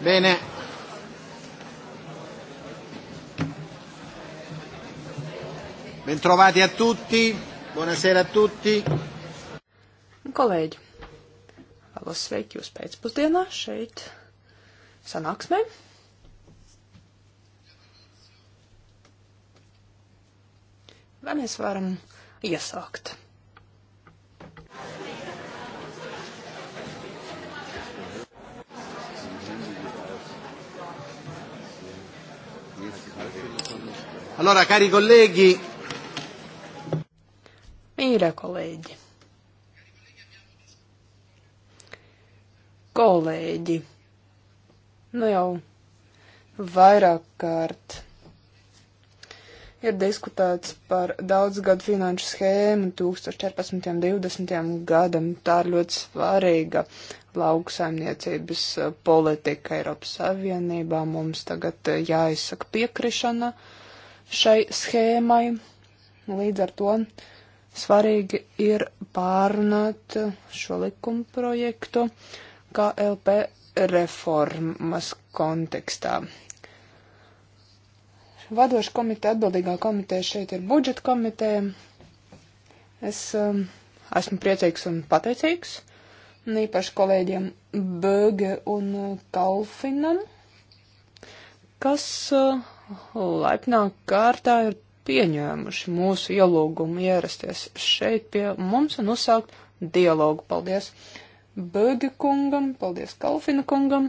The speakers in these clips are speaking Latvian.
Bene. Bentrovati a tutti, buonasera a tutti. Kolēģi, vēlos sveikt jūs pēcpusdienā šeit sanāksmē. Vai mēs varam iesākt? Allora, cari colleghi. Mira, colleghi. Kolēģi, nu jau vairāk kārt ir diskutēts par daudzgadu finanšu schēmu 2014-2020 gadam. Tā ir ļoti svarīga lauksaimniecības politika Eiropas Savienībā. Mums tagad jāizsaka piekrišana. Uh, šai schēmai. Līdz ar to svarīgi ir pārunāt šo likumu projektu KLP reformas kontekstā. Vadoša komiteja, atbildīgā komiteja šeit ir budžeta komiteja. Es um, esmu priecīgs un pateicīgs, un īpaši kolēģiem Böge un Kalfinam, kas uh, laipnā kārtā ir pieņēmuši mūsu ielūgumu ierasties šeit pie mums un uzsākt dialogu. Paldies Bögi kungam, paldies Kalfina kungam.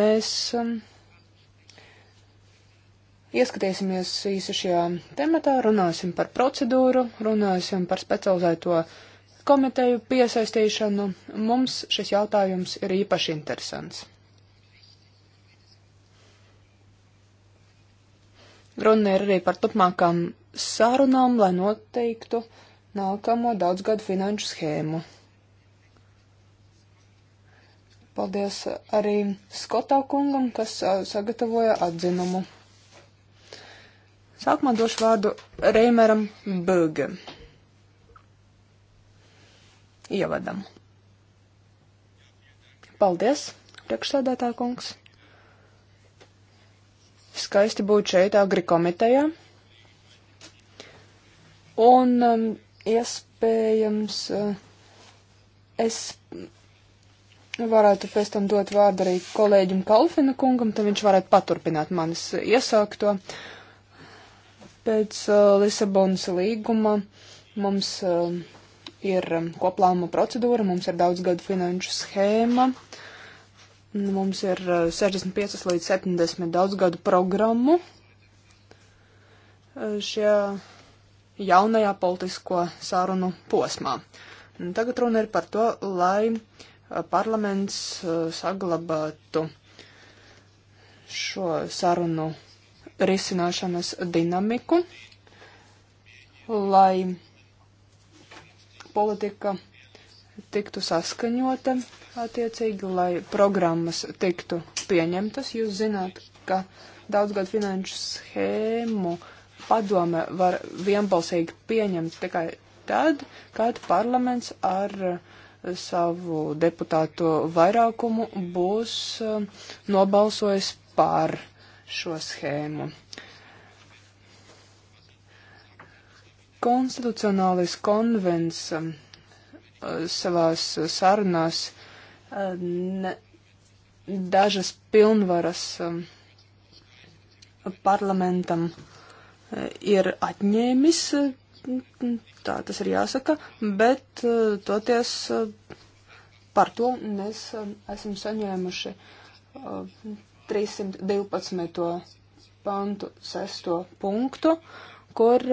Mēs um, ieskatīsimies īsi šajā tematā, runāsim par procedūru, runāsim par specializēto komiteju piesaistīšanu. Mums šis jautājums ir īpaši interesants. Runa ir arī par turpmākām sarunām, lai noteiktu nākamo daudzgadu finanšu schēmu. Paldies arī Skotā kungam, kas sagatavoja atzinumu. Sākumā došu vārdu Reimeram Bögam. Ievadam. Paldies, priekšsēdētā kungs skaisti būt šeit agri komitejā. Un um, iespējams, uh, es varētu pēc tam dot vārdu arī kolēģim Kalfina kungam, tad viņš varētu paturpināt manis iesākto. Pēc uh, Lisabonas līguma mums uh, ir um, koplāma procedūra, mums ir daudz gadu finanšu schēma. Uh, Mums ir 65 uh, līdz 70 daudzgadu programmu uh, šajā jaunajā politisko sarunu posmā. Tagad runa ir par to, lai uh, parlaments saglabātu šo sarunu risināšanas dinamiku, lai politika tiktu saskaņota attiecīgi, lai programmas tiktu pieņemtas. Jūs zināt, ka daudzgad finanšu schēmu padome var vienbalsīgi pieņemt tikai tad, kad parlaments ar uh, savu deputātu vairākumu būs uh, nobalsojis pār šo schēmu. Konstitucionālais konvents um, uh, savās sarunās ne, dažas pilnvaras um, parlamentam uh, ir atņēmis, uh, tā tas ir jāsaka, bet uh, toties par to mēs um, esam saņēmuši 312. pantu 6. punktu, kur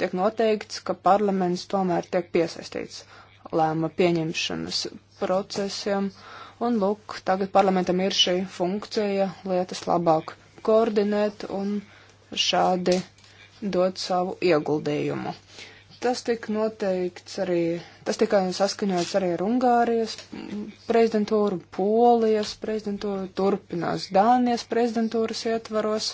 tiek noteikts, ka parlaments tomēr tiek piesaistīts lēma pieņemšanas procesiem. Un lūk, tagad parlamentam ir šī funkcija lietas labāk koordinēt un šādi dot savu ieguldījumu. Tas tika noteikts arī, tas tika saskaņots arī ar Ungārijas prezidentūru, Polijas prezidentūru, turpinās Dānijas prezidentūras ietvaros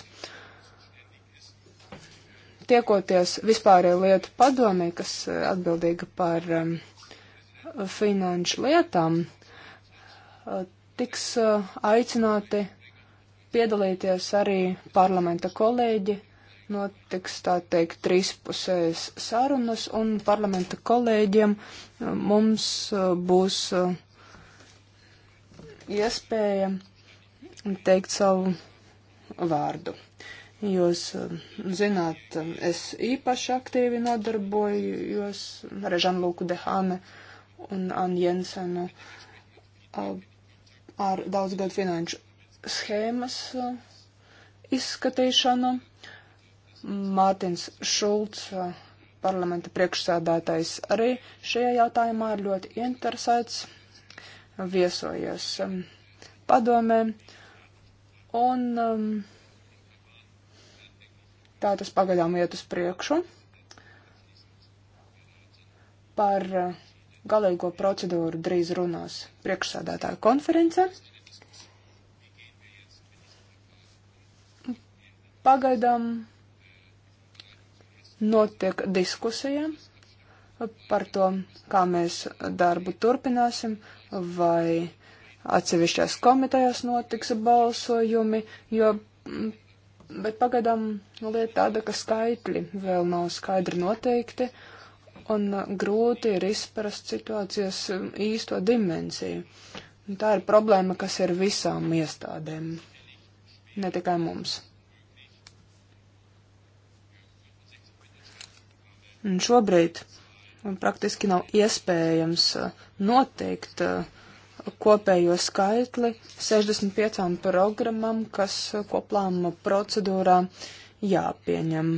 tiekoties vispārēju lietu padomē, kas atbildīga par um, finanšu lietām tiks aicināti piedalīties arī parlamenta kolēģi. Notiks tā teikt trīspusējas sarunas, un parlamenta kolēģiem mums būs iespēja teikt savu vārdu. Jūs zināt, es īpaši aktīvi nodarbojos ar Žanluku Dehāne uh, un Annu Jensenu ar daudzgadu finanšu schēmas izskatīšanu. Mārtiņš Šulcs, parlamenta priekšsēdētājs, arī šajā jautājumā ir ļoti interesēts, viesojies padomē. Un tā tas pagaidām iet uz priekšu par uh, galīgo procedūru drīz runās priekšsādātāja konference. Pagaidām notiek diskusija par to, kā mēs darbu turpināsim, vai atsevišķās komitejās notiks balsojumi, jo, bet pagaidām lieta tāda, ka skaitļi vēl nav skaidri noteikti. Uh, un grūti ir izprast situācijas īsto dimensiju. Un tā ir problēma, kas ir visām iestādēm, ne tikai mums. Un šobrīd praktiski nav iespējams uh, noteikt uh, kopējo skaitli 65 programmam, kas uh, koplāma procedūrā jāpieņem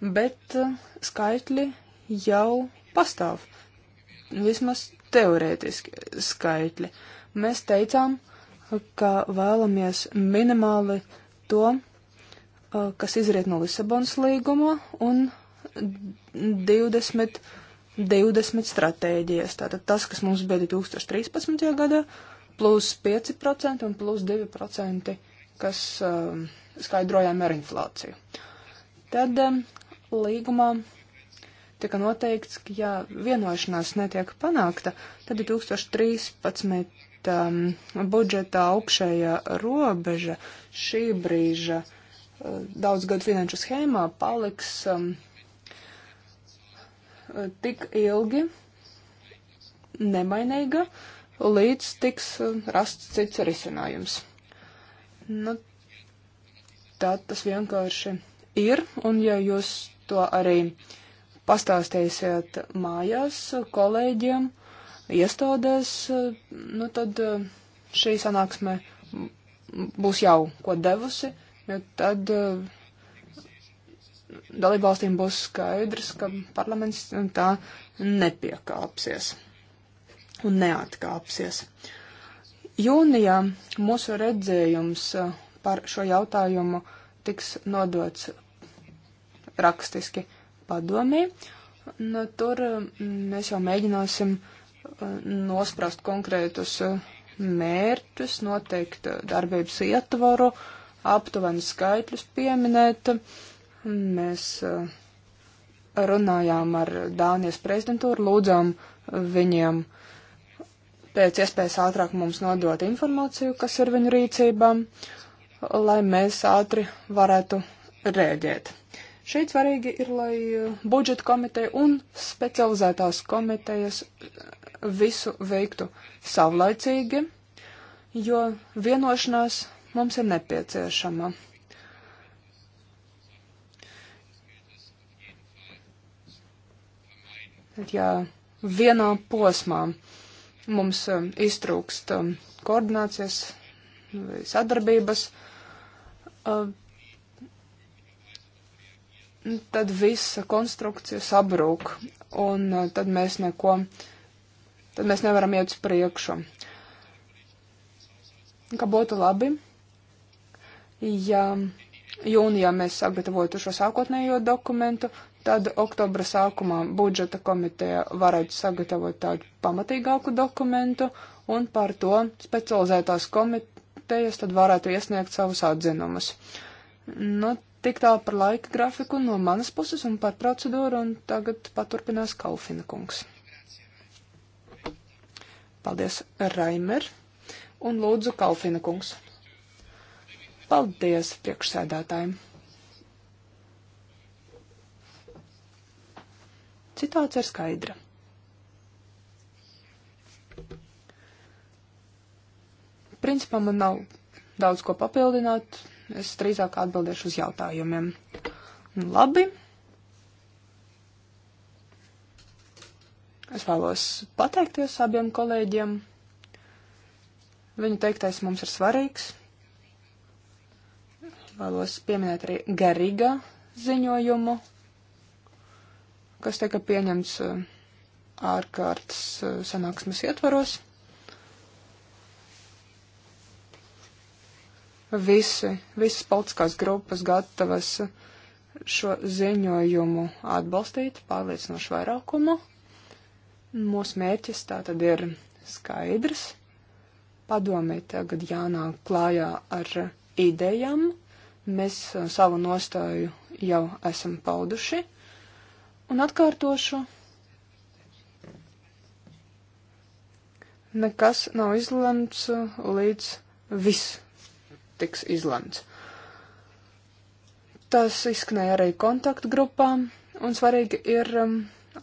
bet uh, skaitļi jau pastāv, vismaz teorētiski skaitļi. Mēs teicām, ka vēlamies minimāli to, uh, kas izriet no Lisabonas līguma un 20, 20 stratēģijas. Tātad tas, kas mums bija 2013. gadā, plus 5% un plus 2%, kas uh, skaidrojām ar inflāciju. Tad um, līgumā tika noteikts, ka ja vienošanās netiek panākta, tad 2013. Um, budžetā augšējā robeža šī brīža uh, daudzgadu finanšu schēmā paliks um, tik ilgi nemainīga, līdz tiks uh, rasts cits risinājums. Nu, tā tas vienkārši ir, un ja jūs to arī pastāstīsiet mājās kolēģiem, iestādēs, nu tad eh, šī sanāksme būs jau ko devusi, jo tad eh, dalībvalstīm būs skaidrs, ka parlaments tā nepiekāpsies un neatkāpsies. Jūnijā mūsu redzējums eh, par šo jautājumu tiks nodots rakstiski padomī. Nu, tur mēs jau mēģināsim nosprast konkrētus mērķus, noteikt darbības ietvaru, aptuveni skaitļus pieminēt. Mēs runājām ar Dānijas prezidentūru, lūdzām viņiem pēc iespējas ātrāk mums nodot informāciju, kas ir viņu rīcībām, lai mēs ātri varētu rēģēt. Šeit svarīgi ir, lai eh, budžeta komiteja un specializētās komitejas eh, visu veiktu savlaicīgi, jo vienošanās mums ir nepieciešama. Ja vienā posmā mums eh, iztrūkst koordinācijas vai sadarbības, tad visa konstrukcija sabrūk, un uh, tad mēs neko, tad mēs nevaram iet uz priekšu. Kā būtu labi, ja jūnijā mēs sagatavotu šo sākotnējo dokumentu, tad oktobra sākumā budžeta komiteja varētu sagatavot tādu pamatīgāku dokumentu, un par to specializētās komitejas tad varētu iesniegt savus atzinumus. Nu, Tik tālu par laika grafiku no manas puses un par procedūru, un tagad paturpinās Kalfina kungs. Paldies, Raimer, un lūdzu Kalfina kungs. Paldies priekšsēdētājiem. Citāts ir skaidra. Principā man nav daudz ko papildināt Es drīzāk atbildēšu uz jautājumiem. Labi. Es vēlos pateikties abiem kolēģiem. Viņu teiktais mums ir svarīgs. Vēlos pieminēt arī garīga ziņojumu, kas tika pieņemts uh, ārkārtas uh, sanāksmes ietvaros. Visi, visas politiskās grupas gatavas šo ziņojumu atbalstīt pārliecinošu vairākumu. Mūsu mērķis tā tad ir skaidrs. Padomē tagad jānāk klājā ar idejām. Mēs uh, savu nostāju jau esam pauduši. Un atkārtošu, nekas nav izlemts uh, līdz viss tiks izlemts. Tas izskanēja arī kontaktgrupām, un svarīgi ir um,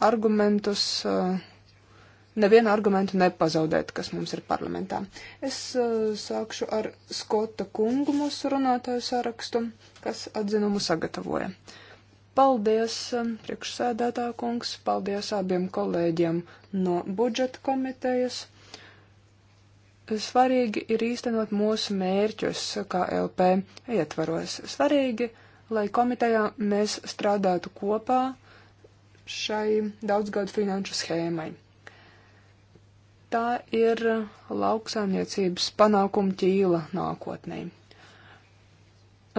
argumentus, uh, nevienu argumentu nepazaudēt, kas mums ir parlamentā. Es uh, sākšu ar Skota kungu mūsu runātāju sarakstu, kas atzinumu sagatavoja. Paldies, um, priekšsēdētā kungs, paldies abiem kolēģiem no budžeta komitejas Svarīgi ir īstenot mūsu mērķus KLP ietvaros. Svarīgi, lai komitejā mēs strādātu kopā šai daudzgadu finanšu schēmai. Tā ir lauksāniecības panākuma ķīla nākotnē.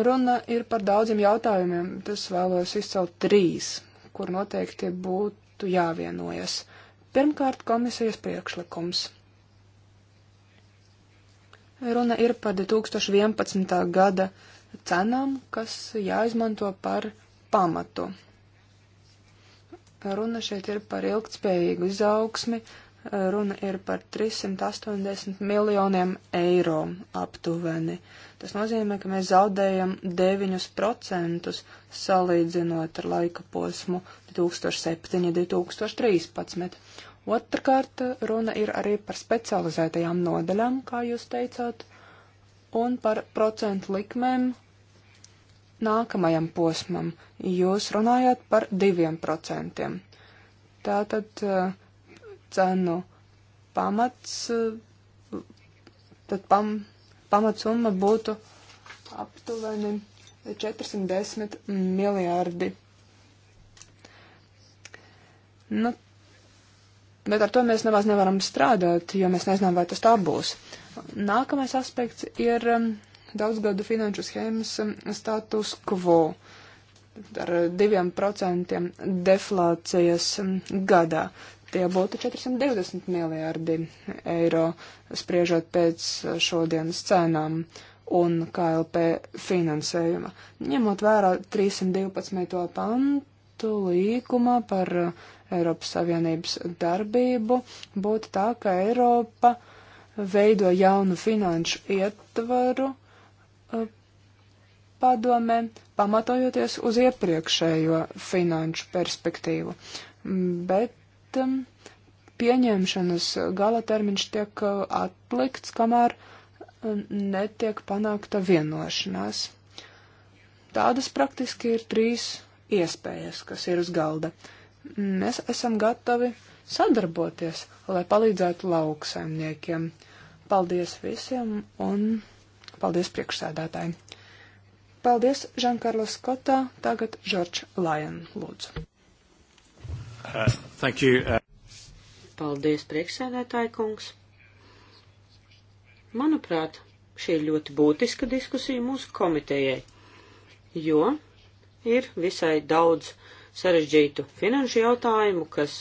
Runa ir par daudziem jautājumiem, tas vēlos izcelt trīs, kur noteikti būtu jāvienojas. Pirmkārt, komisijas priekšlikums. Runa ir par 2011. gada cenām, kas jāizmanto par pamatu. Runa šeit ir par ilgtspējīgu izaugsmi, runa ir par 380 miljoniem eiro aptuveni. Tas nozīmē, ka mēs zaudējam 9% salīdzinot ar laika posmu 2007-2013. Otrakārt, runa ir arī par specializētajām nodaļām, kā jūs teicāt, un par procentu likmēm nākamajam posmam. Jūs runājāt par diviem procentiem. Tātad eh, cenu pamats, eh, tad pam, pamatsumma būtu aptuveni 410 miljārdi. Nu, Bet ar to mēs nemaz nevaram strādāt, jo mēs nezinām, vai tas tā būs. Nākamais aspekts ir um, daudzgadu finanšu schēmas um, status quo ar diviem procentiem deflācijas um, gadā. Tie būtu 420 miljārdi eiro, spriežot pēc uh, šodienas cenām un KLP finansējuma. Ņemot vērā 312. pantu līkumā par uh, Eiropas Savienības darbību, būtu tā, ka Eiropa veido jaunu finanšu ietvaru eh, padomē, pamatojoties uz iepriekšējo finanšu perspektīvu. Mm, bet um, pieņemšanas gala termiņš tiek eh, atlikts, kamēr mm, netiek panākta vienošanās. Tādas praktiski ir trīs iespējas, kas ir uz galda. Uh, Mēs esam gatavi sadarboties, lai palīdzētu lauksaimniekiem. Paldies visiem un paldies priekšsēdētājiem. Paldies, Žankarlo Skotā. Tagad Žorģs Lajan, lūdzu. Uh, thank you. Uh... Paldies, priekšsēdētāji kungs. Manuprāt, šī ir ļoti būtiska diskusija mūsu komitejai, jo ir visai daudz sarežģītu finanšu jautājumu, kas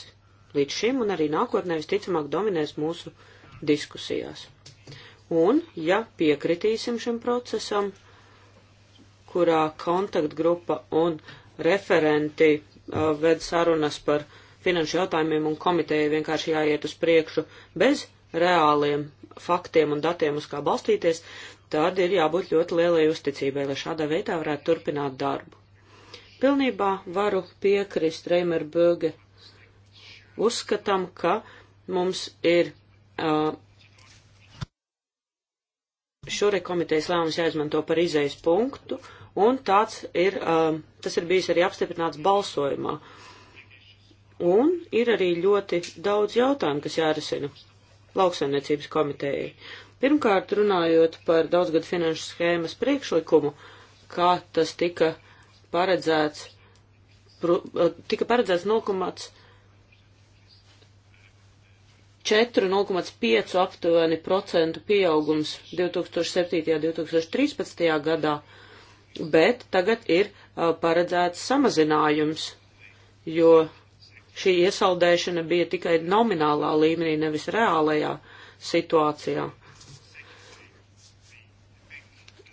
līdz šim un arī nākotnē visticamāk dominēs mūsu diskusijās. Un, ja piekritīsim šim procesam, kurā kontaktgrupa un referenti uh, ved sarunas par finanšu jautājumiem un komiteja vienkārši jāiet uz priekšu bez reāliem faktiem un datiem, uz kā balstīties, tad ir jābūt ļoti lielai uzticībai, lai šādā veidā varētu turpināt darbu. Pilnībā varu piekrist Reimer Böge. Uzskatām, ka mums ir uh, šure komitejas lēmums jāizmanto par izējas punktu, un tāds ir, uh, tas ir bijis arī apstiprināts balsojumā. Un ir arī ļoti daudz jautājumu, kas jārisina lauksaimniecības komitejai. Pirmkārt, runājot par daudzgadu finanšu schēmas priekšlikumu, kā tas tika paredzēts, eh, tika paredzēts 0,4-0,5 aptuveni procentu pieaugums 2007. un 2013. gadā, bet tagad ir eh, paredzēts samazinājums, jo šī iesaldēšana bija tikai nominālā līmenī, nevis reālajā situācijā.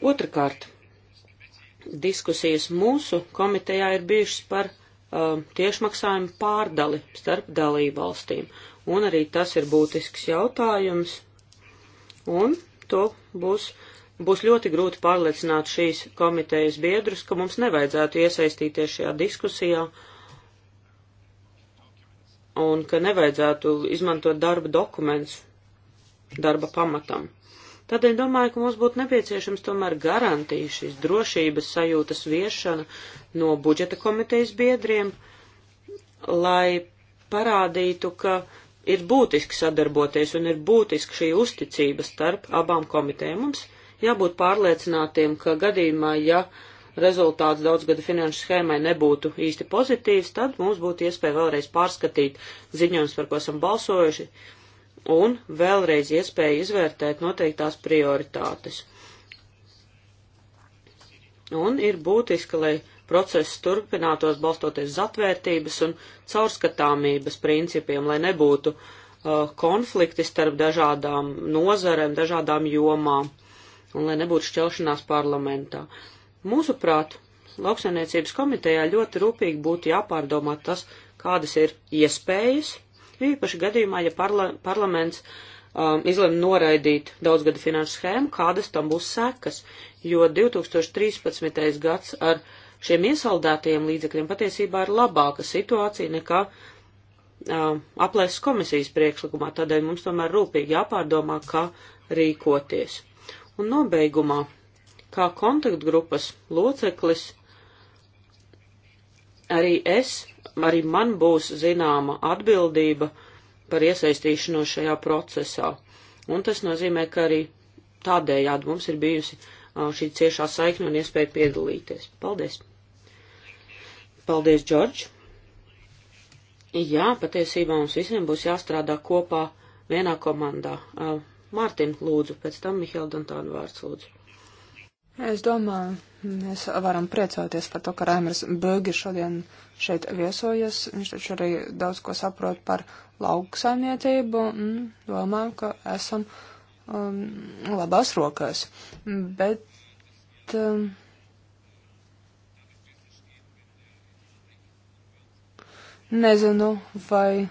Otrakārt, diskusijas mūsu komitejā ir bijušas par uh, tiešmaksājumu pārdali starp dalību valstīm. Un arī tas ir būtisks jautājums. Un to būs, būs ļoti grūti pārliecināt šīs komitejas biedrus, ka mums nevajadzētu iesaistīties šajā diskusijā un ka nevajadzētu izmantot darba dokumentus darba pamatam. Tādēļ domāju, ka mums būtu nepieciešams tomēr garantīt šīs drošības sajūtas viešana no budžeta komitejas biedriem, lai parādītu, ka ir būtiski sadarboties un ir būtiski šī uzticība starp abām komitejām. Mums jābūt pārliecinātiem, ka gadījumā, ja rezultāts daudzgada finanšu schēmai nebūtu īsti pozitīvs, tad mums būtu iespēja vēlreiz pārskatīt ziņojums, par ko esam balsojuši, uh, un vēlreiz iespēja izvērtēt noteiktās prioritātes. Un ir būtiski, lai process turpinātos balstoties uz atvērtības un caurskatāmības principiem, lai nebūtu uh, konflikti starp dažādām nozarēm, dažādām jomām un lai nebūtu šķelšanās parlamentā. Mūsuprāt, lauksainiecības komitejā ļoti rūpīgi būtu jāpārdomā tas, kādas ir iespējas īpaši gadījumā, ja parla parlaments um, izlem noraidīt daudzgada finanšu schēmu, kādas tam būs sekas, jo 2013. gads ar šiem iesaldētajiem līdzekļiem patiesībā ir labāka situācija nekā um, aplēs komisijas priekšlikumā, tādēļ mums tomēr rūpīgi jāpārdomā, kā rīkoties. Un nobeigumā, kā kontaktgrupas loceklis, arī es, arī man būs zināma atbildība par iesaistīšanos šajā procesā. Un tas nozīmē, ka arī tādējādi mums ir bijusi šī ciešā saikne un iespēja piedalīties. Paldies! Paldies, Džordž! Jā, patiesībā mums visiem būs jāstrādā kopā vienā komandā. Mārtiņ, lūdzu, pēc tam Mihail Dantānu vārds lūdzu. Es domāju, mēs varam priecāties par to, ka Rēmers Bögi šodien šeit viesojas. Viņš taču arī daudz ko saprot par lauksaimniecību un domāju, ka esam um, labās rokās. Bet. Um, Nezinu, vai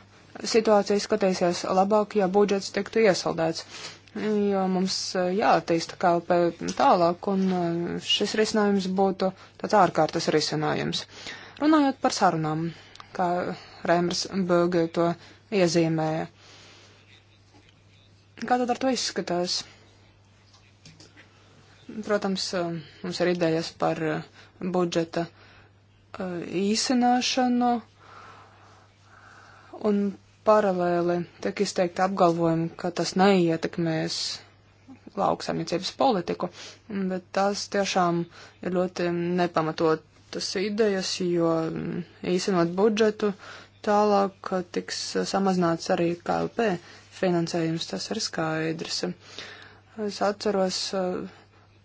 situācija skatīsies labāk, ja budžets tiktu iesaldēts jo mums eh, jātīsta KLP tālāk, un eh, šis risinājums būtu tāds ārkārtas risinājums. Runājot par sarunām, kā Rēmers Böge to iezīmēja. Kā tad ar to izskatās? Protams, eh, mums ir idejas par budžeta īsināšanu un paralēli tiek izteikti apgalvojumi, ka tas neietekmēs lauksaimniecības politiku, bet tās tiešām ir ļoti nepamatotas idejas, jo mm, īstenot budžetu tālāk tiks samazināts arī KLP finansējums, tas ir skaidrs. Es atceros,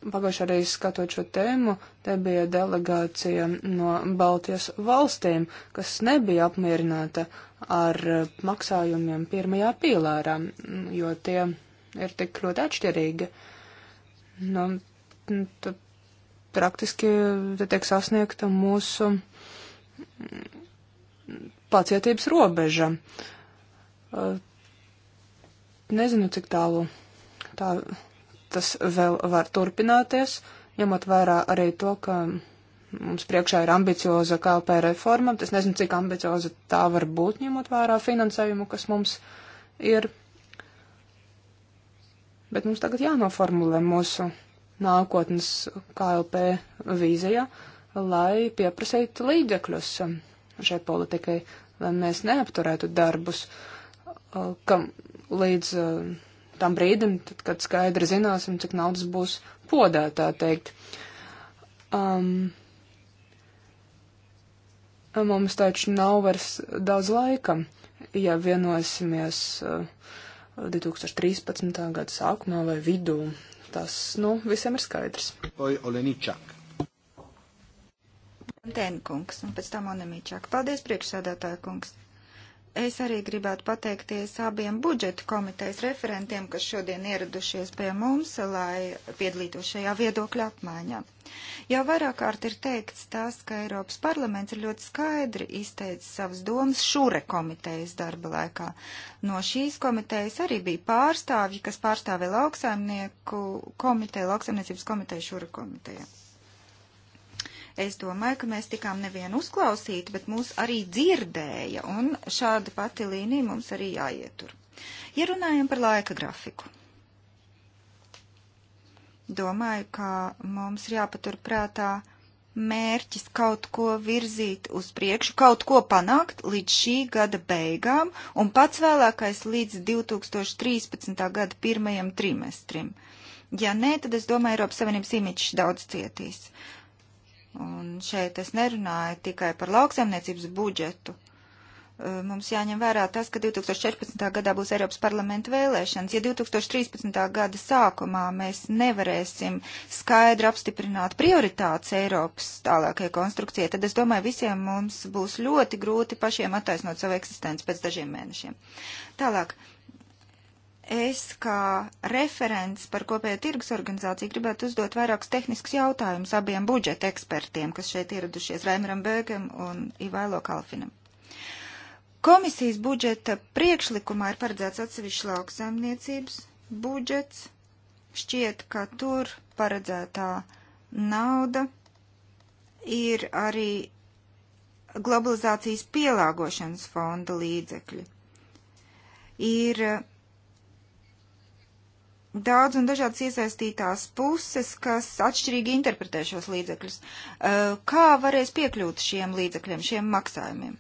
pagājušajā reizē skatot šo tēmu, te bija delegācija no Baltijas valstīm, kas nebija apmierināta ar eh, maksājumiem pirmajā pīlārā, mm, jo tie ir tik ļoti atšķirīgi. Nu, tad praktiski te tiek sasniegta mūsu mm, pacietības robeža. Eh, nezinu, cik tālu tā, tas vēl var turpināties, ņemot vērā arī to, ka Mums priekšā ir ambicioza KLP reforma. Es nezinu, cik ambicioza tā var būt, ņemot vērā finansējumu, kas mums ir. Bet mums tagad jānoformulē mūsu nākotnes KLP vīzija, lai pieprasītu līdzekļus šai politikai, lai mēs neapturētu darbus, uh, kam līdz uh, tam brīdim, tad, kad skaidri zināsim, cik naudas būs podā, tā teikt. Um, Mums taču nav vairs daudz laika, ja vienosimies 2013. Eh, gada sākumā vai vidū. Tas, nu, visiem ir skaidrs. Oi, Oleničak. Antēna kungs, un pēc tam Onemīčāk. Paldies, priekšsēdētāja kungs. Es arī gribētu pateikties abiem budžeta komitejas referentiem, kas šodien ieradušies pie mums, lai piedalītos šajā viedokļa apmaiņā. Jau vairāk kārt ir teikts tas, ka Eiropas parlaments ir ļoti skaidri izteicis savas domas šure komitejas darba laikā. No šīs komitejas arī bija pārstāvji, kas pārstāvē lauksaimnieku komiteju, lauksaimniecības komiteju šure komiteju. Es domāju, ka mēs tikām nevienu uzklausīt, bet mūs arī dzirdēja, un šāda pati līnija mums arī jāietur. Ja runājam par laika grafiku. Domāju, ka mums ir jāpatur prātā mērķis kaut ko virzīt uz priekšu, kaut ko panākt līdz šī gada beigām un pats vēlākais līdz 2013. gada pirmajam trimestrim. Ja nē, tad es domāju, Eiropas Savienības imiķis daudz cietīs. Un šeit es nerunāju tikai par lauksaimniecības budžetu. Mums jāņem vērā tas, ka 2014. gadā būs Eiropas parlamenta vēlēšanas. Ja 2013. gada sākumā mēs nevarēsim skaidri apstiprināt prioritātes Eiropas tālākajai konstrukcijai, tad es domāju, visiem mums būs ļoti grūti pašiem attaisnot savu eksistenci pēc dažiem mēnešiem. Tālāk, Es kā referents par kopējo tirgus organizāciju gribētu uzdot vairākus tehniskus jautājumus abiem budžeta ekspertiem, kas šeit ieradušies Raimaram Bēgam un Ivailo Kalfinam. Komisijas budžeta priekšlikumā ir paredzēts atsevišķi lauksaimniecības budžets. Šķiet, ka tur paredzētā nauda ir arī globalizācijas pielāgošanas fonda līdzekļi. Ir daudz un dažādas iesaistītās puses, kas atšķirīgi interpretē šos līdzekļus. Kā varēs piekļūt šiem līdzekļiem, šiem maksājumiem?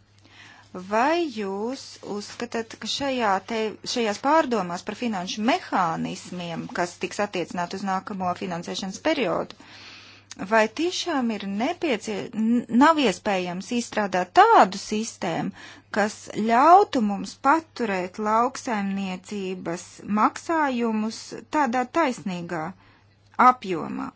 Vai jūs uzskatāt, ka šajā te, šajās pārdomās par finanšu mehānismiem, kas tiks attiecināt uz nākamo finansēšanas periodu, uh, vai tiešām ir nepieciešams, nav iespējams izstrādāt tādu sistēmu, kas ļautu mums paturēt lauksaimniecības maksājumus tādā taisnīgā apjomā.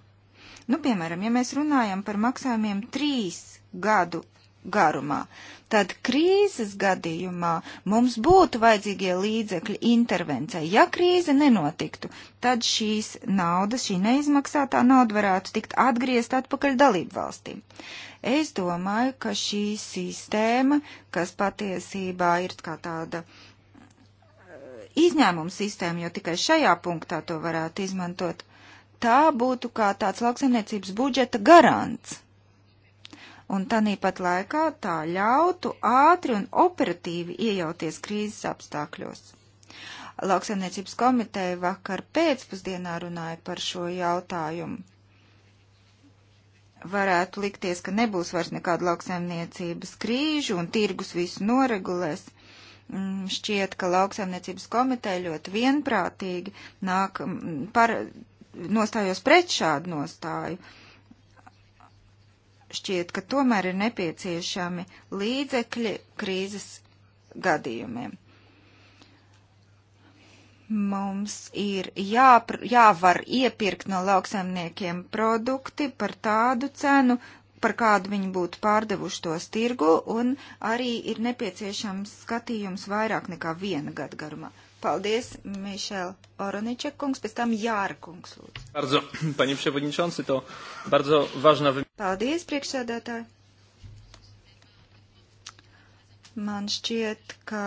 Nu, piemēram, ja mēs runājam par maksājumiem trīs gadu garumā, tad krīzes gadījumā mums būtu vajadzīgie līdzekļi intervencei. Ja krīze nenotiktu, tad šīs naudas, šī neizmaksātā nauda varētu tikt atgriezt atpakaļ dalību valstīm. Es domāju, ka šī sistēma, kas patiesībā ir kā tāda eh, izņēmuma sistēma, jo tikai šajā punktā to varētu izmantot, tā būtu kā tāds lauksaimniecības budžeta garants un tanīpat laikā tā ļautu ātri un operatīvi iejauties krīzes apstākļos. Lauksaimniecības komiteja vakar pēcpusdienā runāja par šo jautājumu. Varētu likties, ka nebūs vairs nekāda lauksaimniecības krīžu un tirgus visu noregulēs mm, šķiet, ka lauksaimniecības komiteja ļoti vienprātīgi nāk mm, par, nostājos pret šādu nostāju šķiet, ka tomēr ir nepieciešami līdzekļi krīzes gadījumiem. Mums ir jāpr, jāvar iepirkt no lauksaimniekiem produkti par tādu cenu, par kādu viņi būtu pārdevuši tos tirgu, un arī ir nepieciešams skatījums vairāk nekā viena gada garumā. Paldies, Mišel Oroniček kungs, pēc tam Jāra kungs lūdzu. Bardzo, paņem ševodničonsi, to bardzo važna. Paldies, priekšsēdētāji. Man šķiet, ka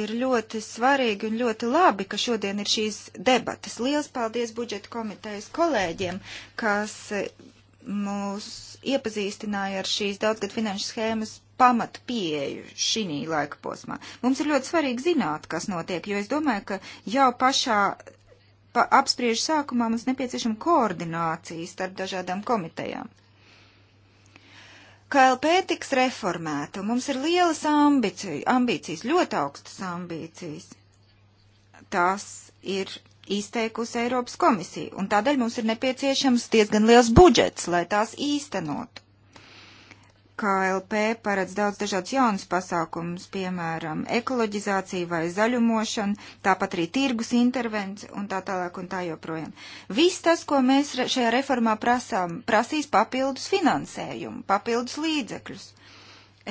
ir ļoti svarīgi un ļoti labi, ka šodien ir šīs debatas. Liels paldies budžeta komitejas kolēģiem, kas mūs iepazīstināja ar šīs daudzgad finanšu schēmas pamatu pieeju šī laika posmā. Mums ir ļoti svarīgi zināt, kas notiek, jo es domāju, ka jau pašā pa apspriežu sākumā mums nepieciešama koordinācija starp dažādām komitejām. KLP tiks reformēta, un mums ir lielas ambiciju, ambīcijas, ļoti augstas ambīcijas. Tās ir izteikusi Eiropas komisija, un tādēļ mums ir nepieciešams diezgan liels budžets, lai tās īstenotu. KLP paredz daudz dažādus jaunus pasākumus, piemēram, ekoloģizāciju vai zaļumošanu, tāpat arī tirgus intervenci un tā tālāk un tā joprojām. Viss tas, ko mēs re šajā reformā prasām, prasīs papildus finansējumu, papildus līdzekļus.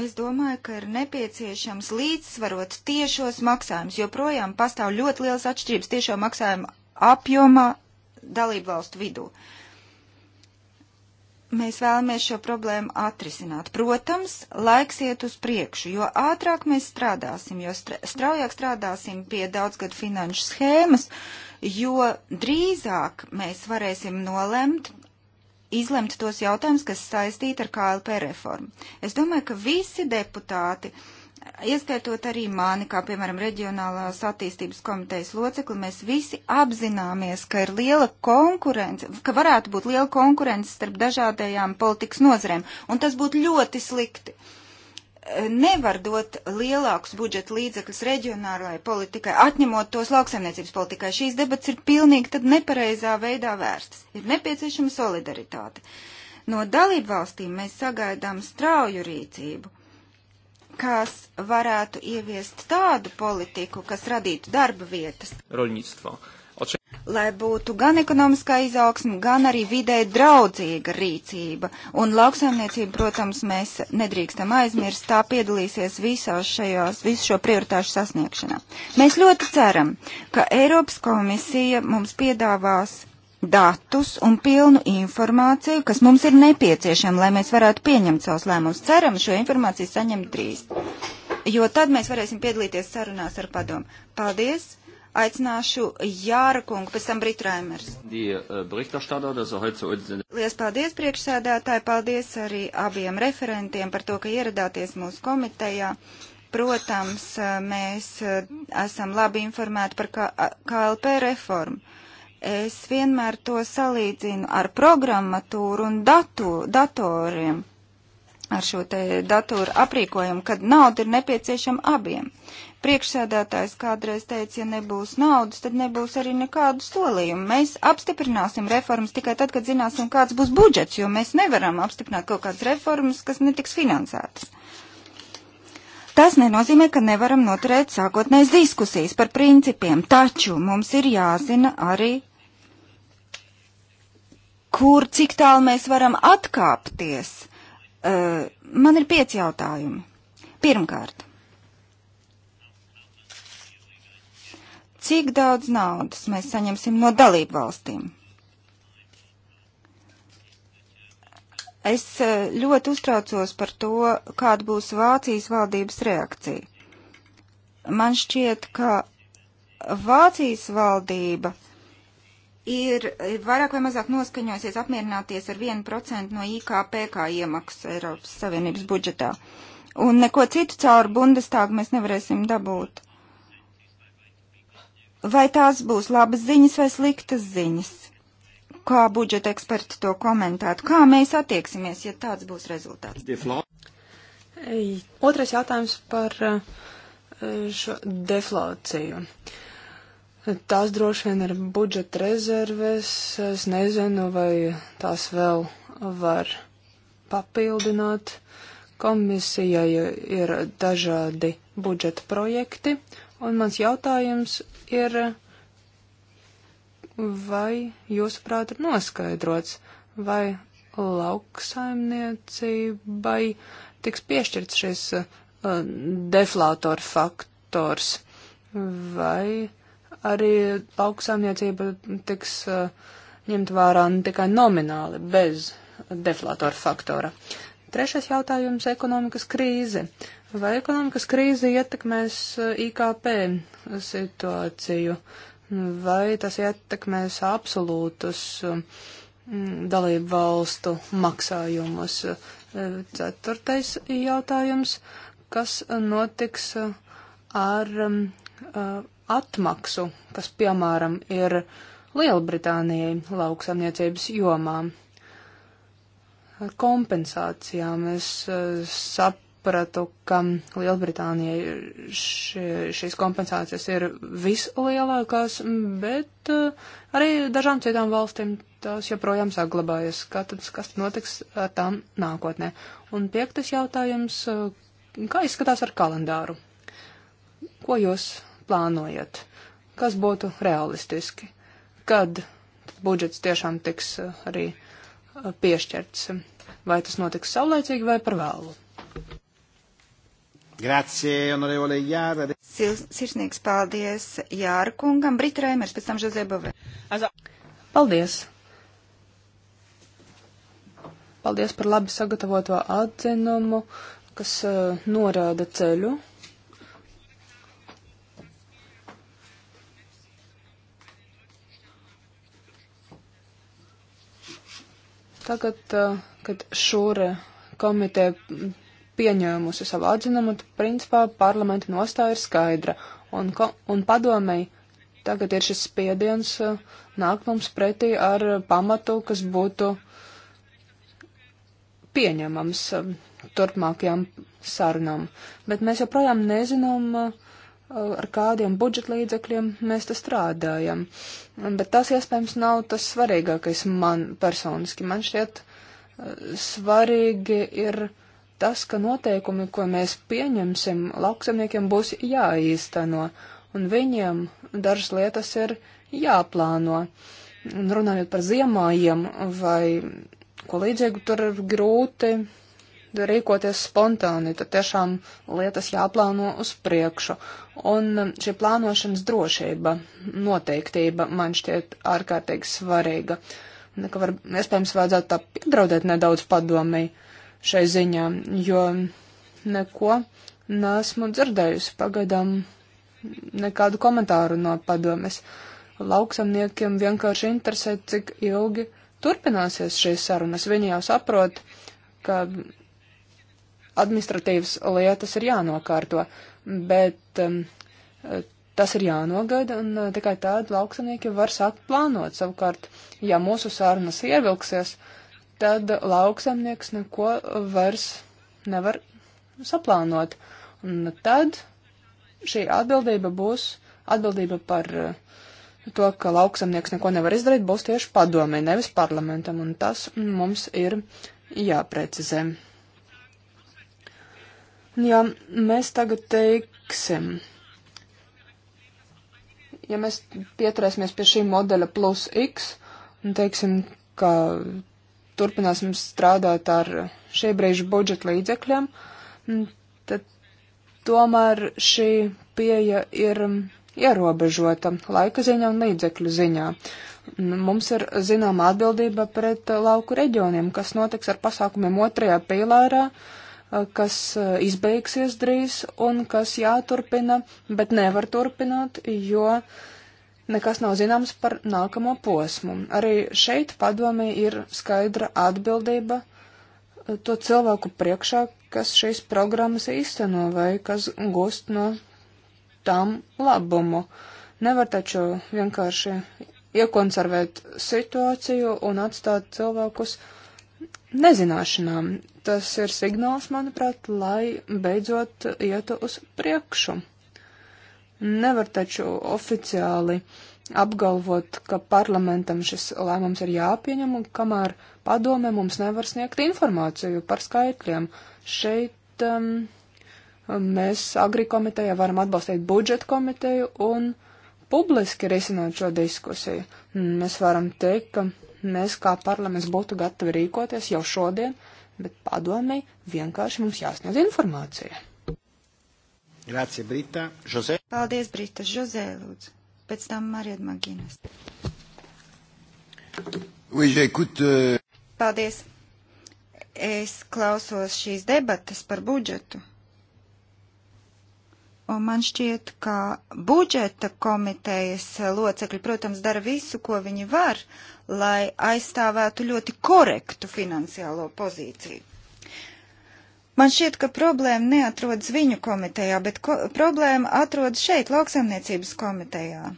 Es domāju, ka ir nepieciešams līdzsvarot tiešos maksājumus, jo projām pastāv ļoti liels atšķirības tiešo maksājumu apjomā dalību valstu vidū. Uh, mēs vēlamies šo problēmu atrisināt. Protams, laiks iet uz priekšu, jo ātrāk mēs strādāsim, jo straujāk strādāsim pie daudzgadu finanšu schēmas, jo drīzāk mēs varēsim nolemt, izlemt tos jautājumus, kas saistīti ar KLP reformu. Es domāju, ka visi deputāti uh, ieskaitot arī mani, kā piemēram reģionālās attīstības komitejas locekli, mēs visi apzināmies, ka ir liela konkurence, ka varētu būt liela konkurence starp dažādajām politikas nozarēm, un tas būtu ļoti slikti. Nevar dot lielākus budžeta līdzekļus reģionālajai politikai, atņemot tos lauksaimniecības politikai. Šīs debats ir pilnīgi tad nepareizā veidā vērstas. Ir nepieciešama solidaritāte. No dalību valstīm mēs sagaidām strauju rīcību kas varētu ieviest tādu politiku, kas radītu darba vietas. Roļņictvā. Lai būtu gan ekonomiskā izaugsme, gan arī vidē draudzīga rīcība. Un lauksaimniecība, protams, mēs nedrīkstam aizmirst, tā piedalīsies visās šajās, visu šo prioritāšu sasniegšanā. Mēs ļoti ceram, ka Eiropas komisija mums piedāvās datus un pilnu informāciju, kas mums ir nepieciešama, lai mēs varētu pieņemt savus lēmumus. Ceram šo informāciju saņemt drīz, jo tad mēs varēsim piedalīties sarunās ar padomu. Paldies! Aicināšu Jāra kungu, pēc tam Britu Raimers. Eh, Lielas paldies priekšsēdētāji, paldies arī abiem referentiem par to, ka ieradāties mūsu komitejā protams, eh, mēs eh, esam labi informēti par KLP reformu. Es vienmēr to salīdzinu ar programmatūru un datu, datoriem, ar šo te datoru aprīkojumu, kad nauda ir nepieciešama abiem. Priekšsēdētājs kādreiz teica, ja nebūs naudas, tad nebūs arī nekādu solījumu. Mēs apstiprināsim reformas tikai tad, kad zināsim, kāds būs budžets, jo mēs nevaram apstiprināt kaut kādas reformas, kas netiks finansētas. Tas nenozīmē, ka nevaram noturēt sākotnējas diskusijas par principiem, taču mums ir jāzina arī kur cik tālu mēs varam atkāpties. Uh, man ir pieci jautājumi. Pirmkārt, cik daudz naudas mēs saņemsim no dalību valstīm? Es uh, ļoti uztraucos par to, kāda būs Vācijas valdības reakcija. Man šķiet, ka Vācijas valdība uh, ir vairāk vai mazāk noskaņojusies apmierināties ar 1% no IKP kā iemaksas Eiropas Savienības budžetā. Un neko citu caur Bundestāgu mēs nevarēsim dabūt. Vai tās būs labas ziņas vai sliktas ziņas? Kā budžeta eksperti to komentētu? Kā mēs attieksimies, ja tāds būs rezultāts? Otrais jautājums par eh, šo deflāciju. Uh, Tās droši vien ir budžeta rezerves. Es nezinu, vai tās vēl var papildināt. Komisijai ir dažādi budžeta projekti, un mans jautājums ir, vai jūsuprāt ir noskaidrots, vai lauksaimniecībai tiks piešķirts šis uh, deflātora faktors, vai uh, arī lauksaimniecība tiks eh, ņemt vērā ne tikai nomināli, bez deflātora faktora. Trešais jautājums - ekonomikas krīze. Vai ekonomikas krīze ietekmēs eh, IKP situāciju? Vai tas ietekmēs absolūtus mm, dalību valstu maksājumus? Ceturtais jautājums - kas notiks eh, ar mm, atmaksu, kas, piemēram, ir Lielbritānijai lauksamniecības jomā. Ar kompensācijām es eh, sapratu, ka Lielbritānijai šie, šīs kompensācijas ir vislielākās, bet eh, arī dažām citām valstīm tās joprojām saglabājas. Kāds, kas notiks ar tām nākotnē? Un piektais jautājums, eh, kā izskatās ar kalendāru? Ko jūs plānojat, kas būtu realistiski, kad budžets tiešām tiks eh, arī eh, piešķirts, vai tas notiks saulēcīgi vai par vēlu. Grazie, onorevole Jāra. Sirsnīgs paldies Jāra kungam, Brita Rēmers, pēc tam Žozebove. Paldies. Paldies par labi sagatavoto atzinumu, kas uh, norāda ceļu Tagad, kad šūra komiteja pieņēmusi savu atzinumu, principā parlamenta nostāja ir skaidra, un, un padomēji tagad ir šis spiediens nāk mums pretī ar pamatu, kas būtu pieņemams turpmākajām sarunām. Bet mēs joprojām nezinām, uh, ar kādiem budžetlīdzekļiem mēs te strādājam. Bet tas iespējams nav tas svarīgākais man personiski. Man šķiet eh, svarīgi ir tas, ka noteikumi, ko mēs pieņemsim, lauksamniekiem būs jāīsteno, un viņiem dažas lietas ir jāplāno. Un runājot par ziemājiem vai ko līdzīgu, tur ir grūti rīkoties spontāni, tad tiešām lietas jāplāno uz priekšu. Un um, šī plānošanas drošība, noteiktība man šķiet ārkārtīgi svarīga. Nu, ka var, iespējams, vajadzētu tā piedraudēt nedaudz padomēji šai ziņā, jo neko nesmu dzirdējusi pagaidām nekādu komentāru no padomes. Lauksamniekiem vienkārši interesē, cik ilgi turpināsies šīs sarunas. Viņi jau saprot, ka administratīvas lietas ir jānokārto, bet um, tas ir jānogada, un uh, tikai tādi lauksanieki var sākt plānot. Savukārt, ja mūsu sārunas ievilksies, tad lauksamnieks neko vairs nevar saplānot. Un tad šī atbildība būs atbildība par uh, to, ka lauksamnieks neko nevar izdarīt, būs tieši padomē, nevis parlamentam, un tas mums ir jāprecizē. Ja mēs tagad teiksim, ja mēs pieturēsimies pie šī modeļa plus x un teiksim, ka turpināsim strādāt ar šī brīža budžeta līdzekļiem, mm, tad tomēr šī pieeja ir ierobežota laika ziņā un līdzekļu ziņā. Mm, mums ir zināma atbildība pret lauku reģioniem, kas notiks ar pasākumiem otrajā pīlārā. Uh, kas izbeigsies drīz un kas jāturpina, bet nevar turpināt, jo nekas nav zināms par nākamo posmu. Arī šeit padomē ir skaidra atbildība to cilvēku priekšā, kas šīs programmas īsteno vai kas gūst no tām labumu. Nevar taču vienkārši iekonservēt situāciju un atstāt cilvēkus uh, nezināšanām. Tas ir signāls, manuprāt, lai beidzot ietu uz priekšu. Nevar taču oficiāli apgalvot, ka parlamentam šis lēmums ir jāpieņem, un kamēr padome mums nevar sniegt informāciju par skaitļiem. Šeit um, mēs agri komiteja varam atbalstīt budžeta komiteju un publiski risināt šo diskusiju. Mēs varam teikt, ka Mēs kā parlaments būtu gatavi rīkoties jau šodien, bet padomē vienkārši mums jāsniedz informācija. Grācie, Brita. Jose. Paldies, Brita. Jose, lūdzu. Pēc tam Marija Maginas. Oui, j'écoute. Euh... Paldies. Es klausos šīs debatas par budžetu. Un man šķiet, ka budžeta komitejas locekļi, protams, dara visu, ko viņi var, lai aizstāvētu ļoti korektu finansiālo pozīciju. Man šķiet, ka problēma neatrodas viņu komitejā, bet ko problēma atrodas šeit, lauksaimniecības komitejā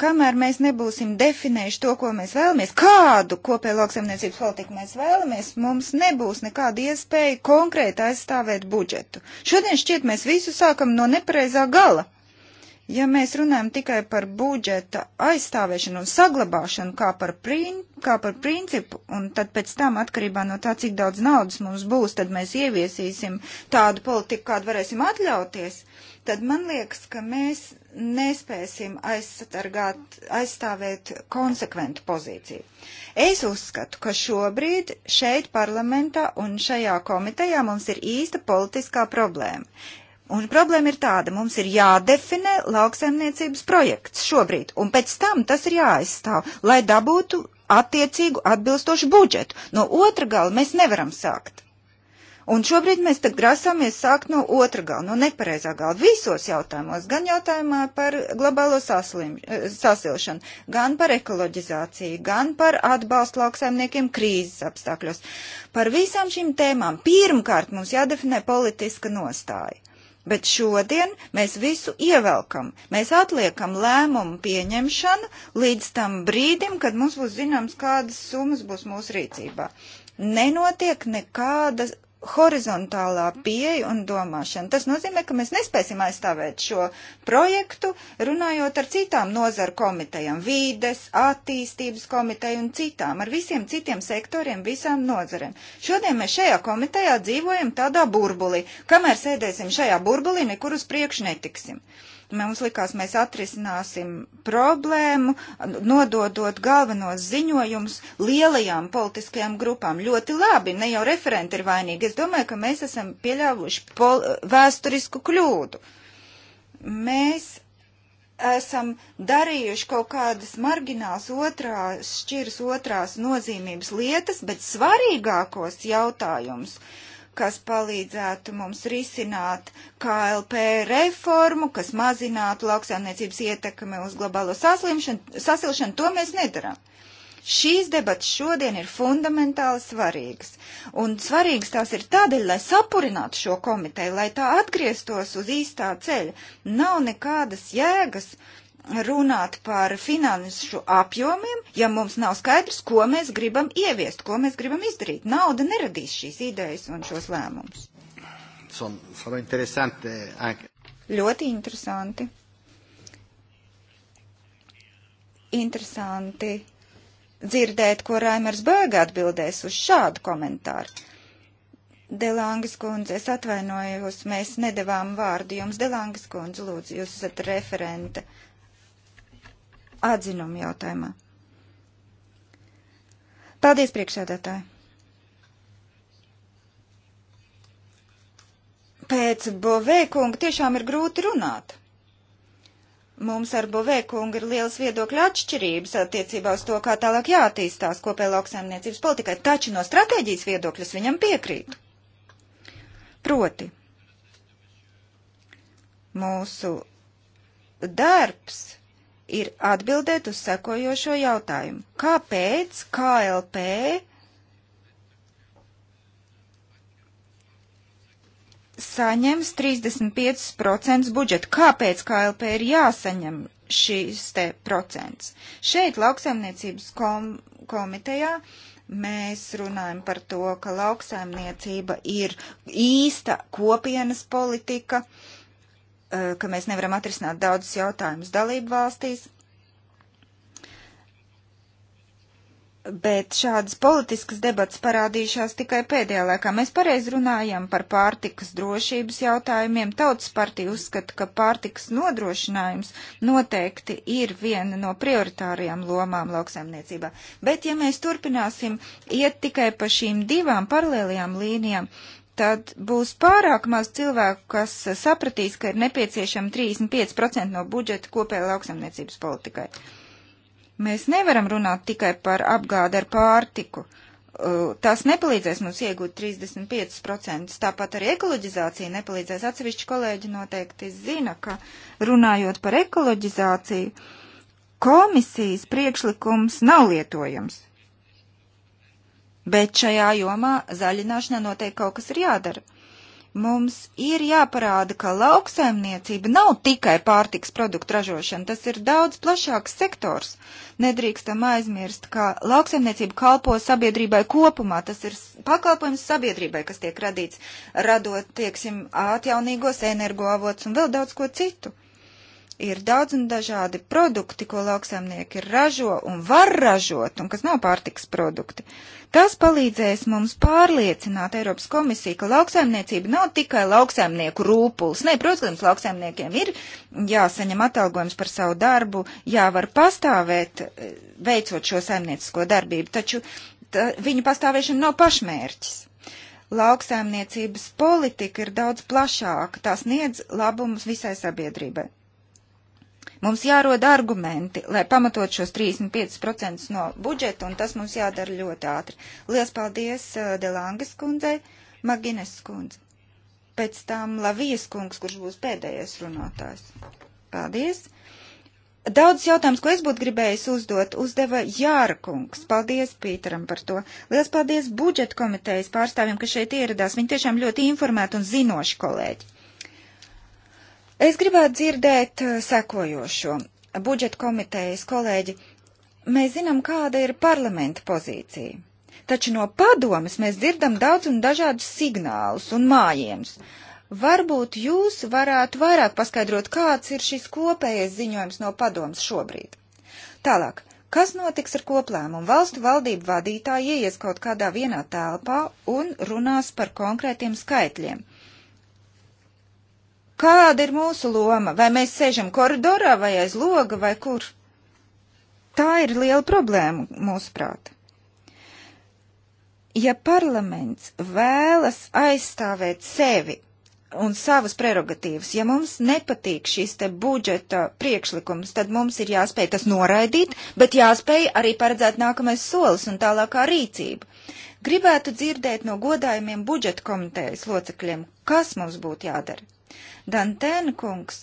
kamēr mēs nebūsim definējuši to, ko mēs vēlamies, kādu kopēju lauksaimniecības politiku mēs vēlamies, mums nebūs nekāda iespēja konkrēti aizstāvēt budžetu. Šodien šķiet mēs visu sākam no nepareizā gala. Ja mēs runājam tikai par budžeta aizstāvēšanu un saglabāšanu kā par, prin, kā par principu, un tad pēc tam atkarībā no tā, cik daudz naudas mums būs, tad mēs ieviesīsim tādu politiku, kādu varēsim atļauties, tad man liekas, ka mēs nespēsim aizsargāt, aizstāvēt konsekventu pozīciju. Es uzskatu, ka šobrīd šeit parlamentā un šajā komitejā mums ir īsta politiskā problēma. Un problēma ir tāda, mums ir jādefinē lauksaimniecības projekts šobrīd, un pēc tam tas ir jāaizstāv, lai dabūtu attiecīgu atbilstošu budžetu. No otra gala mēs nevaram sākt. Un šobrīd mēs tad grasāmies sākt no otra gala, no nepareizā gala, visos jautājumos, gan jautājumā par globālo saslim, eh, sasilšanu, gan par ekoloģizāciju, gan par atbalstu lauksaimniekiem krīzes apstākļos. Par visām šīm tēmām pirmkārt mums jādefinē politiska nostāja Bet šodien mēs visu ievelkam. Mēs atliekam lēmumu pieņemšanu līdz tam brīdim, kad mums būs zināms, kādas summas būs mūsu rīcībā. Nenotiek nekāda horizontālā pieeja un domāšana. Tas nozīmē, ka mēs nespēsim aizstāvēt šo projektu, runājot ar citām nozaru komitejām, vīdes, attīstības komiteju un citām, ar visiem citiem sektoriem, visām nozarēm. Šodien mēs šajā komitejā dzīvojam tādā burbulī. Kamēr sēdēsim šajā burbulī, nekur uz priekšu netiksim. Uh, Mums likās, mēs atrisināsim problēmu, nododot galvenos ziņojumus lielajām politiskajām grupām. Ļoti labi, ne jau referenti ir vainīgi. Es domāju, ka mēs esam pieļāvuši vēsturisku kļūdu. Mēs esam darījuši kaut kādas marginālas otrās, šķiras otrās nozīmības lietas, bet svarīgākos jautājumus uh, kas palīdzētu mums risināt KLP reformu, kas mazinātu lauksaimniecības ietekmi uz globālo sasilšanu, to mēs nedaram. Šīs debats šodien ir fundamentāli svarīgas, un svarīgas tās ir tādēļ, lai sapurinātu šo komiteju, lai tā atgrieztos uz īstā ceļa. Nav nekādas jēgas runāt par finanšu apjomiem, ja mums nav skaidrs, ko mēs gribam ieviest, ko mēs gribam izdarīt. Nauda neradīs šīs idejas un šos lēmumus. Son, son interesante. Ļoti interesanti. Interesanti dzirdēt, ko Raimers Bēga atbildēs uz šādu komentāru. Delangas kundze, es atvainojos, mēs nedavām vārdu jums. Delangas kundze, lūdzu, jūs esat referente atzinumu jautājumā. Paldies, priekšsēdētāji! Pēc Bovēkunga tiešām ir grūti runāt. Mums ar Bovēkungu ir lielas viedokļa atšķirības attiecībā uz to, kā tālāk jātīstās kopē lauksaimniecības politikai, taču no stratēģijas viedokļas viņam piekrītu. Proti, mūsu darbs ir atbildēt uz sekojošo jautājumu. Kāpēc KLP saņems 35% budžeta? Kāpēc KLP ir jāsaņem šīs te procents? Šeit lauksaimniecības kom komitejā mēs runājam par to, ka lauksaimniecība ir īsta kopienas politika. Uh, Eh, ka mēs nevaram atrisināt daudzus jautājumus dalību valstīs. Bet šādas politiskas debatas parādījušās tikai pēdējā laikā. Mēs pareizi runājam par pārtikas drošības jautājumiem. Tautas partija uzskata, ka pārtikas nodrošinājums noteikti ir viena no prioritārajām lomām lauksaimniecībā. Bet ja mēs turpināsim iet tikai pa šīm divām paralēlajām līnijām, uh, tad būs pārāk maz cilvēku, kas eh, sapratīs, ka ir nepieciešama 35% no budžeta kopējai lauksamniecības politikai. Mēs nevaram runāt tikai par apgādi ar pārtiku. Eh, tas nepalīdzēs mums iegūt 35%. Tāpat arī ekoloģizācija nepalīdzēs. Atsevišķi kolēģi noteikti zina, ka runājot par ekoloģizāciju, komisijas priekšlikums nav lietojams. Bet šajā jomā zaļināšanā noteikti kaut kas ir jādara. Mums ir jāparāda, ka lauksaimniecība nav tikai pārtiks produktu ražošana, tas ir daudz plašāks sektors. Nedrīkstam aizmirst, ka lauksaimniecība kalpo sabiedrībai kopumā, tas ir pakalpojums sabiedrībai, kas tiek radīts, radot, tieksim, atjaunīgos energoavots un vēl daudz ko citu ir daudz un dažādi produkti, ko lauksaimnieki ražo un var ražot, un kas nav pārtiks produkti. Tas palīdzēs mums pārliecināt Eiropas komisiju, ka lauksaimniecība nav tikai lauksaimnieku rūpuls. Nē, protams, lauksaimniekiem ir jāsaņem atalgojums par savu darbu, jāvar pastāvēt, eh, veicot šo saimniecisko darbību, taču ta, viņu pastāvēšana nav pašmērķis lauksaimniecības politika ir daudz plašāka, tā sniedz labumus visai sabiedrībai. Mums jārod argumenti, lai pamatot šos 35% no budžeta, un tas mums jādara ļoti ātri. Lielas paldies uh, Delangas kundzei, Magines kundze. Pēc tam Lavijas kungs, kurš būs pēdējais runātājs. Paldies! Daudz jautājums, ko es būtu gribējis uzdot, uzdeva Jāra kungs. Paldies Pīteram par to. Lielas paldies budžeta komitejas pārstāvjiem, kas šeit ieradās. Viņi tiešām ļoti informēti un zinoši kolēģi. Es gribētu dzirdēt eh, sekojošo. Budžeta komitejas kolēģi, mēs zinām, kāda ir parlamenta pozīcija. Taču no padomas mēs dzirdam daudz un dažādus signālus un mājiems. Varbūt jūs varētu vairāk paskaidrot, kāds ir šis kopējais ziņojums no padomas šobrīd. Tālāk, kas notiks ar koplēmumu? Valstu valdību vadītāji ieies kaut kādā vienā telpā un runās par konkrētiem skaitļiem. Kāda ir mūsu loma? Vai mēs sēžam koridorā vai aiz loga vai kur? Tā ir liela problēma mūsuprāt. Ja parlaments vēlas aizstāvēt sevi un savas prerogatīvas. Ja mums nepatīk šis te budžeta priekšlikums, tad mums ir jāspēj tas noraidīt, bet jāspēj arī paredzēt nākamais solis un tālākā rīcība. Gribētu dzirdēt no godājumiem budžeta komitejas locekļiem, kas mums būtu jādara. Dantēna kungs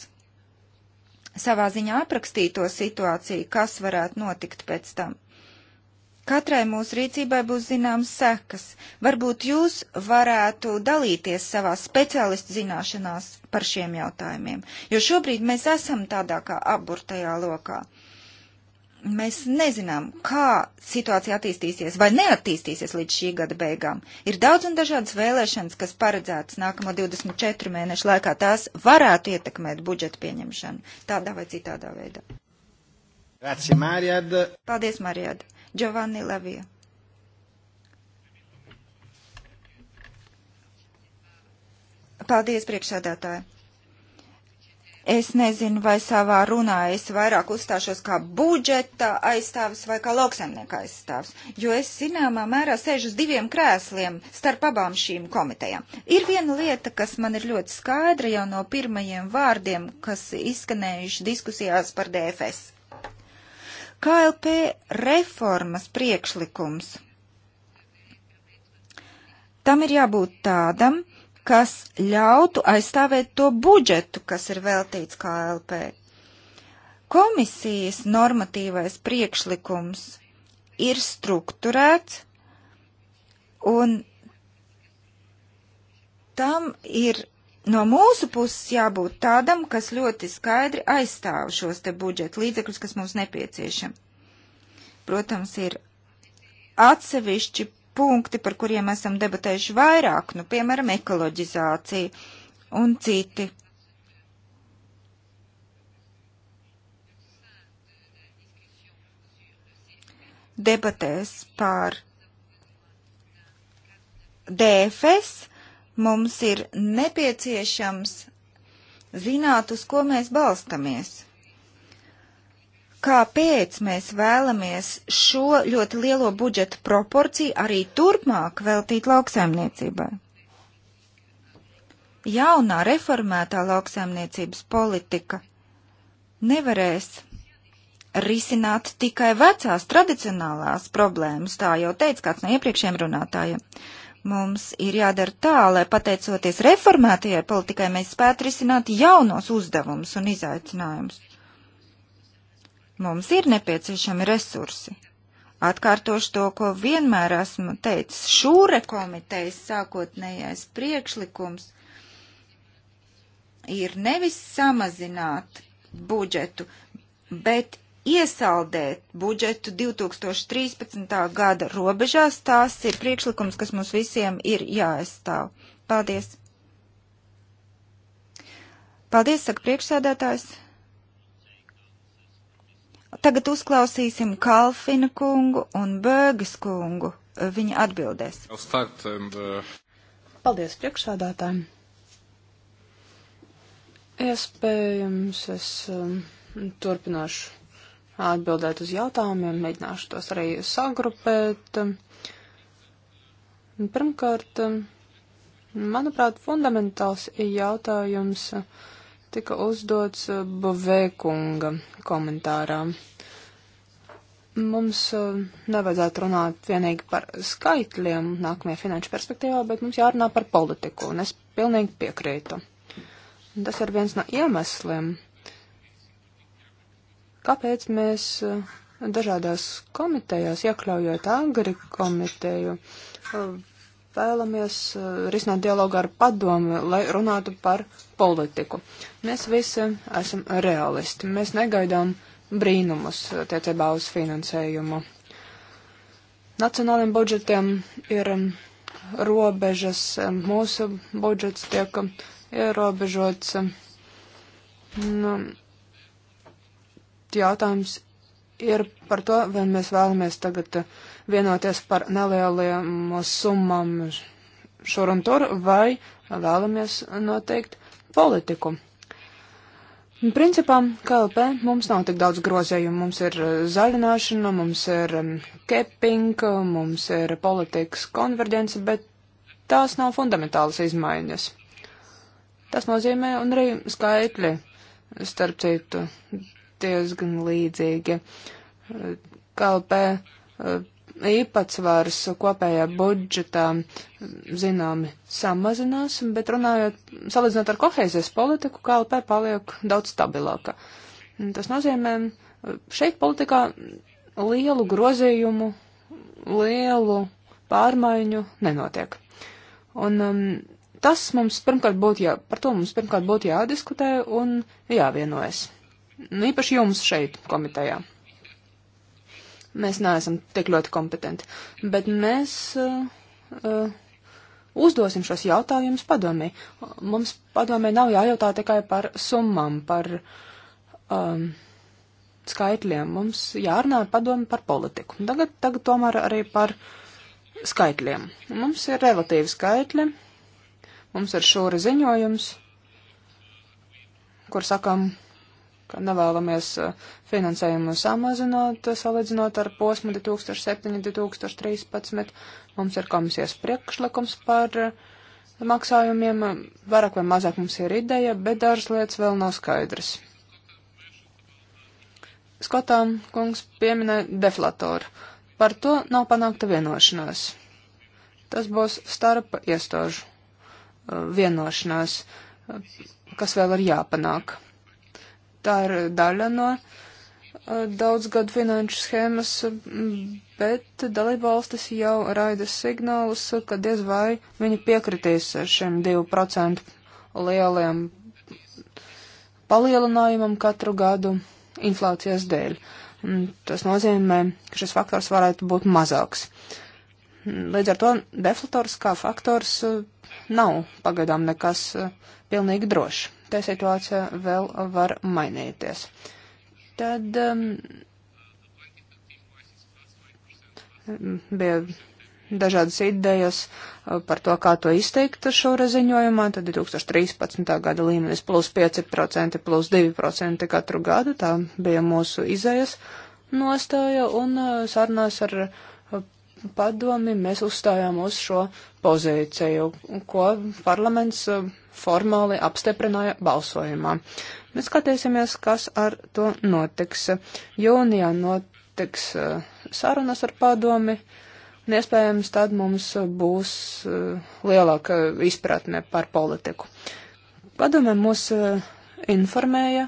savā ziņā aprakstīja to situāciju, kas varētu notikt pēc tam. Katrai mūsu rīcībai būs zināmas sekas. Varbūt jūs varētu dalīties savā speciālistu zināšanās par šiem jautājumiem, jo šobrīd mēs esam tādā kā aburtajā lokā. Uh, mēs nezinām, kā situācija attīstīsies vai neattīstīsies līdz šī gada beigām. Ir daudz un dažādas vēlēšanas, kas paredzētas nākamo 24 mēnešu laikā. Tās varētu ietekmēt budžeta pieņemšanu tādā vai citādā veidā. Grazie, Marijad. Paldies, Marijad. Giovanni Lavija. Paldies, priekšsēdētāji. Es nezinu, vai savā runā es vairāk uzstāšos kā budžeta aizstāvis vai kā lauksaimnieka aizstāvis, jo es zināmā mērā sēžu uz diviem krēsliem starp abām šīm komitejām. Ir viena lieta, kas man ir ļoti skaidra jau no pirmajiem vārdiem, kas izskanējuši diskusijās par DFS. KLP reformas priekšlikums. Tam ir jābūt tādam, kas ļautu aizstāvēt to budžetu, kas ir veltīts KLP. Komisijas normatīvais priekšlikums ir strukturēts un tam ir no mūsu puses jābūt tādam, kas ļoti skaidri aizstāv šos te budžeta līdzekļus, kas mums nepieciešami. Protams, ir atsevišķi punkti, par kuriem esam debatējuši vairāk, nu, piemēram, ekoloģizācija un citi. Debatēs par DFS mums ir nepieciešams zināt, uz ko mēs balstamies kāpēc mēs vēlamies šo ļoti lielo budžeta proporciju arī turpmāk veltīt lauksaimniecībai. Jaunā reformētā lauksaimniecības politika nevarēs risināt tikai vecās tradicionālās problēmas, tā jau teica kāds no iepriekšējiem runātājiem. Mums ir jādara tā, lai pateicoties reformētajai politikai mēs spētu risināt jaunos uzdevumus un izaicinājumus. Mums ir nepieciešami resursi. Atkārtošu to, ko vienmēr esmu teicis. Šūre komitejas sākotnējais priekšlikums ir nevis samazināt budžetu, bet iesaldēt budžetu 2013. gada robežās. Tās ir priekšlikums, kas mums visiem ir jāaizstāv. Paldies! Paldies, saka priekšsēdētājs! Tagad uzklausīsim Kalfina kungu un Bēgas kungu. Viņa atbildēs. And, uh... Paldies priekšsādātājiem. Iespējams, es um, turpināšu atbildēt uz jautājumiem, mēģināšu tos arī sagrupēt. Pirmkārt, manuprāt, fundamentāls jautājums. Uh, tika uzdots eh, Bovēkunga komentārā. Mums eh, nevajadzētu runāt vienīgi par skaitļiem nākamajā finanšu perspektīvā, bet mums jārunā par politiku, un es pilnīgi piekrītu. Un tas ir viens no iemesliem, kāpēc mēs eh, dažādās komitejās, iekļaujot agri komiteju, vēlamies eh, risināt dialogu ar padomu, lai runātu par politiku. Mēs visi esam realisti. Mēs negaidām brīnumus tiecībā uz finansējumu. Nacionāliem budžetiem ir mm, robežas, mm, mūsu budžets tiek mm, ierobežots. Nu, jautājums ir par to, vai mēs vēlamies tagad vienoties par nelieliem summām šur un tur, vai vēlamies noteikt politiku. Principā KLP mums nav tik daudz grozējumu. Mums ir eh, zaļināšana, mums ir keping, mm, mums ir politikas konverģence, bet tās nav fundamentālas izmaiņas. Tas nozīmē, un arī skaitļi, starp citu, diezgan līdzīgi. KLP eh, īpatsvars kopējā budžetā eh, zināmi samazinās, bet runājot, salīdzinot ar kohēzijas politiku, KLP paliek daudz stabilāka. Tas nozīmē, eh, šeit politikā lielu grozījumu, lielu pārmaiņu nenotiek. Un um, tas mums pirmkārt būtu jā, par to mums pirmkārt būtu jādiskutē un jāvienojas. Nu, īpaši jums šeit komitejā. Mēs neesam tik ļoti kompetenti, bet mēs uh, uh, uzdosim šos jautājumus padomē. Mums padomē nav jājautā tikai par summām, par um, skaitļiem. Mums jārunā padomē par politiku. Tagad, tagad tomēr arī par skaitļiem. Mums ir relatīvi skaitļi, mums ir šūri ziņojums, kur sakām, ka nevēlamies uh, finansējumu samazināt, uh, salīdzinot ar posmu 2007-2013. Mums ir komisijas priekšlikums par uh, maksājumiem, vairāk vai mazāk mums ir ideja, bet dažas lietas vēl nav skaidras. Skotām kungs pieminē deflatoru. Par to nav panākta vienošanās. Tas būs starp iestāžu vienošanās, kas vēl ir jāpanāk tā ir daļa no daudzgadu finanšu schēmas, bet dalībvalstis jau raida signālus, ka diez vai viņi piekritīs šiem 2% lieliem palielinājumam katru gadu inflācijas dēļ. Tas nozīmē, ka šis faktors varētu būt mazāks. Līdz ar to deflators kā faktors nav pagaidām nekas pilnīgi drošs te situācija vēl var mainīties. Tad um, bija dažādas idejas uh, par to, kā to izteikt šoreiz ziņojumā. Tad 2013. gada līmenis plus 5%, plus 2% katru gadu. Tā bija mūsu izējas nostāja un uh, sarunās ar padomi mēs uzstājām uz šo pozīciju, ko parlaments eh, formāli apstiprināja balsojumā. Mēs skatīsimies, kas ar to notiks. Jūnijā notiks eh, sarunas ar padomi, un iespējams tad mums būs eh, lielāka izpratne par politiku. Padome mūs informēja,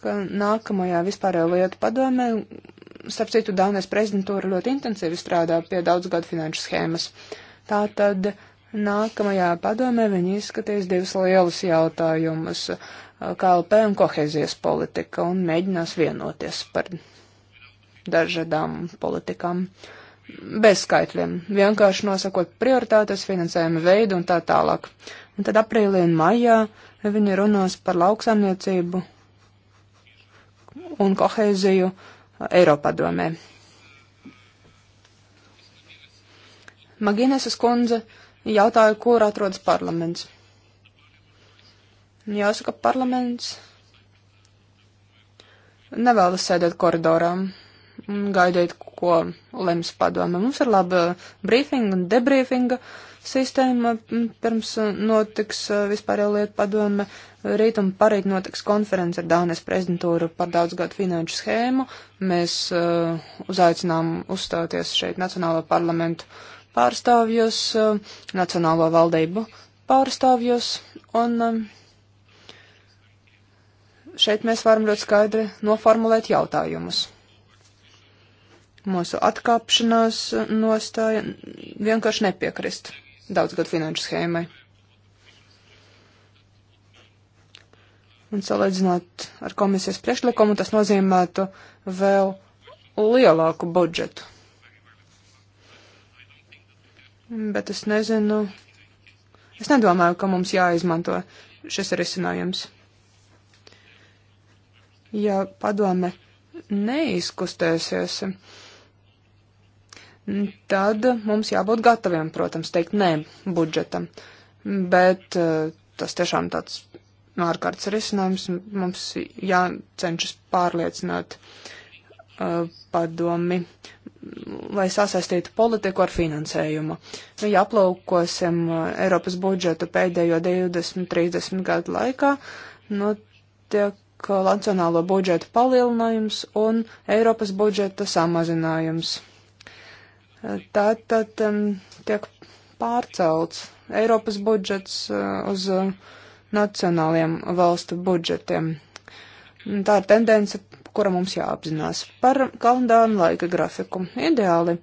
ka nākamajā vispārējā lietu padomē starp citu, Dānijas prezidentūra ļoti intensīvi strādā pie daudzgadu finanšu schēmas. Tātad nākamajā padomē viņi izskatīs divus lielus jautājumus - KLP un kohēzijas politika un mēģinās vienoties par dažādām politikām. Bez skaitļiem, vienkārši nosakot prioritātes, finansējuma veidu un tā tālāk. Un tad aprīlī un maijā viņi runās par lauksaimniecību un kohēziju uh, Eiropadomē. Magīneses kundze jautāja, kur atrodas parlaments. Jāsaka, parlaments nevēlas sēdēt koridorā un gaidīt, ko lems padome. Mums ir laba brīfinga un debrīfinga. Uh, sistēma. Pirms uh, notiks uh, vispārējo lietu padome, rīt un parīt notiks konference ar Dānijas prezidentūru par daudzgadu finanšu schēmu. Mēs uh, uzaicinām uzstāties šeit Nacionālo parlamentu pārstāvjus, uh, Nacionālo valdību pārstāvjus un. Uh, Šeit mēs varam ļoti skaidri noformulēt jautājumus mūsu atkāpšanās uh, nostāja vienkārši nepiekrist daudzgad finanšu schēmai. Un salīdzinot ar komisijas priekšlikumu, tas nozīmētu vēl lielāku budžetu. Bet es nezinu, es nedomāju, ka mums jāizmanto šis risinājums. Ja padome neizkustēsies, Mm, tad mums jābūt gataviem, protams, teikt nē budžetam. Bet eh, tas tiešām tāds ārkārtas risinājums. Mums jācenšas pārliecināt uh, padomi, lai sasaistītu politiku ar finansējumu. Nu, ja aplaukosim eh, Eiropas budžetu pēdējo 20-30 gadu laikā, nu, tiek nacionālo budžetu palielinājums un Eiropas budžeta samazinājums tā tad um, tiek pārcelts Eiropas budžets uh, uz uh, nacionāliem valstu budžetiem. Tā ir tendence, kura mums jāapzinās. Par kalendāru laika grafiku. Ideāli.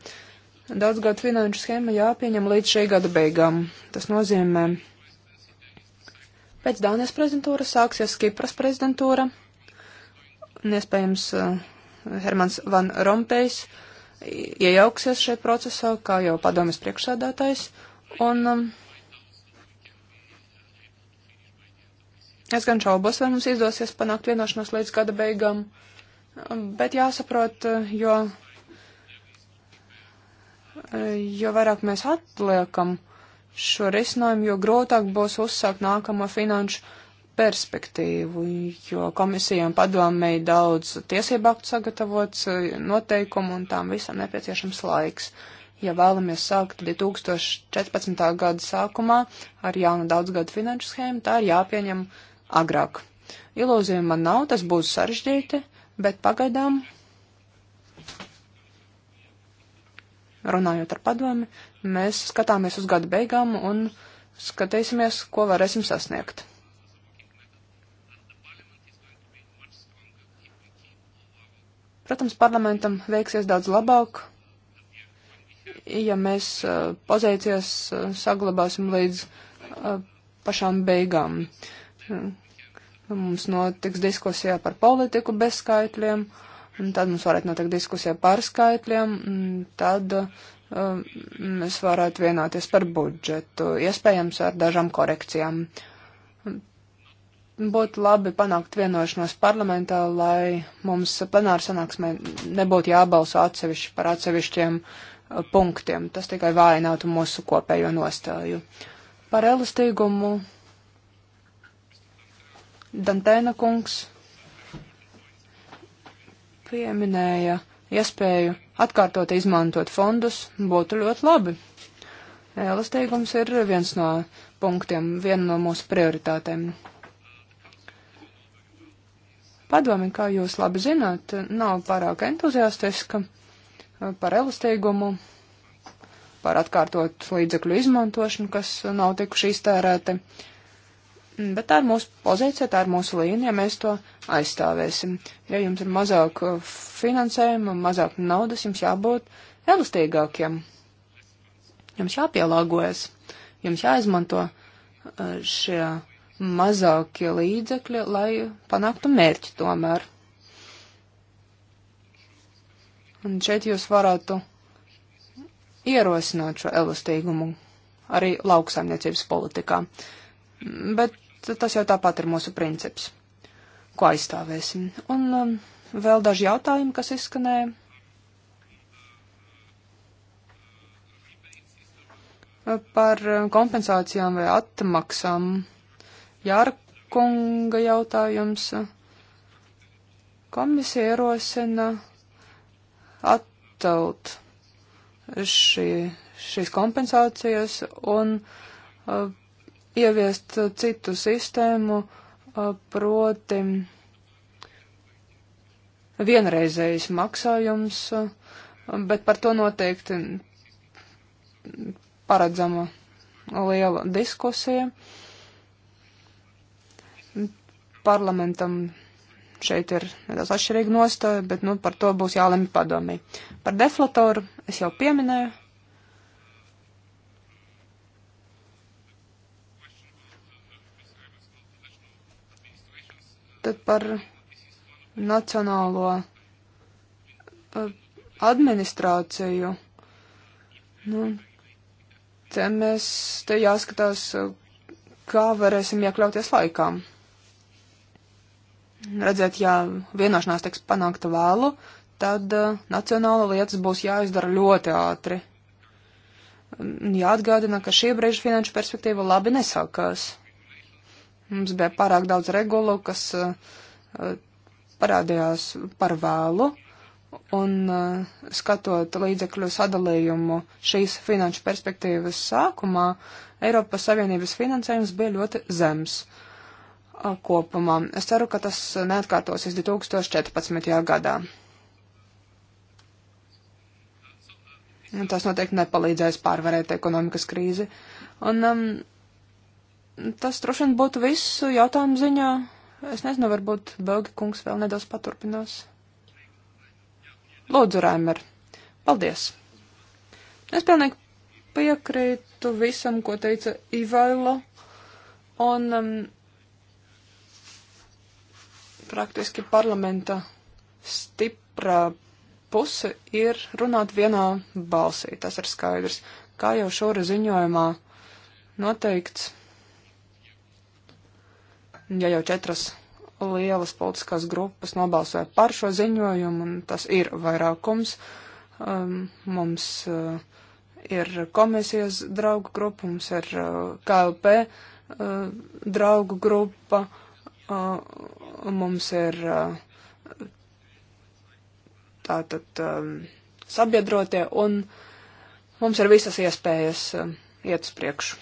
Daudzgad finanšu schēma jāpieņem līdz šī gada beigām. Tas nozīmē, pēc Dānijas prezidentūras sāksies Kipras prezidentūra, un iespējams uh, Hermans Van Rompējs uh, iejauksies šajā procesā, kā jau padomjas priekšsēdētājs. Un um, es gan šaubos, vai mums izdosies panākt vienošanos līdz gada beigām, um, bet jāsaprot, uh, jo, jo vairāk mēs atliekam šo risinājumu, jo grūtāk būs uzsākt nākamo finanšu perspektīvu, jo komisija un padomēji daudz tiesību aktu sagatavots, noteikumu un tām visam nepieciešams laiks. Ja vēlamies sākt 2014. gada sākumā ar jaunu daudzgadu finanšu schēmu, tā ir jāpieņem agrāk. Ilūzija man nav, tas būs sarežģīti, bet pagaidām, runājot ar padomi, mēs skatāmies uz gada beigām un skatīsimies, ko varēsim sasniegt. Protams, parlamentam veiksies daudz labāk, ja mēs uh, pozīcijas uh, saglabāsim līdz uh, pašām beigām. Mm. Mums notiks diskusija par politiku bez skaitļiem, un tad mums varētu notikt diskusija par skaitļiem, un tad mēs varētu vienoties par budžetu, iespējams ar dažām korekcijām. Uh, būtu labi panākt vienošanos parlamentā, lai mums plenāra sanāksmē nebūtu jābalso atsevišķi par atsevišķiem uh, punktiem. Tas tikai vājinātu mūsu kopējo nostāju. Par elastīgumu Dantēna kungs pieminēja iespēju atkārtot izmantot fondus, būtu ļoti labi. Elastīgums ir viens no punktiem, viena no mūsu prioritātēm. Padomi, kā jūs labi zināt, nav pārāk entuziastiska eh, par elastīgumu, par atkārtot līdzekļu izmantošanu, kas nav tikuši iztērēti. Bet tā ir mūsu pozīcija, tā ir mūsu līnija, mēs to aizstāvēsim. Ja jums ir mazāk eh, finansējuma, mazāk naudas, jums jābūt elastīgākiem. Jums jāpielāgojas, jums jāizmanto eh, šie mazākie līdzekļi, lai panāktu mērķi tomēr. Un šeit jūs varētu ierosināt šo elastīgumu arī lauksaimniecības politikā. Bet tas jau tāpat ir mūsu princips, ko aizstāvēsim. Un um, vēl daži jautājumi, kas izskanēja. Par um, kompensācijām vai atmaksām. Um, Jārkunga jautājums. Komisija ierosina attelt šī, šīs kompensācijas un uh, ieviest citu sistēmu, uh, proti vienreizējs maksājums, uh, bet par to noteikti paredzama liela diskusija. Uh, parlamentam šeit ir nedaudz atšķirīga nostāja, bet nu, par to būs jālemj padomī. Par deflatoru es jau pieminēju. Tad par nacionālo eh, administrāciju. Nu, te mēs te jāskatās, eh, kā varēsim iekļauties laikām. Redzēt, ja vienošanās tiks panākta vēlu, tad uh, nacionāla lietas būs jāizdara ļoti ātri. Jāatgādina, ka šī brīža finanšu perspektīva labi nesākās. Mums bija pārāk daudz regulu, kas uh, parādījās par vēlu, un uh, skatot līdzekļu sadalījumu šīs finanšu perspektīvas sākumā, Eiropas Savienības finansējums bija ļoti zems. Uh, kopumā. Es ceru, ka tas neatkārtosies 2014. gadā. Tas noteikti nepalīdzēs pārvarēt ekonomikas krīzi. Un um, tas droši vien būtu viss jautājumu ziņā. Es nezinu, varbūt Belgi kungs vēl nedaudz paturpinās. Lūdzu, Raimer, paldies! Es pilnīgi piekrītu visam, ko teica Ivailo. Un um, praktiski parlamenta stiprā puse ir runāt vienā balsī, tas ir skaidrs. Kā jau šoreiz ziņojumā noteikts, ja jau četras lielas politiskās grupas nobalsoja par šo ziņojumu, un tas ir vairākums, um, mums uh, ir komisijas draugu grupa, mums ir uh, KLP uh, draugu grupa. Uh, Mums ir tātad sabiedrotie un mums ir visas iespējas iet uz priekšu.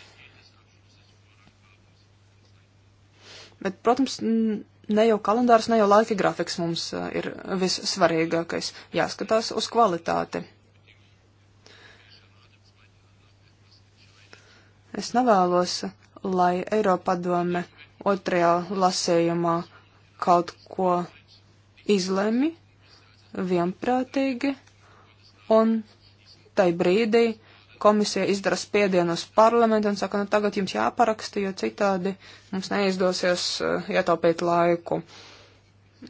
Bet, protams, ne jau kalendārs, ne jau laika grafiks mums ir vissvarīgākais. Jāskatās uz kvalitāti. Es nevēlos, lai Eiropa padome otrajā lasējumā kaut ko izlemi vienprātīgi, un tai brīdī komisija izdara spiedienu uz parlamentu un saka, nu tagad jums jāparaksta, jo citādi mums neizdosies uh, ietaupīt laiku,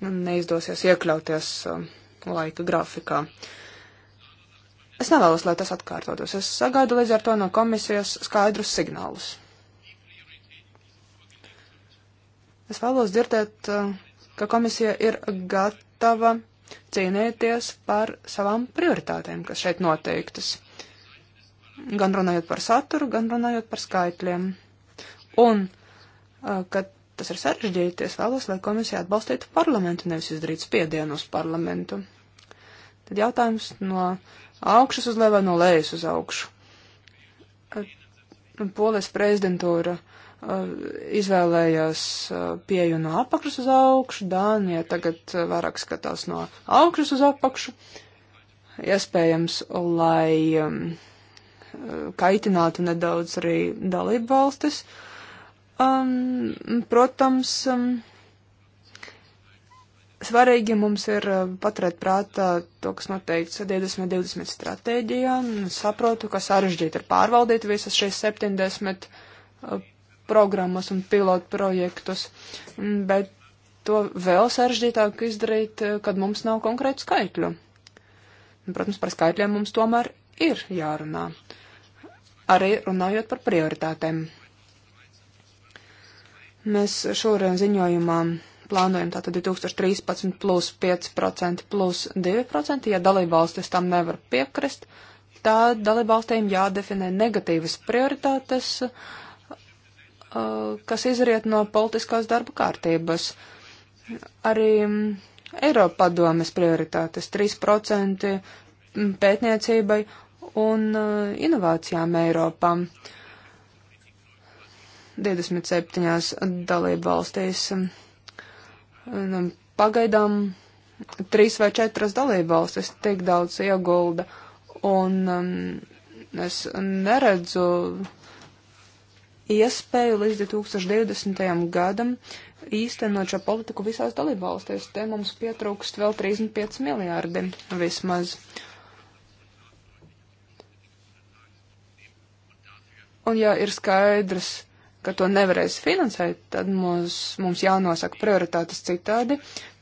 neizdosies iekļauties uh, laika grafikā. Es nevēlos, lai tas atkārtotos. Es sagaidu līdz ar to no komisijas skaidrus signālus. Es vēlos dzirdēt, eh, ka komisija ir gatava cīnīties par savām prioritātēm, kas šeit noteiktas. Gan runājot par saturu, gan runājot par skaitļiem. Un, eh, kad tas ir sarežģīti, es vēlos, lai komisija atbalstītu parlamentu, nevis izdarītu spiedienu uz parlamentu. Tad jautājums no augšas uz leju vai no lejas uz augšu. Eh, Polijas prezidentūra Eh, izvēlējās eh, pieju no apakšas uz augšu, Dānija tagad eh, vairāk skatās no augšas uz apakšu. Iespējams, lai um, kaitinātu nedaudz arī dalību valstis. Um, protams, um, svarīgi mums ir paturēt prātā to, kas noteikts 2020 stratēģijā. Saprotu, ka sarežģīti ir pārvaldīt visas šīs 70 uh, programmas un pilotu projektus, bet to vēl sarežģītāk izdarīt, eh, kad mums nav konkrētu skaitļu. Protams, par skaitļiem mums tomēr ir jārunā, arī runājot par prioritātēm. Mēs šoreiz ziņojumā plānojam tātad 2013 plus 5% plus 2%, ja dalībvalstis tam nevar piekrist, tad dalībvalstīm jādefinē negatīvas prioritātes, uh, Uh, kas izriet no politiskās darba kārtības. Arī mm, Eiropadomes prioritātes 3% mm, pētniecībai un uh, inovācijām Eiropā. 27 dalību valstīs. Mm, pagaidām trīs vai četras dalību valstis tik daudz iegulda, un um, es neredzu iespēju līdz 2020. gadam īstenot šo politiku visās dalībvalstīs. Te mums pietrūkst vēl 35 miljārdi vismaz. Un ja ir skaidrs, ka to nevarēs finansēt, tad mums, mums jānosaka prioritātes citādi,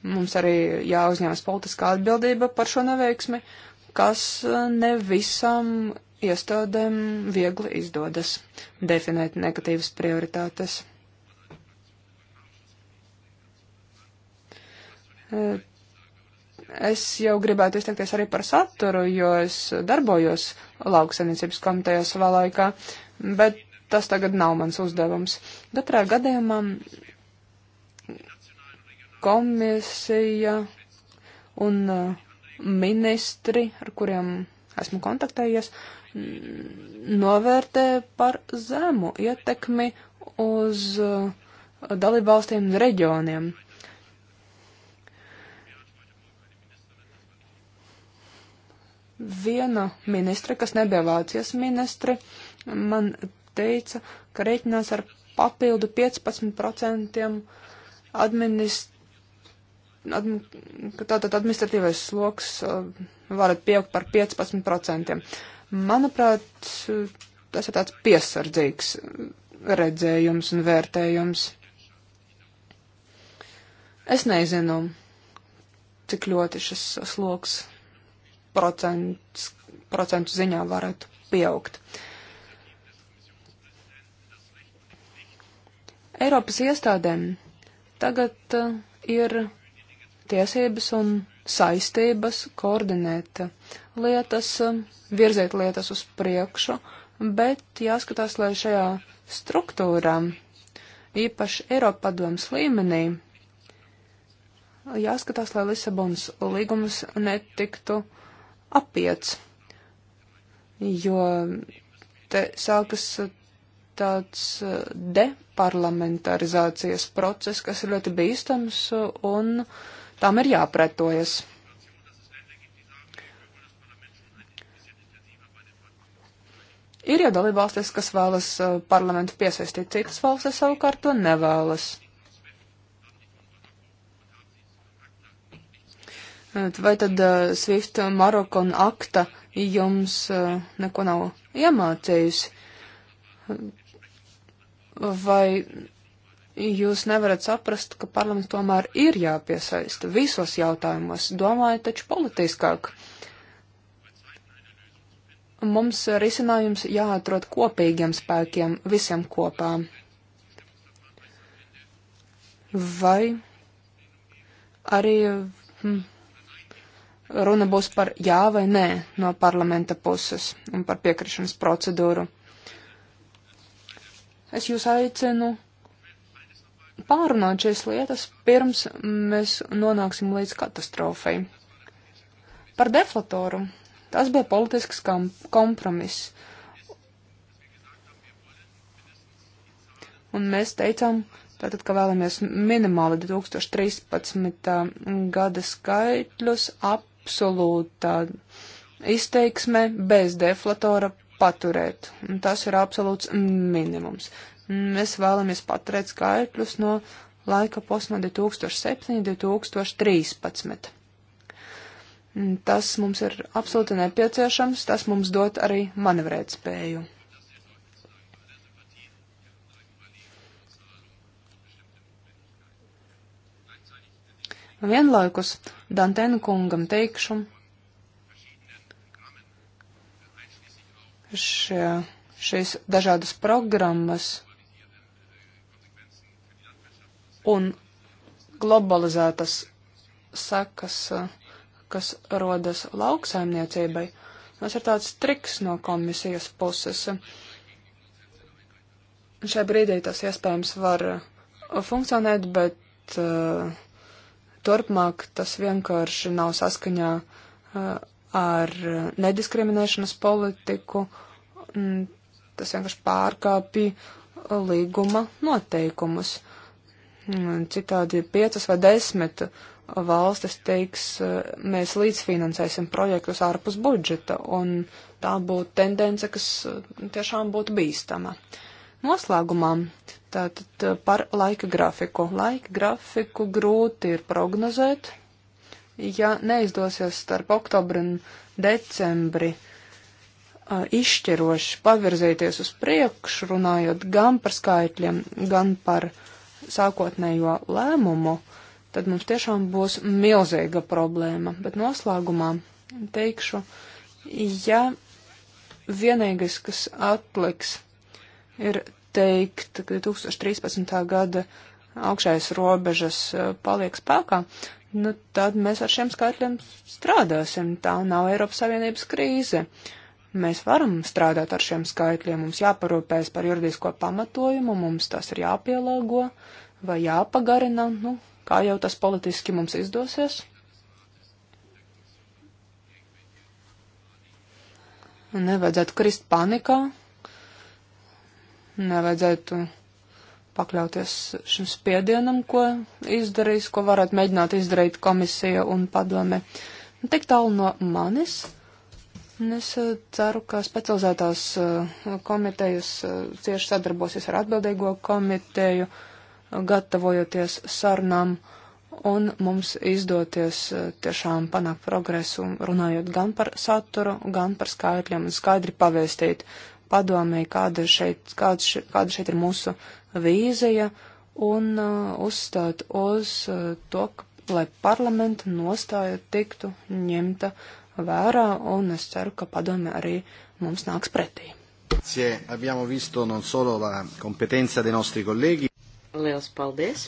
mums arī jāuzņemas politiskā atbildība par šo neveiksmi, kas eh, ne visam iestādēm viegli izdodas definēt negatīvas prioritātes. Eh, es jau gribētu izteikties arī par saturu, jo es darbojos lauksaimniecības komitejā savā laikā, bet tas tagad nav mans uzdevums. Katrā gadījumā komisija un eh, ministri, ar kuriem esmu kontaktējies, uh, novērtē par zemu ietekmi uz uh, dalībvalstīm un reģioniem. Viena ministre, kas nebija Vācijas ministre, man teica, ka reiķinās ar papildu 15% administ... admi... tātad administratīvais sloks uh, varat pieaugt par 15%. Manuprāt, tas ir tāds piesardzīgs redzējums un vērtējums. Es nezinu, cik ļoti šis sloks procents, procentu ziņā varētu pieaugt. Eiropas iestādēm tagad uh, ir tiesības un saistības, koordinēt lietas, virzēt lietas uz priekšu, bet jāskatās, lai šajā struktūrā, īpaši Eiropa padomas līmenī, jāskatās, lai Lisabonas līgums netiktu apiets, jo te sākas tāds deparlamentarizācijas process, kas ir ļoti bīstams un uh, Tam ir jāpretojas. Ir jau dalībvalstis, kas vēlas uh, parlamentu piesaistīt, citas valstis savukārt to nevēlas. Vai tad uh, Swift, Maroka un Akta jums uh, neko nav iemācījusi? Vai jūs nevarat saprast, ka parlaments tomēr ir jāpiesaista visos jautājumos, domājot taču politiskāk. Mums risinājums jāatrod kopīgiem spēkiem, visiem kopā. Vai arī hm, runa būs par jā vai nē no parlamenta puses un par piekrišanas procedūru. Es jūs aicinu pārunāt šīs lietas, pirms mēs nonāksim līdz katastrofai. Par deflatoru. Tas bija politisks kompromiss. Un mēs teicām, tātad, ka vēlamies minimāli 2013. gada skaitļus absolūtā izteiksmē bez deflatora paturēt. Un tas ir absolūts minimums. Mēs vēlamies paturēt skaitļus no laika posma 2007-2013. Mm, tas mums ir absolūti nepieciešams, tas mums dot arī manevrēt spēju. Vienlaikus Dantēna kungam teikšu, šie, šīs dažādas programmas un globalizētas sekas, kas rodas lauksaimniecībai. Tas ir tāds triks no komisijas puses. Šai brīdī tas iespējams var funkcionēt, bet uh, turpmāk tas vienkārši nav saskaņā uh, ar nediskriminēšanas politiku. Mm, tas vienkārši pārkāpj līguma noteikumus. Citādi piecas vai desmit valstis teiks, mēs līdzfinansēsim projektus ārpus budžeta, un tā būtu tendence, kas nu, tiešām būtu bīstama. Noslēgumā tātad par laika grafiku. Laika grafiku grūti ir prognozēt. Ja neizdosies starp oktobru un decembri izšķiroši pavirzīties uz priekšu, runājot gan par skaitļiem, gan par uh, sākotnējo lēmumu, tad mums tiešām būs milzīga problēma. Bet noslēgumā teikšu, ja vienīgais, kas atliks, ir teikt, ka 2013. gada augšējais robežas e, paliek spēkā, nu, tad mēs ar šiem skaitļiem strādāsim. Tā nav Eiropas Savienības krīze. Uh, Mēs varam strādāt ar šiem skaitļiem, mums jāparūpēs par juridisko pamatojumu, mums tas ir jāpielāgo vai jāpagarina, nu, kā jau tas politiski mums izdosies. Nevajadzētu krist panikā, nevajadzētu pakļauties šim spiedienam, ko izdarīs, ko varētu mēģināt izdarīt komisija un padome. Tik tālu no manis. Un es eh, ceru, ka specializētās eh, komitejas eh, cieši sadarbosies ar atbildīgo komiteju, gatavojoties sarunām, un mums izdoties tiešām panākt progresu, runājot gan par saturu, gan par skaitļiem, un skaidri pavēstīt padomēji, kāda šeit, kāda šeit, kāda šeit ir mūsu vīzija, un uh, uzstāt uz uh, to, lai parlamenta nostāja tiktu ņemta vērā, un es ceru, ka padome arī mums nāks pretī. Liels paldies!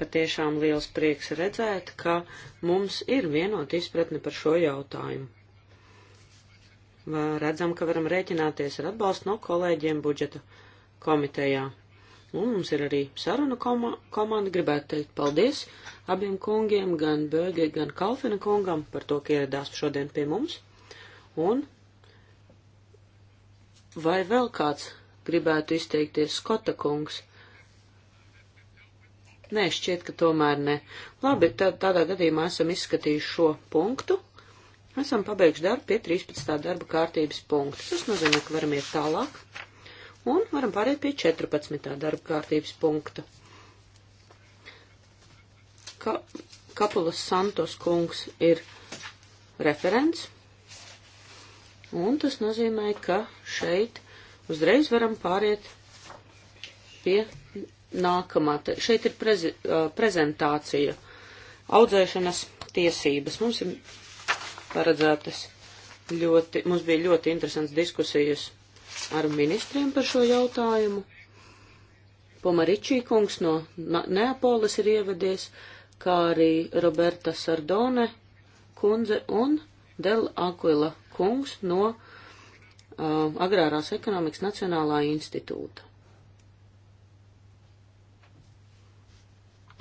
Patiešām liels prieks redzēt, ka mums ir vienota izpratne par šo jautājumu. Redzam, ka varam rēķināties ar atbalstu no kolēģiem budžeta komitejā. Un nu, mums ir arī saruna koma komanda. Gribētu teikt paldies abiem kungiem, gan Bēgi, gan Kalfina kungam par to, ka ieradās šodien pie mums. Un vai vēl kāds gribētu izteikties Skota kungs? Nē, šķiet, ka tomēr ne. Labi, tad tādā gadījumā esam izskatījuši šo punktu. Esam pabeiguši darbu pie 13. darba kārtības punkta. Tas nozīmē, ka varam iet tālāk. Un varam pāriet pie 14. darba kārtības punkta. Ka, Kapulas Santos kungs ir referents, un tas nozīmē, ka šeit uzreiz varam pāriet pie nākamā. Šeit ir prezi, prezentācija audzēšanas tiesības. Mums ir paredzētas ļoti, mums bija ļoti interesants diskusijas ar ministriem par šo jautājumu. Pomaričī kungs no Neapolis ir ievadies, kā arī Roberta Sardone kundze un Del Aquila kungs no uh, Agrārās ekonomikas Nacionālā institūta.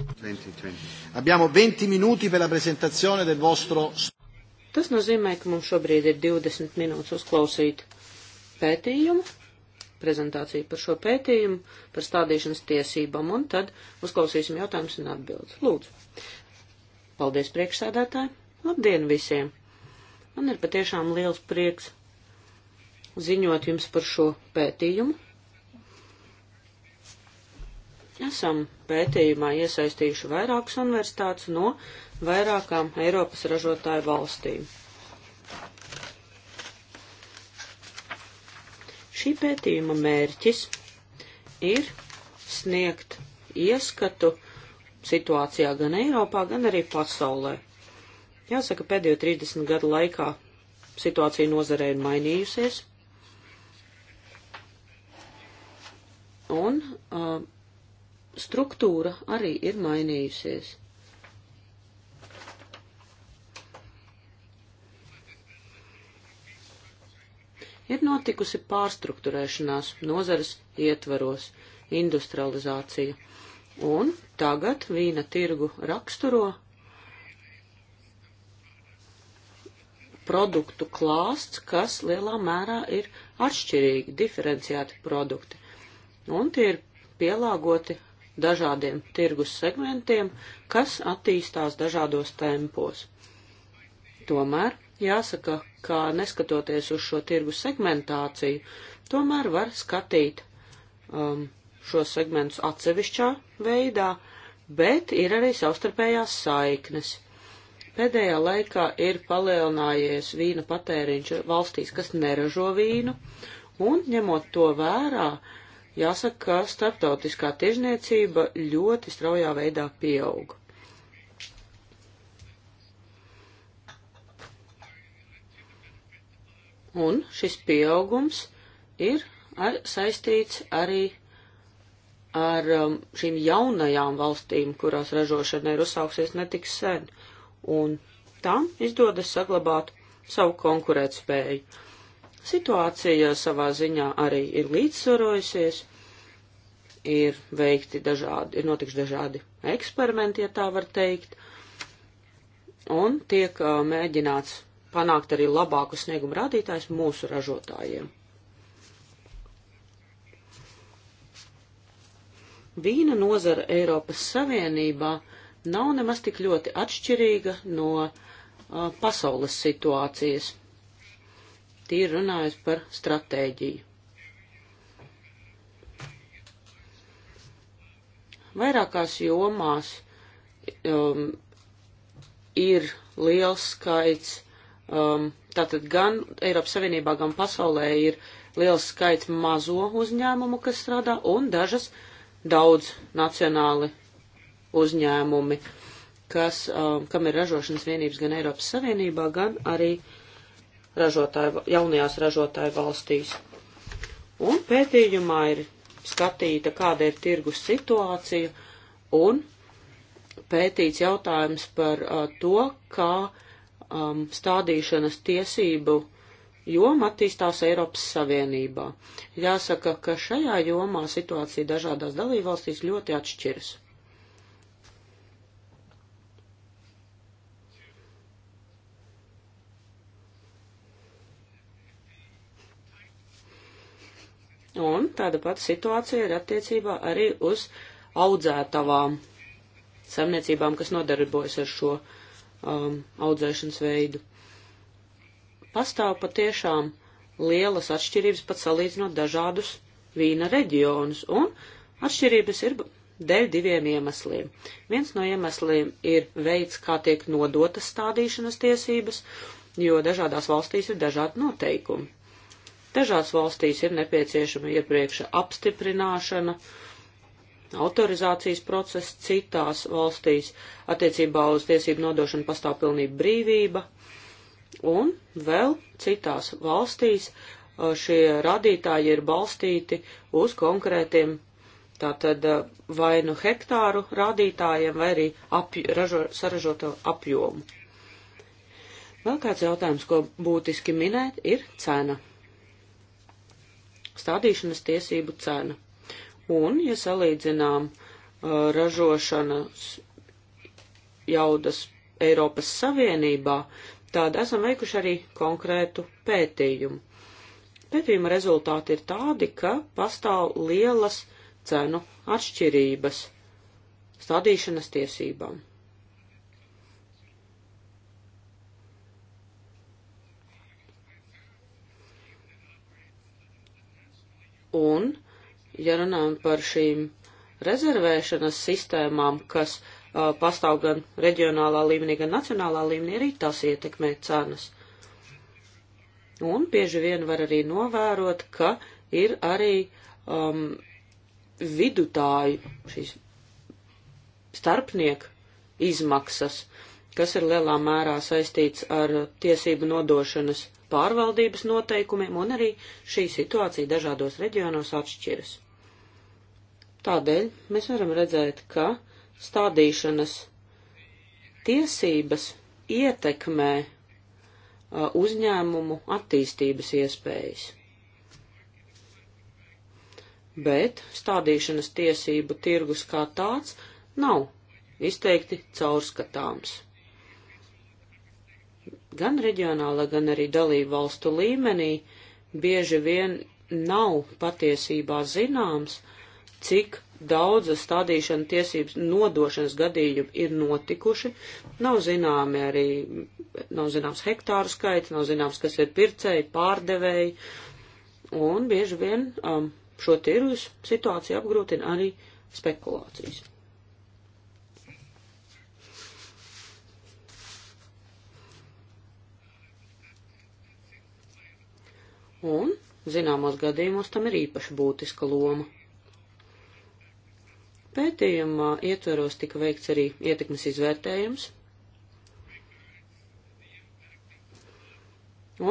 2020. Abbiamo 20 minūti per la presentazione del vostro. Tas nozīmē, ka mums šobrīd ir 20 minūtes uzklausīt pētījumu, prezentāciju par šo pētījumu, par stādīšanas tiesībām, un tad uzklausīsim jautājumus un atbildes. Lūdzu. Paldies priekšsēdētāji. Labdien visiem. Man ir patiešām liels prieks ziņot jums par šo pētījumu. Esam pētījumā iesaistījuši vairākas universitātes no vairākām Eiropas ražotāju valstīm. Šī pētījuma mērķis ir sniegt ieskatu situācijā gan Eiropā, gan arī pasaulē. Jāsaka, pēdējo 30 gadu laikā situācija nozarē ir mainījusies. Un uh, struktūra arī ir mainījusies. Ir notikusi pārstruktūrēšanās nozares ietvaros, industrializācija, un tagad vīna tirgu raksturo produktu klāsts, kas lielā mērā ir atšķirīgi, diferenciēti produkti, un tie ir pielāgoti dažādiem tirgus segmentiem, kas attīstās dažādos tempos. Tomēr Jāsaka, ka neskatoties uz šo tirgu segmentāciju, tomēr var skatīt um, šos segmentus atsevišķā veidā, bet ir arī savstarpējās saiknes. Pēdējā laikā ir palielinājies vīna patēriņš valstīs, kas neražo vīnu, un ņemot to vērā, jāsaka, ka starptautiskā tirzniecība ļoti straujā veidā pieauga. Un šis pieaugums ir ar, saistīts arī ar um, šīm jaunajām valstīm, kurās ražošana ir uzsāksies netiks sen. Un tam izdodas saglabāt savu konkurētspēju. Situācija savā ziņā arī ir līdzsvarojusies, ir veikti dažādi, ir notikuši dažādi eksperimenti, ja tā var teikt, un tiek uh, mēģināts panākt arī labāku sniegumu rādītājs mūsu ražotājiem. Vīna nozara Eiropas Savienībā nav nemaz tik ļoti atšķirīga no a, pasaules situācijas. Tīri runājot par stratēģiju. Vairākās jomās um, ir liels skaits um, tātad gan Eiropas Savienībā, gan pasaulē ir liels skaits mazo uzņēmumu, kas strādā, un dažas daudz nacionāli uzņēmumi, kas, um, kam ir ražošanas vienības gan Eiropas Savienībā, gan arī ražotāju, jaunajās ražotāju valstīs. Un pētījumā ir skatīta, kāda ir tirgus situācija, un pētīts jautājums par uh, to, kā uh, um, stādīšanas tiesību joma attīstās Eiropas Savienībā. Jāsaka, ka šajā jomā situācija dažādās dalībvalstīs ļoti atšķiras. Un tāda pati situācija ir attiecībā arī uz audzētavām saimniecībām, kas nodarbojas ar šo uh, um, audzēšanas veidu. Pastāv patiešām lielas atšķirības pat salīdzinot dažādus vīna reģionus, un atšķirības ir dēļ diviem iemesliem. Viens no iemesliem ir veids, kā tiek nodotas stādīšanas tiesības, jo dažādās valstīs ir dažādi noteikumi. Dažās valstīs ir nepieciešama iepriekša apstiprināšana, uh, autorizācijas process citās valstīs, attiecībā uz tiesību nodošanu pastāv pilnība brīvība, un vēl citās valstīs uh, šie radītāji ir balstīti uz konkrētiem tātad uh, vai nu hektāru rādītājiem, vai arī apj ražo, saražoto apjomu. Vēl kāds jautājums, ko būtiski minēt, ir cena. Stādīšanas tiesību cena. Un, ja salīdzinām uh, ražošanas jaudas Eiropas Savienībā, tad esam veikuši arī konkrētu pētījumu. Pētījuma rezultāti ir tādi, ka pastāv lielas cenu atšķirības stādīšanas tiesībām. Un ja runājam par šīm rezervēšanas sistēmām, kas uh, pastāv gan reģionālā līmenī, gan nacionālā līmenī, arī tas ietekmē cenas. Un bieži vien var arī novērot, ka ir arī um, vidutāju šīs starpnieku izmaksas, kas ir lielā mērā saistīts ar tiesību nodošanas pārvaldības noteikumiem, un arī šī situācija dažādos reģionos atšķiras. Tādēļ mēs varam redzēt, ka stādīšanas tiesības ietekmē uh, uzņēmumu attīstības iespējas. Bet stādīšanas tiesību tirgus kā tāds nav izteikti caurskatāms. Gan reģionāla, gan arī dalību valstu līmenī bieži vien nav patiesībā zināms, uh, cik daudz stādīšana tiesības nodošanas gadījumu ir notikuši. Nav zināmi arī, nav zināms hektāru skaits, nav zināms, kas ir pircēji, pārdevēji, un bieži vien um, šo tirgus situāciju apgrūtina arī spekulācijas. Un zināmos gadījumos tam ir īpaši būtiska loma. Pētījumā ietveros tika veikts arī ietekmes izvērtējums,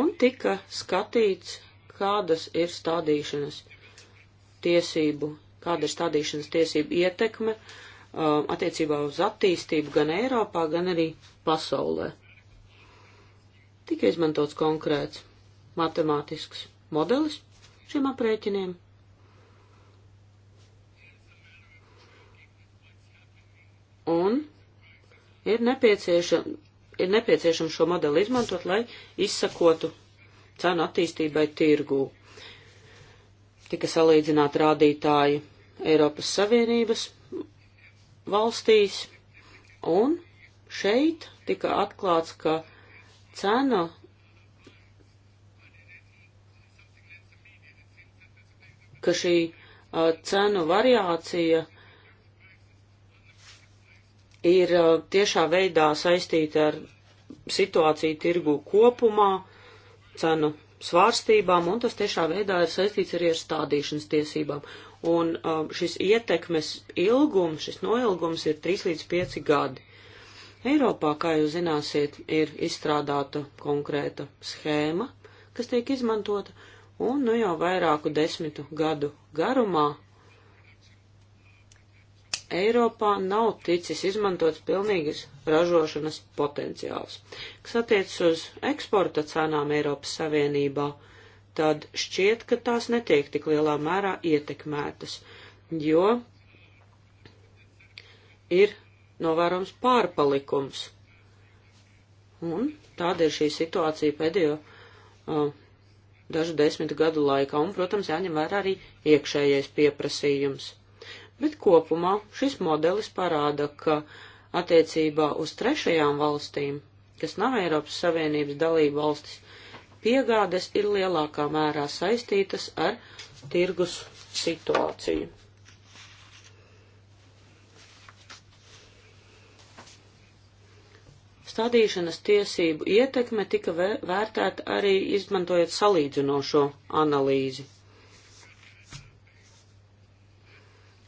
un tika skatīts, kādas ir stādīšanas tiesību, kāda ir stādīšanas tiesību ietekme um, attiecībā uz attīstību gan Eiropā, gan arī pasaulē. Tika izmantots konkrēts matemātisks modelis šiem aprēķiniem. un ir nepieciešams ir nepieciešams šo modeli izmantot, lai izsakotu cenu attīstībai tirgū. Tika salīdzināti rādītāji Eiropas Savienības valstīs, un šeit tika atklāts, ka cena ka šī uh, cenu variācija ir uh, tiešā veidā saistīta ar situāciju tirgu kopumā, cenu svārstībām, un tas tiešā veidā ir saistīts arī ar stādīšanas tiesībām. Un um, šis ietekmes ilgums, šis noilgums ir 3 līdz 5 gadi. Eiropā, kā jūs zināsiet, ir izstrādāta konkrēta schēma, kas tiek izmantota, un nu jau vairāku desmitu gadu garumā Eiropā nav ticis izmantots pilnīgas ražošanas potenciāls. Kas attiecas uz eksporta cenām Eiropas Savienībā, tad šķiet, ka tās netiek tik lielā mērā ietekmētas, jo ir novērojams pārpalikums. Un tāda ir šī situācija pēdējo uh, dažu desmitu gadu laikā, un, protams, jāņem vērā arī iekšējais pieprasījums. Bet kopumā šis modelis parāda, ka attiecībā uz trešajām valstīm, kas nav Eiropas Savienības dalība valstis, piegādes ir lielākā mērā saistītas ar tirgus situāciju. Stādīšanas tiesību ietekme tika vērtēta arī izmantojot salīdzinošo analīzi.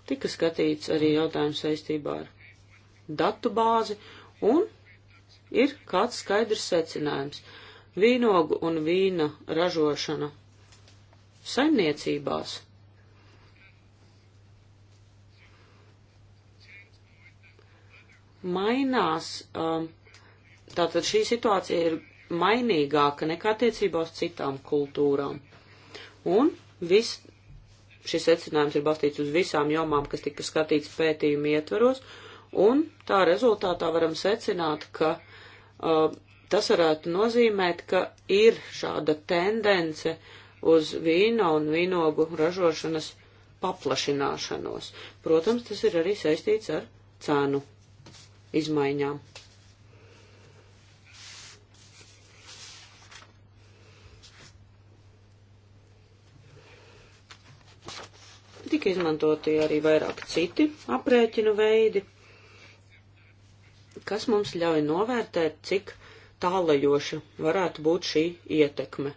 Tika skatīts arī jautājums saistībā ar datu bāzi un ir kāds skaidrs secinājums. Vīnogu un vīna ražošana saimniecībās mainās, um, tātad šī situācija ir mainīgāka nekā attiecībā uz citām kultūrām. Un viss šis secinājums ir balstīts uz visām jomām, kas tika skatīts pētījuma ietveros, un tā rezultātā varam secināt, ka uh, tas varētu nozīmēt, ka ir šāda tendence uz vīna un vīnogu ražošanas paplašināšanos. Protams, tas ir arī saistīts ar cēnu izmaiņām. Tika izmantoti arī vairāk citi aprēķinu veidi, kas mums ļauj novērtēt, cik tālajoša varētu būt šī ietekme.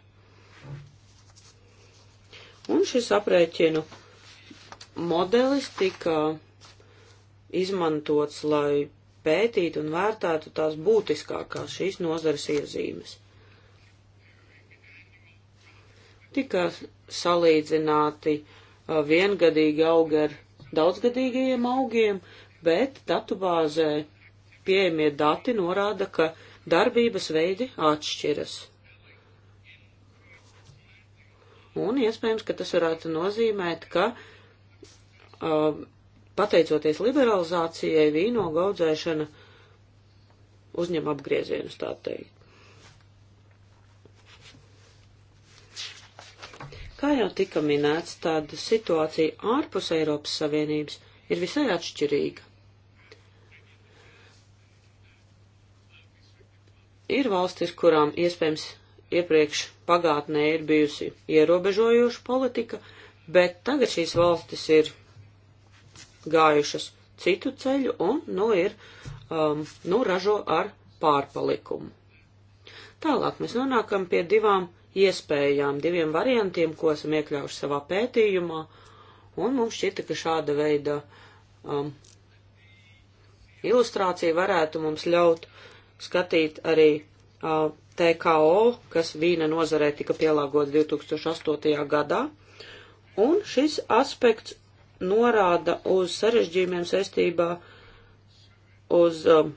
Un šis aprēķinu modelis tika izmantots, lai pētītu un vērtētu tās būtiskākās šīs nozares iezīmes. Tika salīdzināti uh, viengadīgi aug ar daudzgadīgajiem augiem, bet datubāzē pieejamie dati norāda, ka darbības veidi atšķiras. Un iespējams, ka tas varētu nozīmēt, ka uh, pateicoties liberalizācijai vīnogu audzēšana uzņem apgriezienus, tā teikt. Kā jau tika minēts, tad situācija ārpus Eiropas Savienības ir visai atšķirīga. Ir valstis, kurām iespējams iepriekš pagātnē ir bijusi ierobežojoša politika, bet tagad šīs valstis ir gājušas citu ceļu un, nu, ir, um, nu, ražo ar pārpalikumu. Tālāk mēs nonākam pie divām iespējām, diviem variantiem, ko esam iekļaujuši savā pētījumā, un mums šķita, ka šāda veida um, ilustrācija varētu mums ļaut skatīt arī uh, TKO, kas vīna nozarē tika pielāgots 2008. gadā, un šis aspekts norāda uz sarežģījumiem saistībā uz um,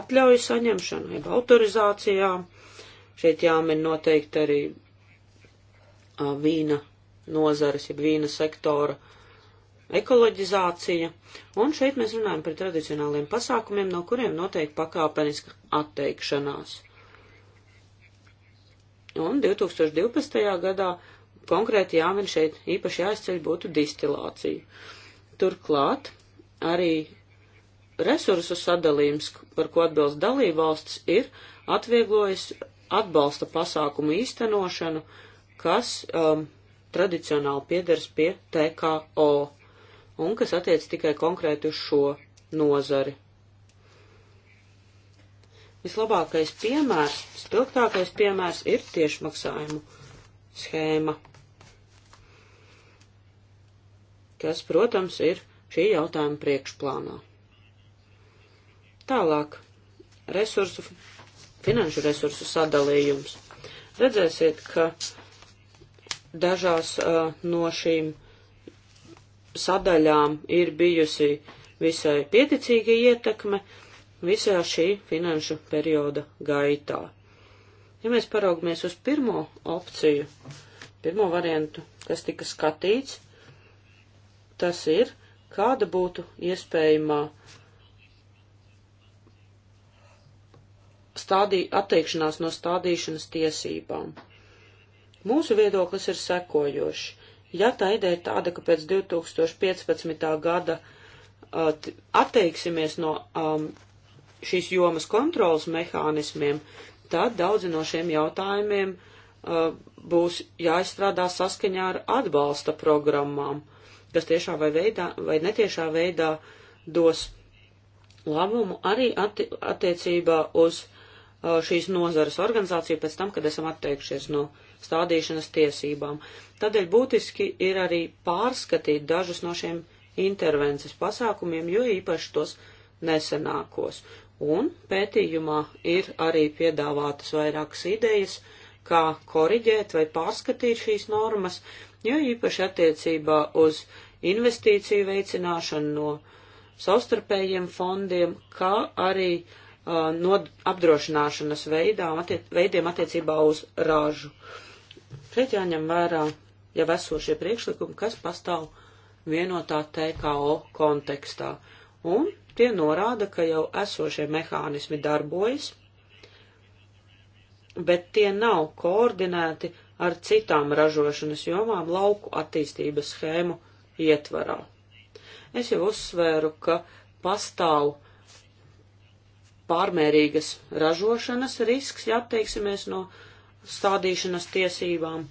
atļauju saņemšanu, jeb autorizācijām, Šeit jāmin noteikti arī uh, vīna nozares, jeb vīna sektora ekoloģizācija. Un šeit mēs runājam par tradicionāliem pasākumiem, no kuriem notiek pakāpeniska atteikšanās. Un 2012. gadā konkrēti jāmin šeit īpaši jāizceļ būtu distilācija. Turklāt arī resursu sadalījums, par ko atbilst dalībvalstis, ir atvieglojis atbalsta pasākumu īstenošanu, kas um, tradicionāli piedars pie TKO un kas attiec tikai konkrēti uz šo nozari. Vislabākais piemērs, spilgtākais piemērs ir tiešmaksājumu schēma, kas, protams, ir šī jautājuma priekšplānā. Tālāk, resursu finanšu resursu sadalījums. Redzēsiet, ka dažās uh, no šīm sadaļām ir bijusi visai pieticīga ietekme visā šī finanšu perioda gaitā. Ja mēs paraugamies uz pirmo opciju, pirmo variantu, kas tika skatīts, tas ir, kāda būtu iespējamā uh, stādī, atteikšanās no stādīšanas tiesībām. Mūsu viedoklis ir sekojoši. Ja tā ideja ir tāda, ka pēc 2015. gada uh, atteiksimies no um, šīs jomas kontrolas mehānismiem, tad daudzi no šiem jautājumiem uh, būs jāizstrādā saskaņā ar atbalsta programmām, kas tiešā vai, veidā, vai netiešā veidā dos labumu arī atti attiecībā uz Uh, šīs nozares organizāciju pēc tam, kad esam atteikšies no stādīšanas tiesībām. Tādēļ būtiski ir arī pārskatīt dažus no šiem intervences pasākumiem, jo īpaši tos nesenākos. Un pētījumā ir arī piedāvātas vairākas idejas, kā koriģēt vai pārskatīt šīs normas, jo īpaši attiecībā uz investīciju veicināšanu no savstarpējiem fondiem, kā arī uh, uh, no apdrošināšanas veidām, attiec, veidiem attiecībā uz ražu. Šeit jāņem vērā jau esošie priekšlikumi, kas pastāv vienotā TKO kontekstā. Un tie norāda, ka jau esošie mehānismi darbojas, bet tie nav koordinēti ar citām ražošanas jomām lauku attīstības schēmu ietvarā. Es jau uzsvēru, ka pastāv pārmērīgas ražošanas risks, ja atteiksimies no stādīšanas tiesībām.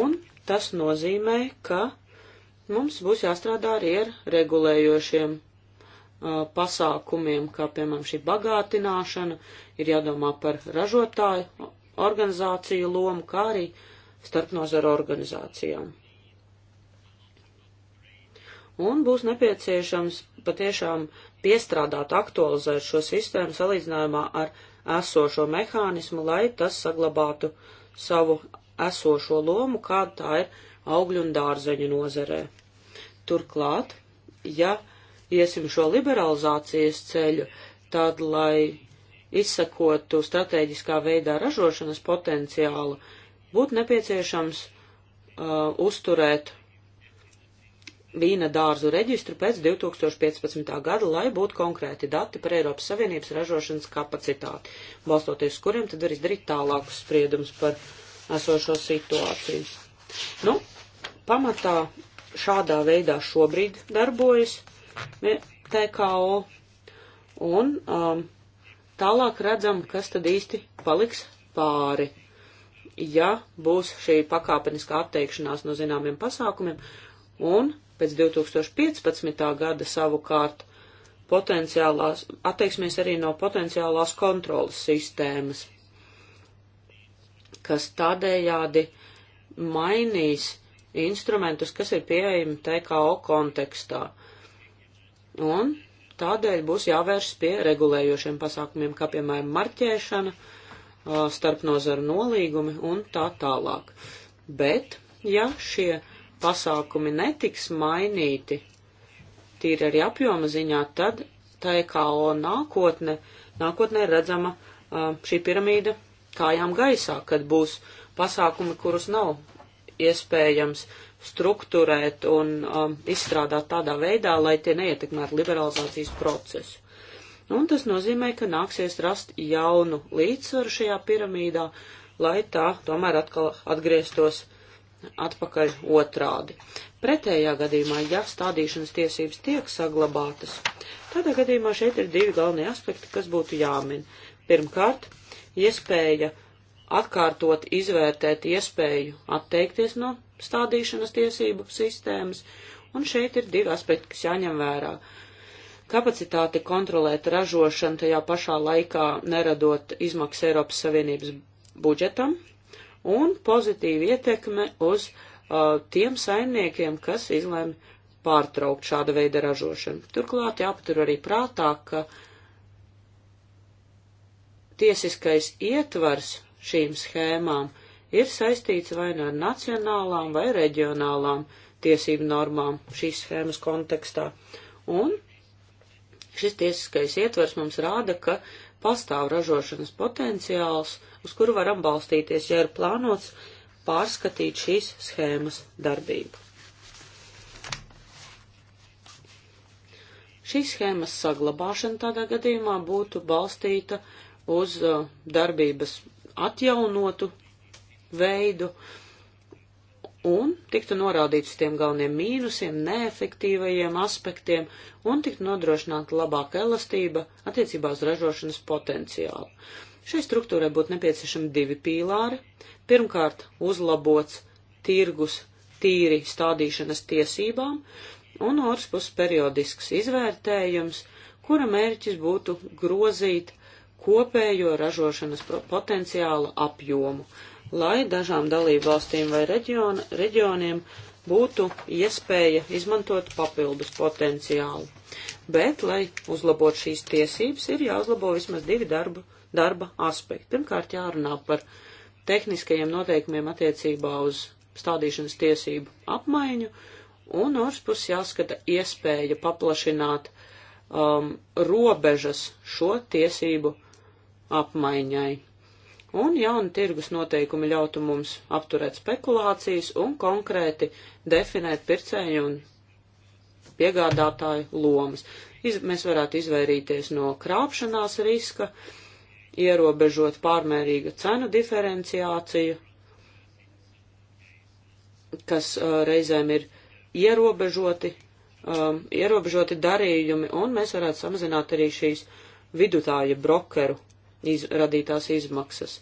Un tas nozīmē, ka mums būs jāstrādā arī ar regulējošiem uh, pasākumiem, kā piemēram šī bagātināšana, ir jādomā par ražotāju organizāciju lomu, kā arī starpnozaru organizācijām un būs nepieciešams patiešām piestrādāt, aktualizēt šo sistēmu salīdzinājumā ar esošo mehānismu, lai tas saglabātu savu esošo lomu, kāda tā ir augļu un dārzeņu nozerē. Turklāt, ja iesim šo liberalizācijas ceļu, tad, lai izsakotu strateģiskā veidā ražošanas potenciālu, būtu nepieciešams uh, uzturēt vīna dārzu reģistru pēc 2015. gada, lai būtu konkrēti dati par Eiropas Savienības ražošanas kapacitāti, balstoties uz kuriem tad var izdarīt tālākus spriedumus par esošo situāciju. Nu, pamatā šādā veidā šobrīd darbojas TKO, un um, tālāk redzam, kas tad īsti paliks pāri, ja būs šī pakāpeniskā atteikšanās no zināmiem pasākumiem, un Pēc 2015. gada savukārt potenciālās, atteiksimies arī no potenciālās kontrolas sistēmas, kas tādējādi mainīs instrumentus, kas ir pieejami TKO kontekstā. Un tādēļ būs jāvēršas pie regulējošiem pasākumiem, kā piemēram marķēšana, starpnozaru nolīgumi un tā tālāk. Bet, ja šie pasākumi netiks mainīti, tīri arī apjoma ziņā, tad tā EKO nākotne, nākotnē redzama šī piramīda kājām gaisā, kad būs pasākumi, kurus nav iespējams struktūrēt un um, izstrādāt tādā veidā, lai tie neietekmētu liberalizācijas procesu. Nu, un tas nozīmē, ka nāksies rast jaunu līdzsvaru šajā piramīdā, lai tā tomēr atkal atgrieztos uh, atpakaļ otrādi. Pretējā gadījumā, ja stādīšanas tiesības tiek saglabātas, tādā gadījumā šeit ir divi galvenie aspekti, kas būtu jāmin. Pirmkārt, iespēja atkārtot izvērtēt iespēju atteikties no stādīšanas tiesību sistēmas, un šeit ir divi aspekti, kas jāņem vērā. Kapacitāte kontrolēt ražošanu tajā pašā laikā neradot izmaksas Eiropas Savienības budžetam, un pozitīva ietekme uz uh, tiem saimniekiem, kas izlēma pārtraukt šāda veida ražošanu. Turklāt jāpatur arī prātā, ka tiesiskais ietvars šīm schēmām ir saistīts vai nu ar nacionālām vai reģionālām tiesību normām šīs schēmas kontekstā. Un šis tiesiskais ietvers mums rāda, ka pastāv ražošanas potenciāls uh, uz kuru varam balstīties, ja ir plānots pārskatīt šīs schēmas darbību. Šīs schēmas saglabāšana tādā gadījumā būtu balstīta uz uh, darbības atjaunotu veidu un tiktu norādīts uz tiem galveniem mīnusiem, neefektīvajiem aspektiem un tiktu nodrošināta labāka elastība attiecībā uz ražošanas potenciālu. Šai struktūrai būtu nepieciešami divi pīlāri. Pirmkārt, uzlabots tirgus tīri stādīšanas tiesībām, un otrs puses periodisks izvērtējums, kura mērķis būtu grozīt kopējo ražošanas potenciāla apjomu, lai dažām dalību valstīm vai reģiona, reģioniem būtu iespēja izmantot papildus potenciālu. Bet, lai uzlabotu šīs tiesības, ir jāuzlabo vismaz divi darba darba aspekti. Pirmkārt, jārunā par tehniskajiem noteikumiem attiecībā uz stādīšanas tiesību apmaiņu, un no otrs puses jāskata iespēja paplašināt um, robežas šo tiesību apmaiņai. Un jauna tirgus noteikumi ļautu mums apturēt spekulācijas un konkrēti definēt pircēju un piegādātāju lomas. Iz, mēs varētu izvairīties no krāpšanās riska, uh, ierobežot pārmērīgu cenu diferenciāciju, kas uh, reizēm ir ierobežoti, um, ierobežoti darījumi, un mēs varētu samazināt arī šīs vidutāja brokeru iz, radītās izmaksas.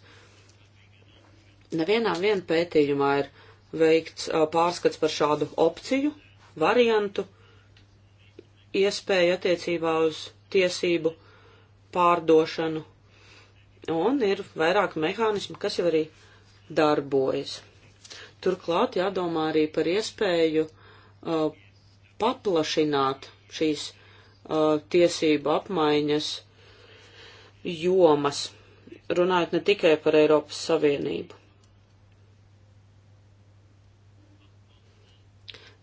Nevienā vien pētījumā ir veikts uh, pārskats par šādu opciju, variantu, iespēju attiecībā uz tiesību pārdošanu un ir vairāk mehānismi, kas jau arī darbojas. Turklāt jādomā arī par iespēju uh, paplašināt šīs uh, tiesību apmaiņas jomas, runājot ne tikai par Eiropas Savienību.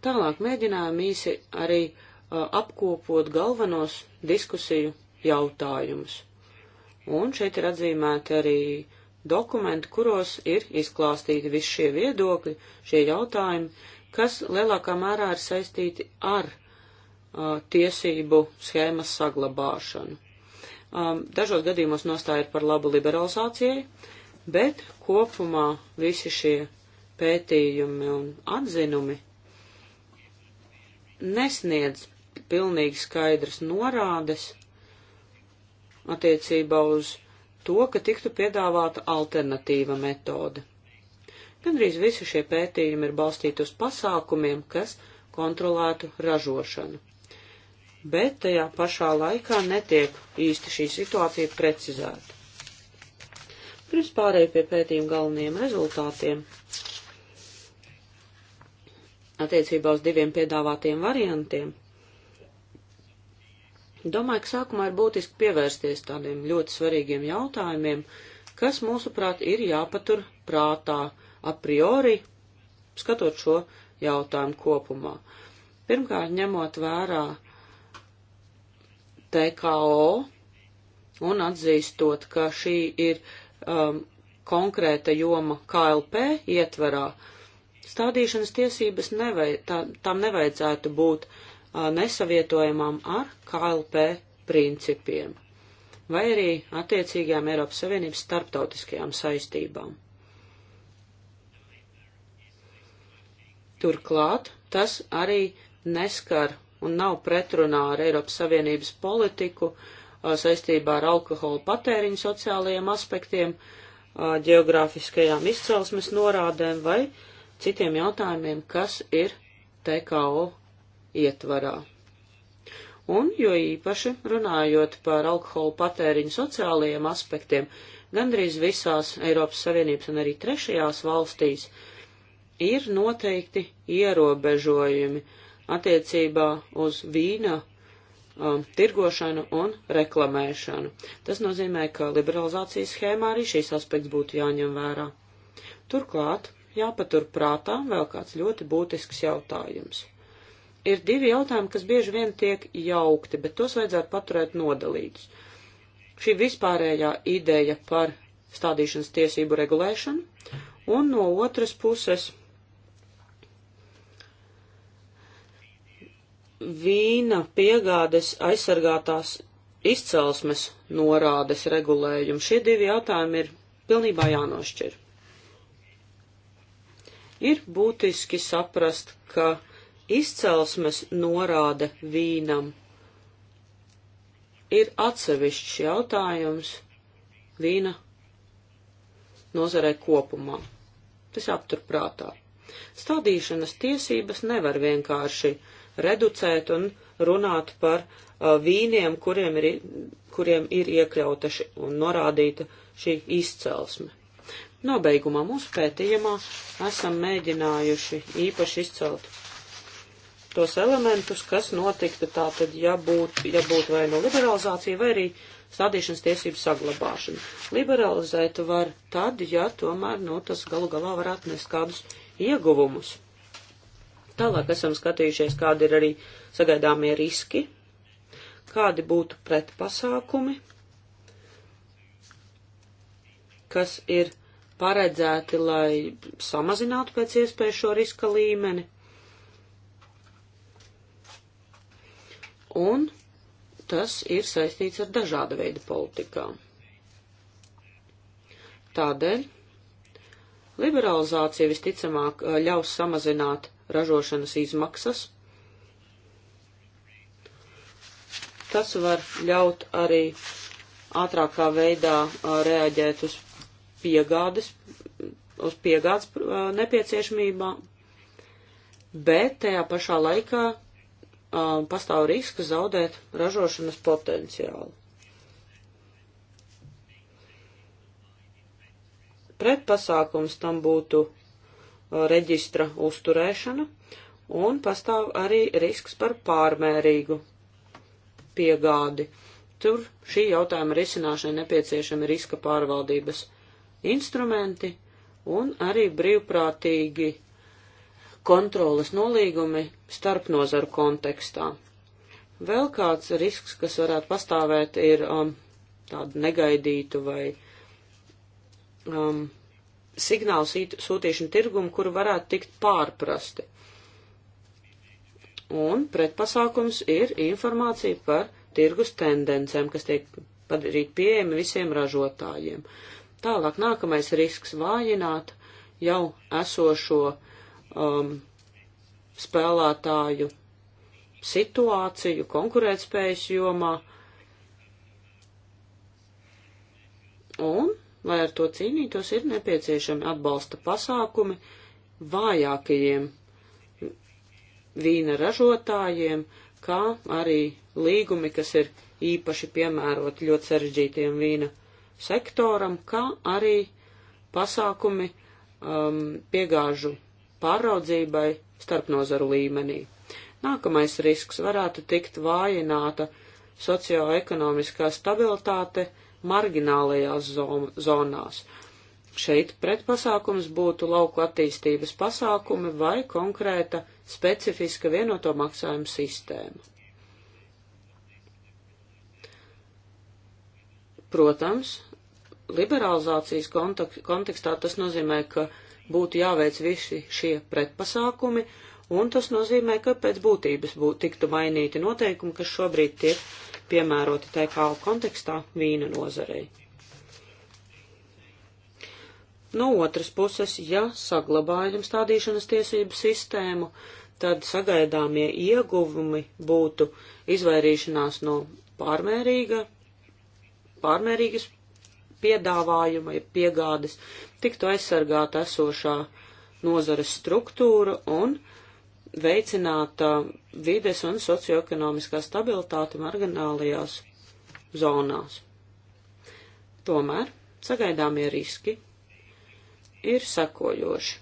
Tālāk mēģinājām īsi arī uh, apkopot galvenos diskusiju jautājumus. Un šeit ir atzīmēti arī dokumenti, kuros ir izklāstīti visi šie viedokļi, šie jautājumi, kas lielākā mērā ir saistīti ar uh, tiesību schēmas saglabāšanu. Um, dažos gadījumos nostāja ir par labu liberalizācijai, bet kopumā visi šie pētījumi un atzinumi nesniedz pilnīgi skaidras norādes attiecībā uz to, ka tiktu piedāvāta alternatīva metode. Gandrīz visi šie pētījumi ir balstīti uz pasākumiem, kas kontrolētu ražošanu. Bet tajā pašā laikā netiek īsti šī situācija precizēta. Pirms pārēju pie pētījuma galvenajiem rezultātiem, attiecībā uz diviem piedāvātiem variantiem – Domāju, ka sākumā ir būtiski pievērsties tādiem ļoti svarīgiem jautājumiem, kas, mūsuprāt, ir jāpatur prātā a priori, skatot šo jautājumu kopumā. Pirmkārt, ņemot vērā TKO un atzīstot, ka šī ir um, konkrēta joma KLP ietverā, stādīšanas tiesības nevaj tā, tam nevajadzētu būt nesavietojamām ar KLP principiem vai arī attiecīgajām Eiropas Savienības starptautiskajām saistībām. Turklāt tas arī neskar un nav pretrunā ar Eiropas Savienības politiku saistībā ar alkohola patēriņu sociālajiem aspektiem, geogrāfiskajām izcelsmes norādēm vai citiem jautājumiem, kas ir TKO ietvarā. Un, jo īpaši runājot par alkoholu patēriņu sociālajiem aspektiem, gandrīz visās Eiropas Savienības un arī trešajās valstīs ir noteikti ierobežojumi attiecībā uz vīna um, tirgošanu un reklamēšanu. Tas nozīmē, ka liberalizācijas schēmā arī šīs aspekts būtu jāņem vērā. Turklāt jāpatur prātā vēl kāds ļoti būtisks jautājums ir divi jautājumi, kas bieži vien tiek jaukti, bet tos vajadzētu paturēt nodalītus. Šī vispārējā ideja par stādīšanas tiesību regulēšanu, un no otras puses vīna piegādes aizsargātās izcelsmes norādes regulējumu. Šie divi jautājumi ir pilnībā jānošķir. Ir būtiski saprast, ka izcelsmes norāde vīnam ir atsevišķs jautājums vīna nozarei kopumā. Tas jāpaturprātā. Stādīšanas tiesības nevar vienkārši reducēt un runāt par uh, vīniem, kuriem ir, kuriem ir iekļauta ši, un norādīta šī izcelsme. Nobeigumā mūsu pētījumā esam mēģinājuši īpaši izcelt tos elementus, kas notiktu tātad, ja būtu ja būt vai no nu liberalizācija, vai arī stādīšanas tiesību saglabāšana. Liberalizēt var tad, ja tomēr, nu, tas galu galā var atnest kādus ieguvumus. Tālāk esam skatījušies, kādi ir arī sagaidāmie riski, kādi būtu pretpasākumi, kas ir paredzēti, lai samazinātu pēc iespējas šo riska līmeni un tas ir saistīts ar dažāda veida politikām. Tādēļ liberalizācija visticamāk eh, ļaus samazināt ražošanas izmaksas. Tas var ļaut arī ātrākā veidā eh, reaģēt uz piegādes, uz piegādes eh, nepieciešamībām, bet tajā pašā laikā um, pastāv risks zaudēt ražošanas potenciālu. Pretpasākums tam būtu uh, reģistra uzturēšana un pastāv arī risks par pārmērīgu piegādi. Tur šī jautājuma risināšanai nepieciešami riska pārvaldības instrumenti un arī brīvprātīgi kontrolas nolīgumi starp nozaru kontekstā. Vēl kāds risks, kas varētu pastāvēt, ir um, tādu negaidītu vai um, signālu sūtīšanu tirgumu, kuru varētu tikt pārprasti. Un pretpasākums ir informācija par tirgus tendencēm, kas tiek padarīt pieejami visiem ražotājiem. Tālāk nākamais risks vājināt jau esošo uh, um, spēlētāju situāciju konkurētspējas jomā. Un, lai ar to cīnītos, ir nepieciešami atbalsta pasākumi vājākajiem vīna ražotājiem, kā arī līgumi, kas ir īpaši piemēroti ļoti sarežģītiem vīna sektoram, kā arī pasākumi um, piegāžu pāraudzībai starpnozaru līmenī. Nākamais risks varētu tikt vājināta socioekonomiskā stabilitāte marginālajās zonās. Šeit pretpasākums būtu lauku attīstības pasākumi vai konkrēta specifiska vienoto maksājumu sistēma. Protams, liberalizācijas kontekstā tas nozīmē, ka uh, būtu jāveic visi šie pretpasākumi, un tas nozīmē, ka pēc būtības būtu tiktu mainīti noteikumi, kas šobrīd tiek piemēroti TKO kontekstā vīna nozarei. No otras puses, ja saglabājam stādīšanas tiesību sistēmu, tad sagaidāmie ieguvumi būtu izvairīšanās no pārmērīga, pārmērīgas piedāvājuma, ja piegādes, tiktu aizsargāta esošā nozares struktūra un veicināta vides un socioekonomiskā stabilitāte marginālajās zonās. Tomēr sagaidāmie riski ir sekojoši.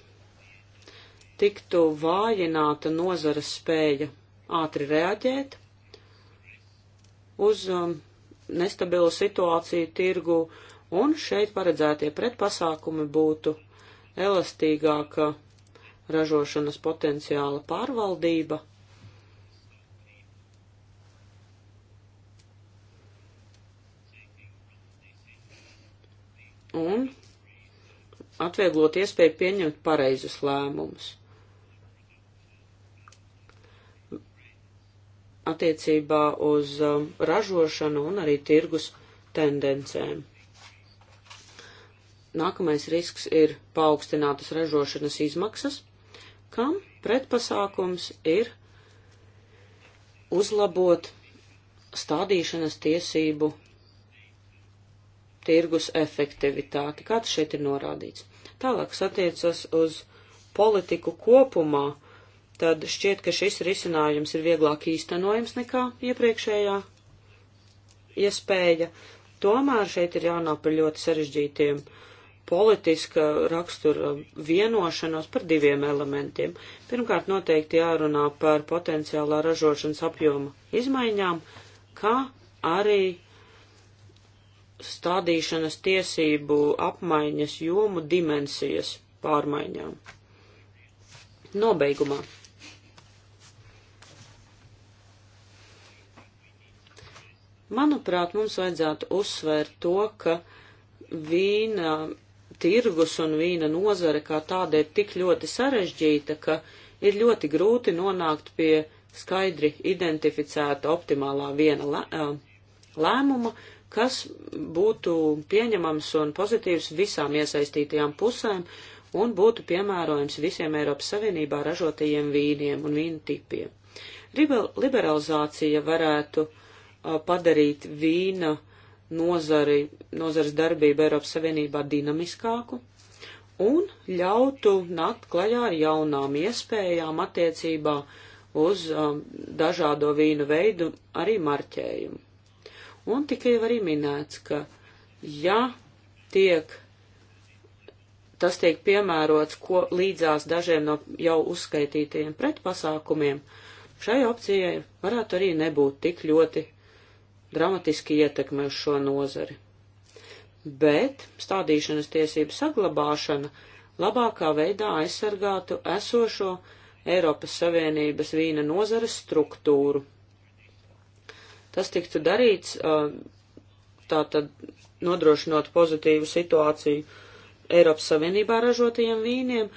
Tiktu vājināta nozares spēja ātri reaģēt uz um, nestabilu situāciju tirgu, uh, Un šeit paredzētie pretpasākumi būtu elastīgāka ražošanas potenciāla pārvaldība. Un atvieglot iespēju pieņemt pareizus lēmumus. Attiecībā uz um, ražošanu un arī tirgus tendencēm. Nākamais risks ir paaugstinātas ražošanas izmaksas, kam pretpasākums ir uzlabot stādīšanas tiesību tirgus efektivitāti, kā tas šeit ir norādīts. Tālāk satiecas uz politiku kopumā, tad šķiet, ka šis risinājums ir vieglāk īstenojams nekā iepriekšējā iespēja. Tomēr šeit ir jānāk par ļoti sarežģītiem uh, politiska rakstura vienošanos par diviem elementiem. Pirmkārt, noteikti jārunā par potenciālā ražošanas apjoma izmaiņām, kā arī stādīšanas tiesību apmaiņas jomu dimensijas pārmaiņām. Nobeigumā. Manuprāt, mums vajadzētu uzsvērt to, ka vīna tirgus un vīna nozare kā tāda ir tik ļoti sarežģīta, ka ir ļoti grūti nonākt pie skaidri identificēta optimālā viena lēmuma, kas būtu pieņemams un pozitīvs visām iesaistītajām pusēm un būtu piemērojams visiem Eiropas Savienībā ražotajiem vīniem un vīnu tipiem. Liberalizācija varētu padarīt vīna uh, nozari, nozares darbību Eiropas Savienībā dinamiskāku un ļautu nakt klajā ar jaunām iespējām attiecībā uz um, dažādo vīnu veidu arī marķējumu. Un tikai arī minēts, ka ja tiek, tas tiek piemērots ko līdzās dažiem no jau uzskaitītajiem pretpasākumiem, šai opcijai varētu arī nebūt tik ļoti dramatiski ietekme uz šo nozari. Bet stādīšanas tiesību saglabāšana labākā veidā aizsargātu esošo Eiropas Savienības vīna nozares struktūru. Tas tiktu darīts tātad nodrošinot pozitīvu situāciju Eiropas Savienībā ražotajiem vīniem,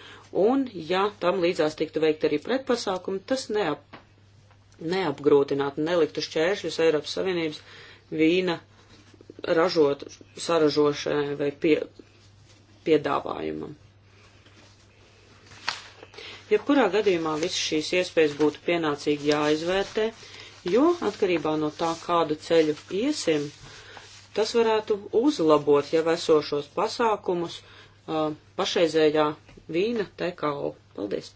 un ja tam līdzās tiktu veikt arī pretpasākumi, tas neap, neapgrūtinātu, neliktu šķēršļus Eiropas Savienības vīna ražot, saražošanai vai pie, piedāvājumam. Jebkurā gadījumā visas šīs iespējas būtu pienācīgi jāizvērtē, jo atkarībā no tā, kādu ceļu iesim, tas varētu uzlabot jau esošos pasākumus uh, pašreizējā vīna tekau. Paldies!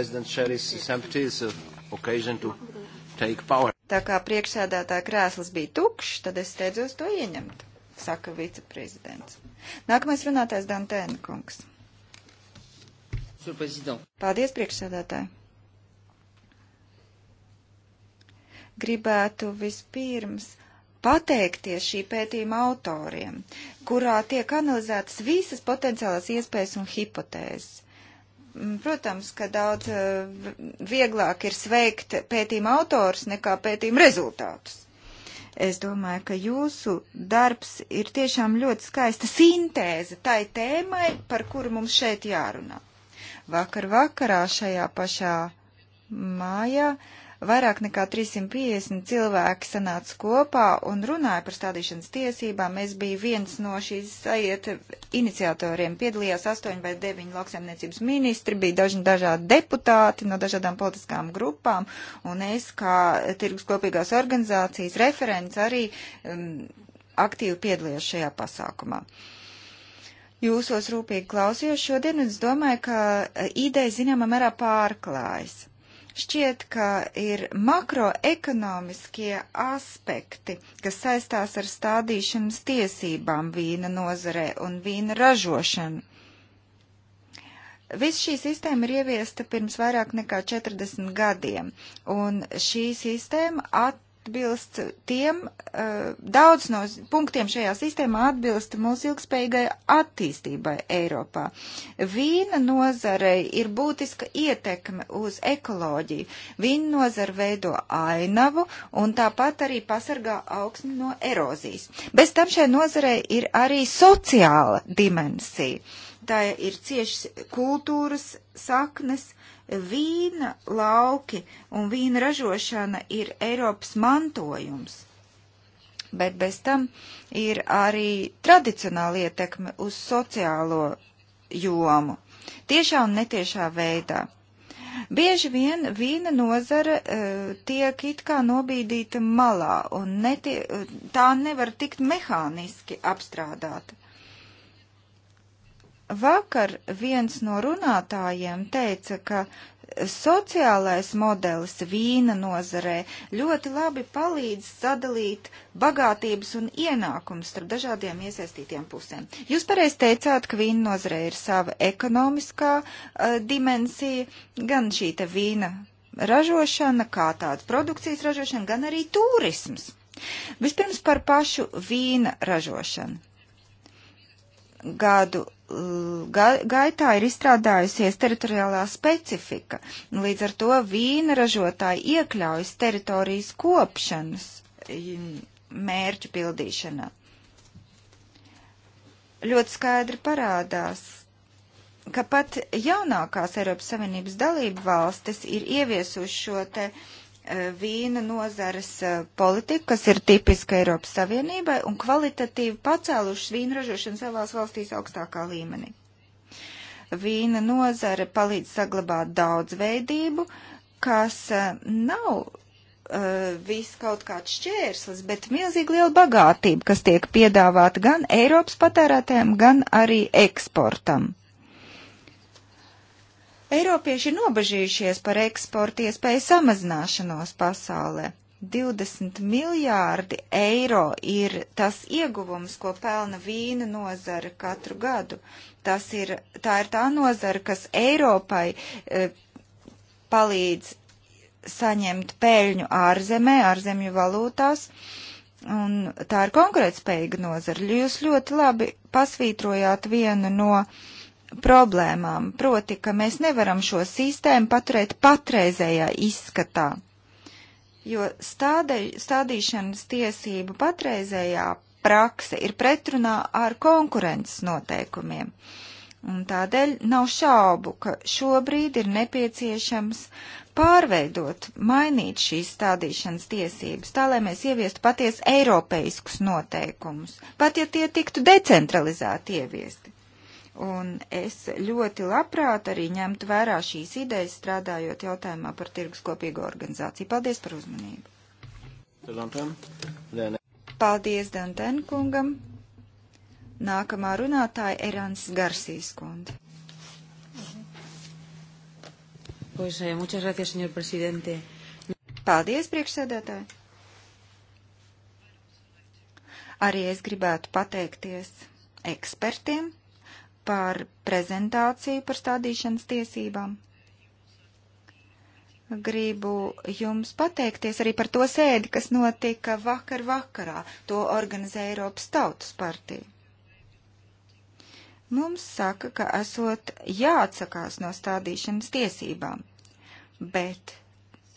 President Sherry's is empty, it's an occasion to take power. Tā kā priekšsēdētāja krēsls bija tukšs, tad es steidzos to ieņemt, saka viceprezidents. Nākamais runātājs Dantēna kungs. Paldies, priekšsēdētāji. Gribētu vispirms pateikties šī pētījuma autoriem, kurā tiek analizētas visas potenciālās iespējas un hipotēzes. Mm, protams, ka daudz eh, vieglāk ir sveikt pētījuma autors nekā pētījuma rezultātus. Es domāju, ka jūsu darbs ir tiešām ļoti skaista sintēze tai tēmai, par kuru mums šeit jārunā. Vakar vakarā šajā pašā mājā uh, Vairāk nekā 350 cilvēki sanāca kopā un runāja par stādīšanas tiesībām. Es biju viens no šīs sajiet iniciatoriem. Piedalījās astoņi vai deviņi lauksaimniecības ministri, bija daži dažādi deputāti no dažādām politiskām grupām, un es kā tirgus kopīgās organizācijas referents arī um, aktīvi piedalījos šajā pasākumā. Jūsos rūpīgi klausījos šodien, un es domāju, ka uh, ideja zināmā mērā pārklājas. Šķiet, ka ir makroekonomiskie aspekti, kas saistās ar stādīšanas tiesībām vīna nozarē un vīna ražošanu. Viss šī sistēma ir ieviesta pirms vairāk nekā 40 gadiem, un šī sistēma at atbilst tiem, eh, daudz no punktiem šajā sistēmā atbilst mūsu ilgspējīgai attīstībai Eiropā. Vīna nozarei ir būtiska ietekme uz ekoloģiju. Vīna nozara veido ainavu un tāpat arī pasargā augsni no erozijas. Bez tam šai nozarei ir arī sociāla dimensija. Tā ir cieši kultūras saknes Vīna lauki un vīna ražošana ir Eiropas mantojums, bet bez tam ir arī tradicionāla ietekme uz sociālo jomu, tiešā un netiešā veidā. Bieži vien vīna nozara uh, eh, tiek it kā nobīdīta malā, un netie, tā nevar tikt mehāniski apstrādāta. Vakar viens no runātājiem teica, ka sociālais modelis vīna nozarē ļoti labi palīdz sadalīt bagātības un ienākums starp dažādiem iesaistītiem pusēm. Jūs pareiz teicāt, ka vīna nozarē ir sava ekonomiskā uh, dimensija, gan šī te vīna ražošana, kā tāda produkcijas ražošana, gan arī turisms. Vispirms par pašu vīna ražošanu. Gadu gaitā ir izstrādājusies teritoriālā specifika. Līdz ar to vīna ražotāji iekļaujas teritorijas kopšanas mērķu pildīšanā. Ļoti skaidri parādās, ka pat jaunākās Eiropas Savienības dalību valstis ir ieviesuši šo te uh, vīna nozares eh, politika, kas ir tipiska Eiropas Savienībai un kvalitatīvi pacēlušas vīna ražošanu savās valstīs augstākā līmenī. Vīna nozare palīdz saglabāt daudzveidību, kas eh, nav uh, viss kaut kāds šķērslis, bet milzīgi liela bagātība, kas tiek piedāvāta gan Eiropas patērētājiem, gan arī eksportam. Eiropieši ir nobežījušies par eksporta iespēju samazināšanos pasaulē. 20 miljārdi eiro ir tas ieguvums, ko pelna vīna nozara katru gadu. Tas ir, tā ir tā nozara, kas Eiropai e, palīdz saņemt pēļņu ārzemē, ārzemju valūtās. Un tā ir konkurētspējīga nozara. Jūs ļoti labi pasvītrojāt vienu no uh, problēmām, proti, ka mēs nevaram šo sistēmu paturēt patreizējā izskatā, jo stādē, stādīšanas tiesību patreizējā prakse ir pretrunā ar konkurences noteikumiem. Un tādēļ nav šaubu, ka šobrīd ir nepieciešams pārveidot, mainīt šīs stādīšanas tiesības, tā lai mēs ieviestu patiesi eiropeiskus noteikumus, pat ja tie tiktu decentralizēti ieviesti. Un es ļoti labprāt arī ņemtu vērā šīs idejas, strādājot jautājumā par tirgus kopīgo organizāciju. Paldies par uzmanību. Paldies Dantēn kungam. Nākamā runātāja Erans Garsīs kundze. Pues, eh, muchas gracias, señor presidente. Paldies, priekšsēdētāji. Arī es gribētu pateikties ekspertiem par prezentāciju par stādīšanas tiesībām. Gribu jums pateikties arī par to sēdi, kas notika vakar vakarā. To organizē Eiropas Tautas partija. Mums saka, ka esot jāatsakās no stādīšanas tiesībām, bet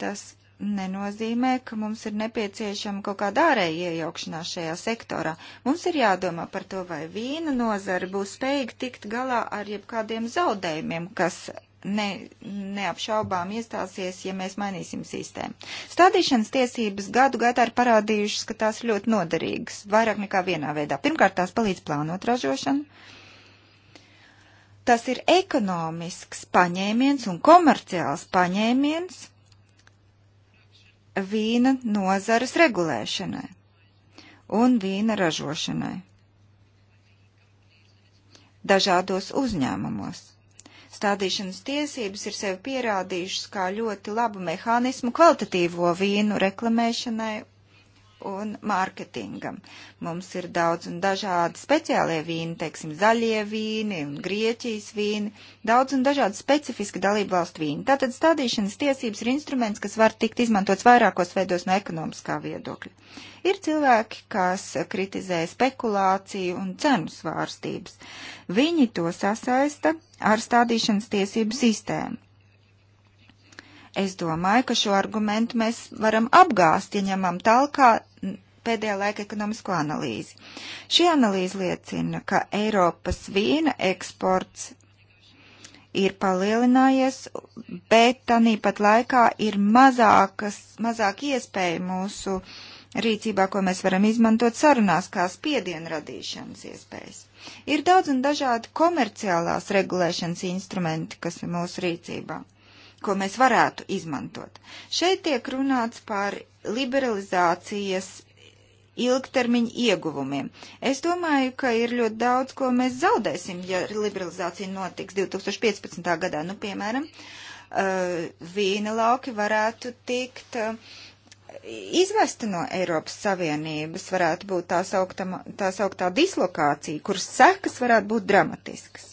tas nenozīmē, ka mums ir nepieciešama kaut kāda ārēja iejaukšanās šajā sektorā. Mums ir jādomā par to, vai vīna nozara būs spējīga tikt galā ar jebkādiem zaudējumiem, kas ne, neapšaubām iestāsies, ja mēs mainīsim sistēmu. Stādīšanas tiesības gadu gaitā ir parādījušas, ka tās ļoti noderīgas, vairāk nekā vienā veidā. Pirmkārt, tās palīdz plānot ražošanu. Tas ir ekonomisks paņēmiens un komerciāls paņēmiens vīna nozares regulēšanai un vīna ražošanai dažādos uzņēmumos. Stādīšanas tiesības ir sevi pierādījušas kā ļoti labu mehānismu kvalitatīvo vīnu reklamēšanai un mārketingam. Mums ir daudz un dažādi speciālie vīni, teiksim, zaļie vīni un Grieķijas vīni, daudz un dažādi specifiski dalību valstu vīni. Tātad stādīšanas tiesības ir instruments, kas var tikt izmantots vairākos veidos no ekonomiskā viedokļa. Ir cilvēki, kas kritizē spekulāciju un cenu svārstības. Viņi to sasaista ar stādīšanas tiesību sistēmu. Es domāju, ka šo argumentu mēs varam apgāst, ja ņemam talkā pēdējā laika ekonomisko analīzi. Šī analīze liecina, ka Eiropas vīna eksports ir palielinājies, bet tāpat laikā ir mazākas, mazāk iespēja mūsu rīcībā, ko mēs varam izmantot sarunās, kā spiedienu radīšanas iespējas. Ir daudz un dažādi komerciālās regulēšanas instrumenti, kas ir mūsu rīcībā ko mēs varētu izmantot. Šeit tiek runāts par liberalizācijas ilgtermiņa ieguvumiem. Es domāju, ka ir ļoti daudz, ko mēs zaudēsim, ja liberalizācija notiks 2015. gadā. Nu, piemēram, uh, vīna lauki varētu tikt uh, izvesti no Eiropas Savienības, varētu būt tā, saukta, tā sauktā dislokācija, kuras sekas varētu būt dramatiskas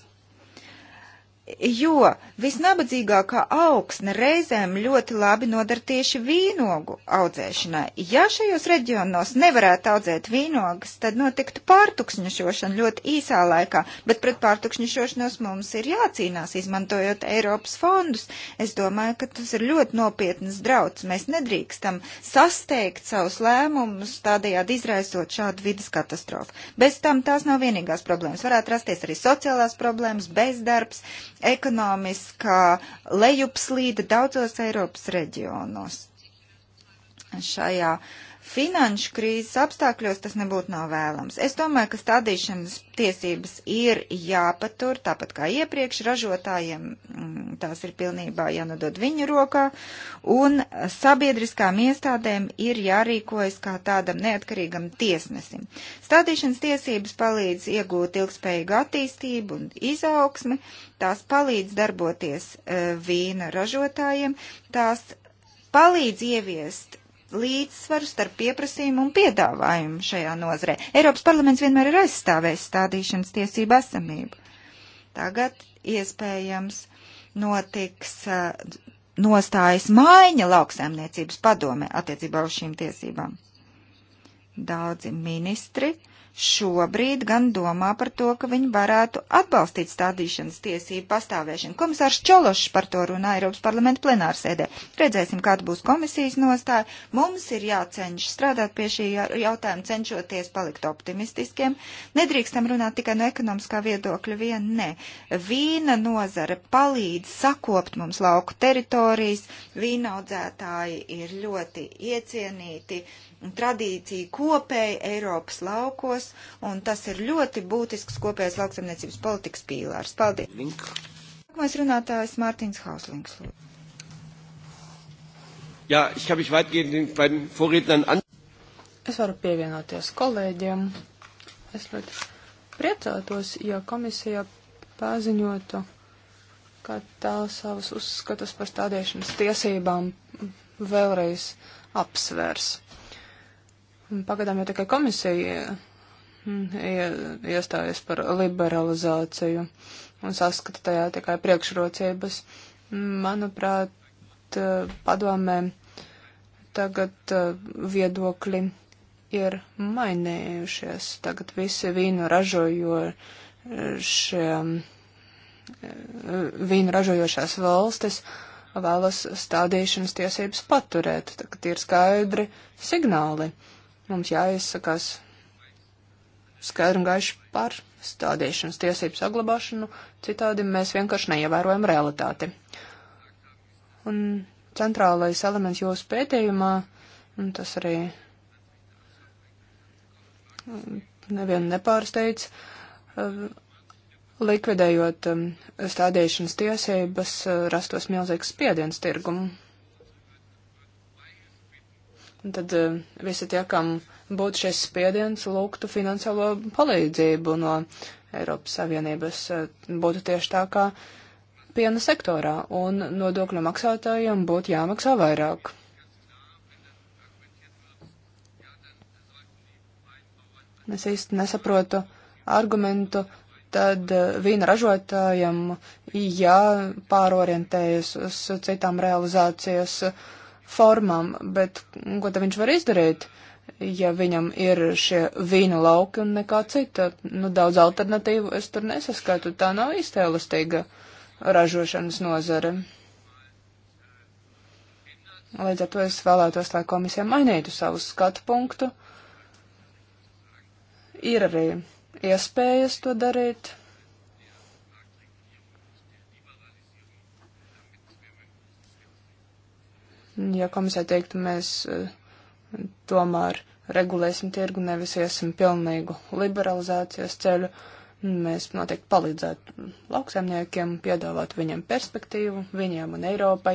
jo visnabadzīgākā augsne reizēm ļoti labi nodar tieši vīnogu audzēšanai. Ja šajos reģionos nevarētu audzēt vīnogas, tad notiktu pārtukšņošana ļoti īsā laikā, bet pret pārtukšņošanos mums ir jācīnās, izmantojot Eiropas fondus. Es domāju, ka tas ir ļoti nopietnas drauds. Mēs nedrīkstam sasteigt savus lēmumus, tādējādi izraisot šādu vidas katastrofu. Bez tam tās nav vienīgās problēmas. Varētu rasties arī sociālās problēmas, bezdarbs ekonomiskā lejupslīde daudzos Eiropas reģionos. Šajā uh, Finanšu krīzes apstākļos tas nebūtu nav vēlams. Es domāju, ka stādīšanas tiesības ir jāpatur, tāpat kā iepriekš ražotājiem mm, tās ir pilnībā jānodod viņu rokā, un sabiedriskām iestādēm ir jārīkojas kā tādam neatkarīgam tiesnesim. Stādīšanas tiesības palīdz iegūt ilgspējīgu attīstību un izaugsmi, tās palīdz darboties eh, vīna ražotājiem, tās palīdz ieviest līdzsvaru starp pieprasījumu un piedāvājumu šajā nozarē. Eiropas parlaments vienmēr ir aizstāvējis stādīšanas tiesību esamību. Tagad iespējams notiks uh, nostājas maiņa lauksaimniecības padome attiecībā uz šīm tiesībām. Daudzi ministri šobrīd gan domā par to, ka viņi varētu atbalstīt stādīšanas tiesību pastāvēšanu. Komisārs Čološs par to runā Eiropas parlamenta plenārsēdē. Redzēsim, kāda būs komisijas nostāja. Mums ir jācenš strādāt pie šī jautājuma, cenšoties palikt optimistiskiem. Nedrīkstam runāt tikai no ekonomiskā viedokļa vien, nē. Vīna nozara palīdz sakopt mums lauku teritorijas, vīnaudzētāji ir ļoti iecienīti tradīciju kopēji Eiropas laukos, un tas ir ļoti būtisks kopējais lauksaimniecības politikas pīlārs. Paldies! Nākamais runātājs Mārtiņš Hauslings. Jā, es habe mich weitgehend beiden Vorrednern an. Es varu pievienoties kolēģiem. Es ļoti priecātos, ja komisija paziņotu, ka tā savus uzskatus par stādīšanas tiesībām vēlreiz apsvērs. Pagaidām jau tikai komisija mm, iestājas par liberalizāciju un saskata tajā tikai priekšrocības. Manuprāt, padomē tagad eh, viedokļi ir mainījušies. Tagad visi vīnu ražojošie, eh, vīnu ražojošās valstis vēlas stādīšanas tiesības paturēt. Tagad ir skaidri signāli. Uh, Mums jāizsakās skaidri un gaiši par stādīšanas tiesību saglabāšanu, citādi mēs vienkārši neievērojam realitāti. Un centrālais elements jūsu pētījumā, un tas arī nevienu nepārsteidz, eh, likvidējot eh, stādīšanas tiesības eh, rastos milzīgs spiediens tirgumu. Un tad eh, visi tie, kam būtu šis spiediens, lūgtu finansiālo palīdzību no Eiropas Savienības. Eh, būtu tieši tā kā piena sektorā, un nodokļu maksātājiem būtu jāmaksā vairāk. Es īsti nesaprotu argumentu, tad eh, vīna ražotājiem jāpārorientējas uz citām realizācijas uh, formām, bet ko tad viņš var izdarīt, ja viņam ir šie vīna lauki un nekā cita? Nu, daudz alternatīvu es tur nesaskatu, tā nav iztēlastīga ražošanas nozare. Līdz ar to es vēlētos, lai komisija mainītu savu skatu punktu. Ir arī iespējas to darīt. ja komisija teiktu, mēs eh, tomēr regulēsim tirgu, nevis iesim pilnīgu liberalizācijas ceļu, mēs noteikti palīdzētu lauksaimniekiem, piedāvāt viņiem perspektīvu, viņiem un Eiropai.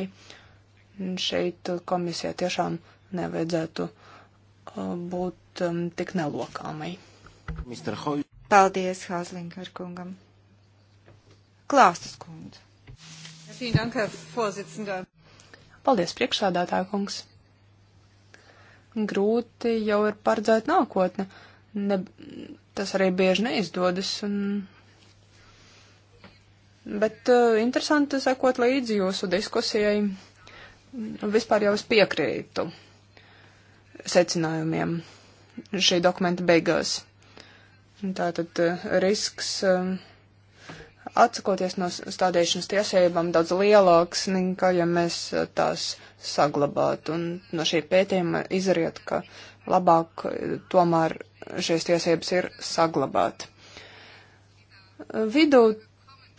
Šeit komisija tiešām nevajadzētu eh, būt um, tik nelokāmai. Paldies, Hāzlinkar kungam. Klāstas kundze. Vielen Dank, Herr Vorsitzender. Paldies, priekšsādātā kungs. Grūti jau ir paredzēt nākotne. Ne, tas arī bieži neizdodas. Un... Bet uh, interesanti sekot līdzi jūsu diskusijai. Vispār jau es piekrītu secinājumiem šī dokumenta beigās. Tātad eh, risks. Uh, atsakoties no stādīšanas tiesībām daudz lielāks, nekā ja mēs eh, tās saglabātu. Un no šī pētījuma izriet, ka labāk eh, tomēr šīs tiesības ir saglabāt. Eh, vidū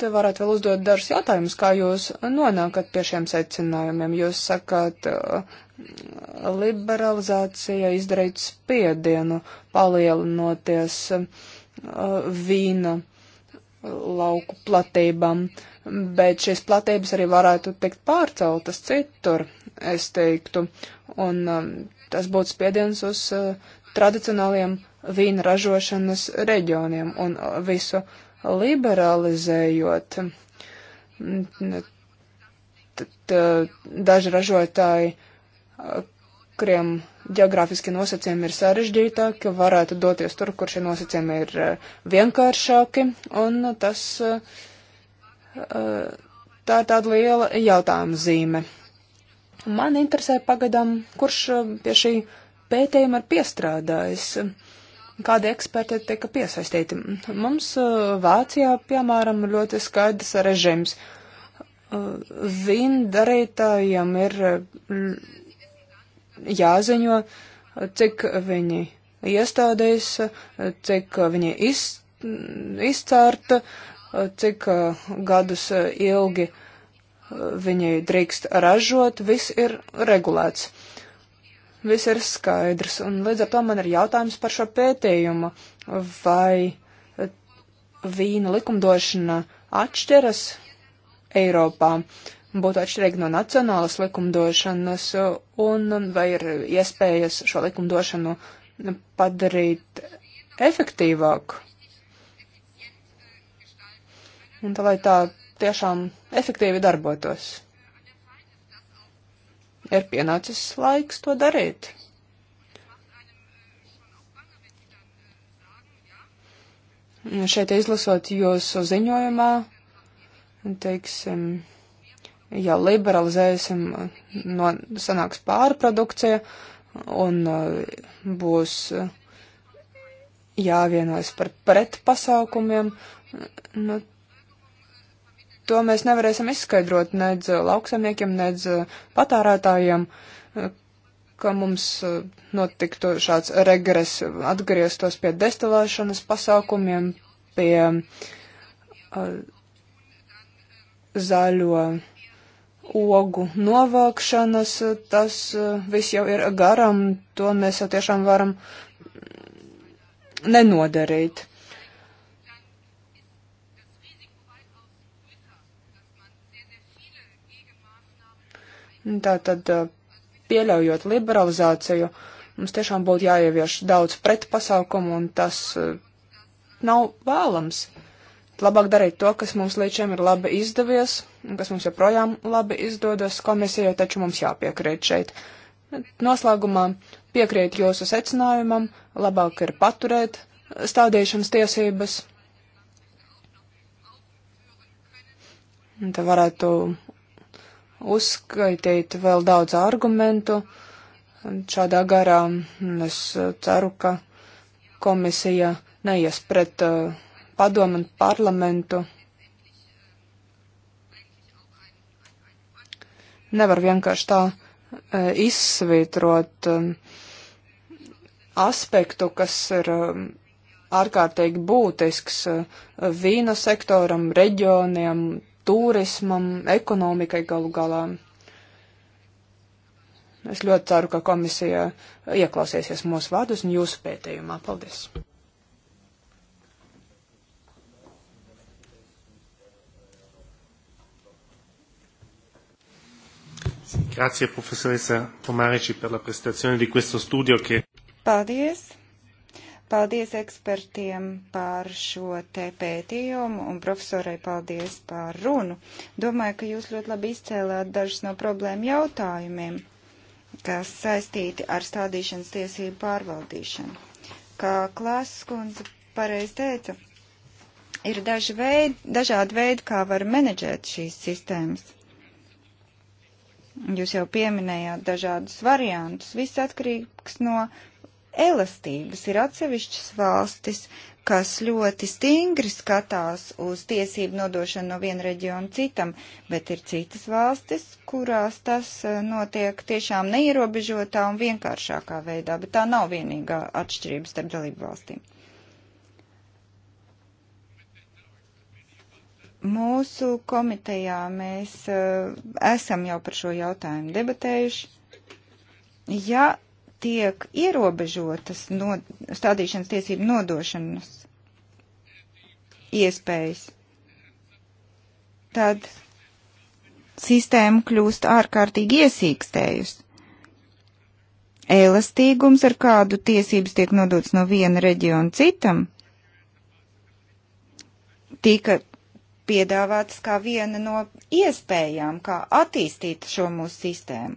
te varētu vēl uzdot dažus jautājumus, kā jūs nonākat pie šiem secinājumiem. Jūs sakat, liberalizācija izdarītu spiedienu, palielinoties vīna lauku platībām, bet šīs platības arī varētu tikt pārceltas citur, es teiktu, un um, tas būtu spiediens uz uh, tradicionāliem vīna ražošanas reģioniem un visu liberalizējot. Tad daži ražotāji, uh, kuriem Geogrāfiski nosacījumi ir sarežģītāki, varētu doties tur, kur šie nosacījumi ir eh, vienkāršāki, un tas eh, tā ir tāda liela jautājuma zīme. Man interesē pagadam, kurš eh, pie šī pētījuma ir piestrādājis, kādi eksperti tika piesaistīti. Mums Vācijā, piemēram, ļoti skaidrs režims vindarītājiem ir jāziņo, cik viņi iestādēs, cik viņi iz, izcērta, cik gadus ilgi viņi drīkst ražot, viss ir regulēts. Viss ir skaidrs, un līdz ar to man ir jautājums par šo pētījumu, vai vīna likumdošana atšķiras Eiropā. Uh, būtu atšķirīgi no nacionālas likumdošanas, un vai ir iespējas šo likumdošanu padarīt efektīvāku. Un tā, lai tā tiešām efektīvi darbotos. Ir pienācis laiks to darīt. Šeit izlasot jūsu ziņojumā, teiksim, ja liberalizēsim, no, sanāks pārprodukcija un uh, būs uh, jāvienojas par pretpasākumiem. Nu, to mēs nevarēsim izskaidrot nedz lauksamniekiem, nedz uh, patārētājiem, ka mums notiktu šāds regres, atgrieztos pie destilēšanas pasākumiem, pie uh, zaļo ogu novākšanas, tas eh, viss jau ir garam, to mēs jau tiešām varam nenodarīt. Tātad, eh, pieļaujot liberalizāciju, mums tiešām būtu jāievieš daudz pretpasākumu, un tas eh, nav vēlams labāk darīt to, kas mums līdz šim ir labi izdevies, un kas mums joprojām labi izdodas komisijai, taču mums jāpiekrīt šeit. Noslēgumā piekrīt jūsu secinājumam, labāk ir paturēt stādīšanas tiesības. Te varētu uzskaitīt vēl daudz argumentu. Šādā garā es ceru, ka komisija neies pret uh, padomu un parlamentu. Nevar vienkārši tā e, izsvītrot e, aspektu, kas ir e, ārkārtīgi būtisks vīna sektoram, reģioniem, turismam, ekonomikai galu galā. Es ļoti ceru, ka komisija ieklausīsies mūsu vārdus un jūsu pētījumā. Paldies! Grazie, profesoresa Tomarici, par la presentazione di questo studio. Che... Paldies! Paldies ekspertiem par šo te pētījumu un profesorai paldies par runu. Domāju, ka jūs ļoti labi izcēlāt dažus no problēmu jautājumiem, kas saistīti ar stādīšanas tiesību pārvaldīšanu. Kā klāsas kundze pareiz teica, ir daži veidi, dažādi veidi, kā var menedžēt šīs sistēmas. Jūs jau pieminējāt dažādus variantus. Viss atkarīgs no elastības. Ir atsevišķas valstis, kas ļoti stingri skatās uz tiesību nodošanu no viena reģiona citam, bet ir citas valstis, kurās tas eh, notiek tiešām neierobežotā un vienkāršākā veidā, bet tā nav vienīgā atšķirības starp dalību valstīm. Mūsu komitejā mēs uh, esam jau par šo jautājumu debatējuši. Ja tiek ierobežotas no, stādīšanas tiesību nodošanas iespējas, tad sistēma kļūst ārkārtīgi iesīkstējusi. Elastīgums, ar kādu tiesības tiek nodots no viena reģiona citam, tika piedāvātas kā viena no iespējām, kā attīstīt šo mūsu sistēmu.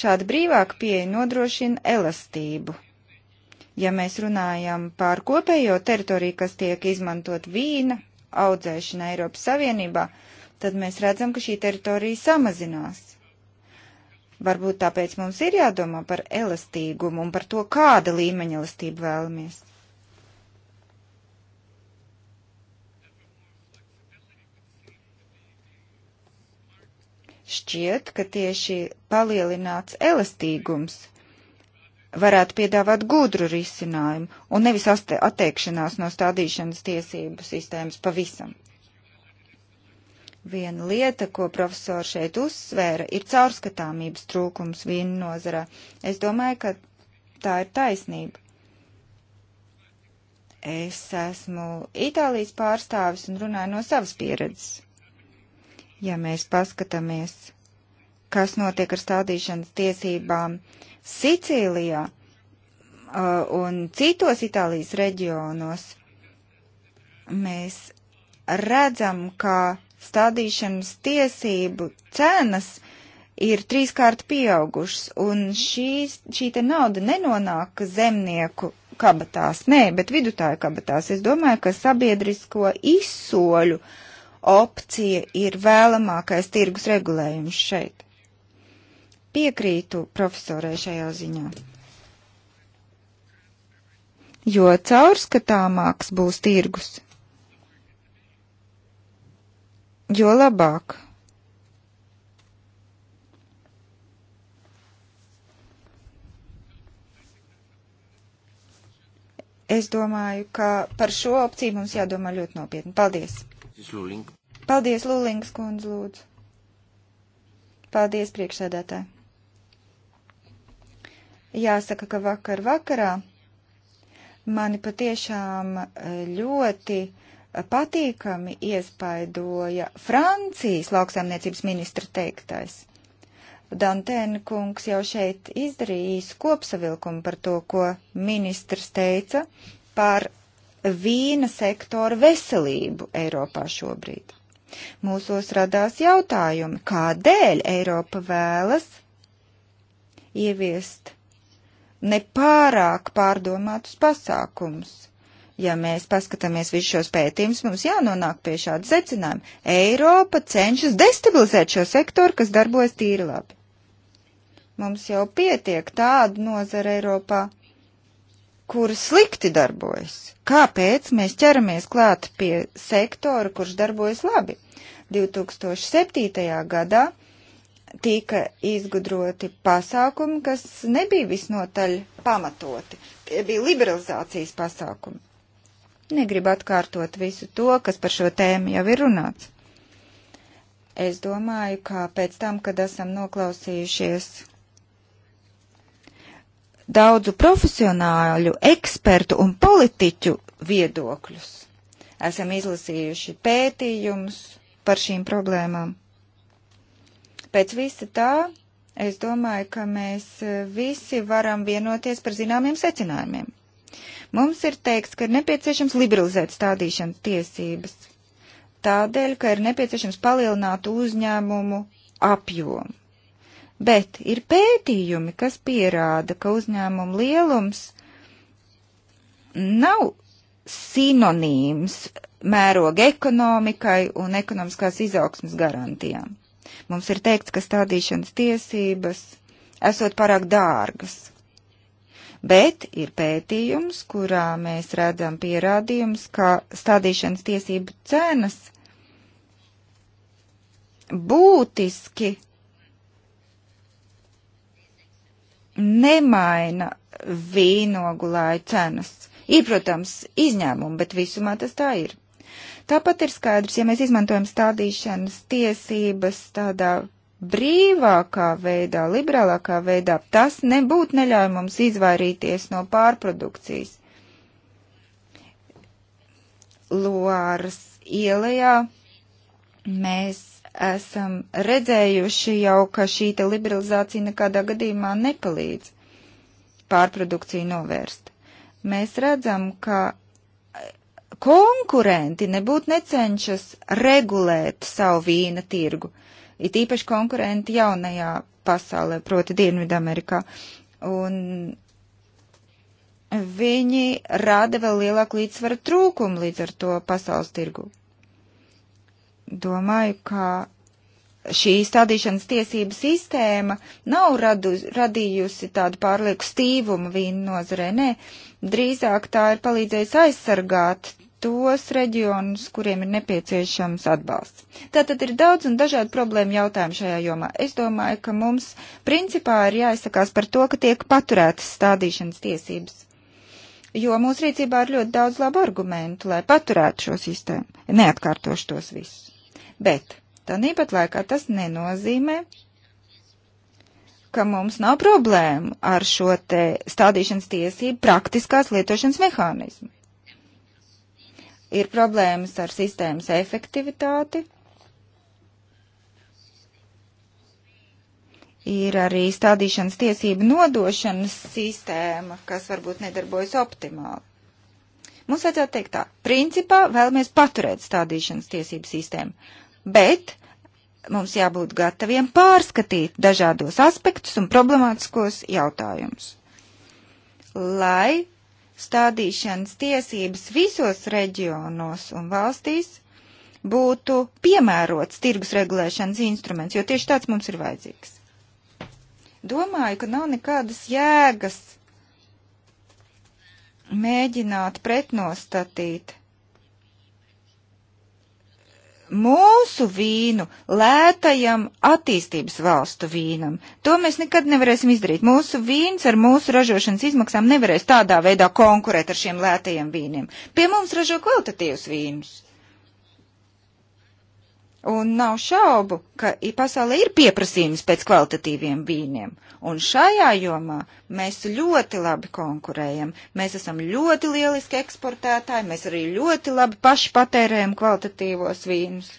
Šāda brīvāka pieeja nodrošina elastību. Ja mēs runājam par kopējo teritoriju, kas tiek izmantot vīna audzēšana Eiropas Savienībā, tad mēs redzam, ka šī teritorija samazinās. Varbūt tāpēc mums ir jādomā par elastīgumu un par to, kāda līmeņa elastību vēlamies. Šķiet, ka tieši palielināts elastīgums varētu piedāvāt gudru risinājumu un nevis atteikšanās no stādīšanas tiesību sistēmas pavisam. Viena lieta, ko profesors šeit uzsvēra, ir caurskatāmības trūkums vīnu nozarā. Es domāju, ka tā ir taisnība. Es esmu Itālijas pārstāvis un runāju no savas pieredzes ja mēs paskatāmies, kas notiek ar stādīšanas tiesībām Sicīlijā uh, un citos Itālijas reģionos, mēs redzam, ka stādīšanas tiesību cenas ir trīskārt pieaugušas, un šī, šī te nauda nenonāk zemnieku kabatās, nē, bet vidutāju kabatās. Es domāju, ka sabiedrisko izsoļu uh, opcija ir vēlamākais tirgus regulējums šeit. Piekrītu profesorai šajā ziņā. Jo caurskatāmāks būs tirgus, jo labāk. es domāju, ka par šo opciju mums jādomā ļoti nopietni. Paldies! Paldies, Lūlings kundze, lūdzu. Paldies, priekšsēdētāji. Jāsaka, ka vakar vakarā mani patiešām e, ļoti patīkami iespaidoja Francijas lauksaimniecības ministra teiktais. Dantēna kungs jau šeit izdarījis kopsavilkumu par to, ko ministrs teica par vīna sektora veselību Eiropā šobrīd. Mūsos radās jautājumi, kādēļ Eiropa vēlas ieviest nepārāk pārdomātus pasākumus. Ja mēs paskatāmies visus šos pētījumus, mums jānonāk pie šāda secinājuma. Eiropa cenšas destabilizēt šo sektoru, kas darbojas tīri labi. Mums jau pietiek tādu nozaru Eiropā, kuri slikti darbojas. Kāpēc mēs ķeramies klāt pie sektora, kurš darbojas labi? 2007. gadā tika izgudroti pasākumi, kas nebija visnotaļ pamatoti. Tie bija liberalizācijas pasākumi. Negribu atkārtot visu to, kas par šo tēmu jau ir runāts. Es domāju, ka pēc tam, kad esam noklausījušies daudzu profesionāļu, ekspertu un politiķu viedokļus. Esam izlasījuši pētījumus par šīm problēmām. Pēc visa tā, es domāju, ka mēs e, visi varam vienoties par zināmiem secinājumiem. Mums ir teikts, ka ir nepieciešams liberalizēt stādīšanas tiesības, tādēļ, ka ir nepieciešams palielināt uzņēmumu apjomu bet ir pētījumi, kas pierāda, ka uzņēmumu lielums nav sinonīms mēroga ekonomikai un ekonomiskās izaugsmas garantijām. Mums ir teikts, ka stādīšanas tiesības esot pārāk dārgas. Bet ir pētījums, kurā mēs redzam pierādījums, ka stādīšanas tiesību cenas būtiski nemaina vīnogulāju cenas. Ir, protams, izņēmumi, bet visumā tas tā ir. Tāpat ir skaidrs, ja mēs izmantojam stādīšanas tiesības tādā brīvākā veidā, liberālākā veidā, tas nebūtu neļauj mums izvairīties no pārprodukcijas. Loāras ielajā mēs esam redzējuši jau, ka šī te liberalizācija nekādā gadījumā nepalīdz pārprodukciju novērst. Mēs redzam, ka konkurenti nebūtu necenšas regulēt savu vīna tirgu, it īpaši konkurenti jaunajā pasaulē, proti Dienvidamerikā. Un viņi rada vēl lielāku līdzsvaru trūkumu līdz ar to pasaules tirgu domāju, ka šī stādīšanas tiesība sistēma nav radu, radījusi tādu pārlieku stīvumu vīnu nozarē. Nē, drīzāk tā ir palīdzējusi aizsargāt tos reģionus, kuriem ir nepieciešams atbalsts. Tātad ir daudz un dažādi problēma jautājumi šajā jomā. Es domāju, ka mums principā ir jāizsakās par to, ka tiek paturētas stādīšanas tiesības. Jo mūsu rīcībā ir ļoti daudz labu argumentu, lai paturētu šo sistēmu. Neatkārtošu tos visus. Bet tāpat laikā tas nenozīmē, ka mums nav problēmu ar šo te stādīšanas tiesību praktiskās lietošanas mehānismu. Ir problēmas ar sistēmas efektivitāti, ir arī stādīšanas tiesību nodošanas sistēma, kas varbūt nedarbojas optimāli. Mums vajadzētu teikt tā, principā vēlamies paturēt stādīšanas tiesību sistēmu, bet mums jābūt gataviem pārskatīt dažādos aspektus un problemātiskos jautājumus, lai stādīšanas tiesības visos reģionos un valstīs būtu piemērots tirgus regulēšanas instruments, jo tieši tāds mums ir vajadzīgs. Domāju, ka nav nekādas jēgas mēģināt pretnostatīt mūsu vīnu lētajam attīstības valstu vīnam. To mēs nekad nevarēsim izdarīt. Mūsu vīns ar mūsu ražošanas izmaksām nevarēs tādā veidā konkurēt ar šiem lētajiem vīniem. Pie mums ražo kvalitatīvus vīnus. Un nav šaubu, ka pasaulē ir pieprasījums pēc kvalitatīviem vīniem. Un šajā jomā mēs ļoti labi konkurējam. Mēs esam ļoti lieliski eksportētāji, mēs arī ļoti labi paši patērējam kvalitatīvos vīnus.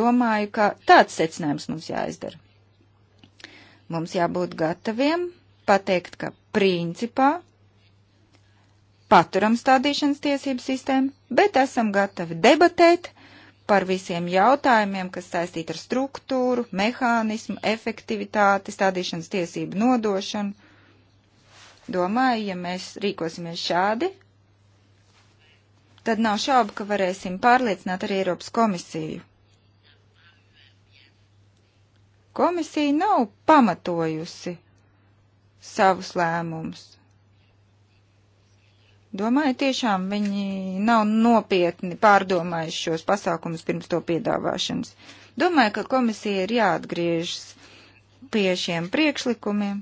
Domāju, ka tāds secinājums mums jāizdara. Mums jābūt gataviem pateikt, ka principā paturam stādīšanas tiesību sistēmu, bet esam gatavi debatēt par visiem jautājumiem, kas saistīti ar struktūru, mehānismu, efektivitāti, stādīšanas tiesību nodošanu. Domāju, ja mēs rīkosimies šādi, tad nav šaubu, ka varēsim pārliecināt arī Eiropas komisiju. Komisija nav pamatojusi savus lēmumus. Domāju, tiešām viņi nav nopietni pārdomājuši šos pasākumus pirms to piedāvāšanas. Domāju, ka komisija ir jāatgriežas pie šiem priekšlikumiem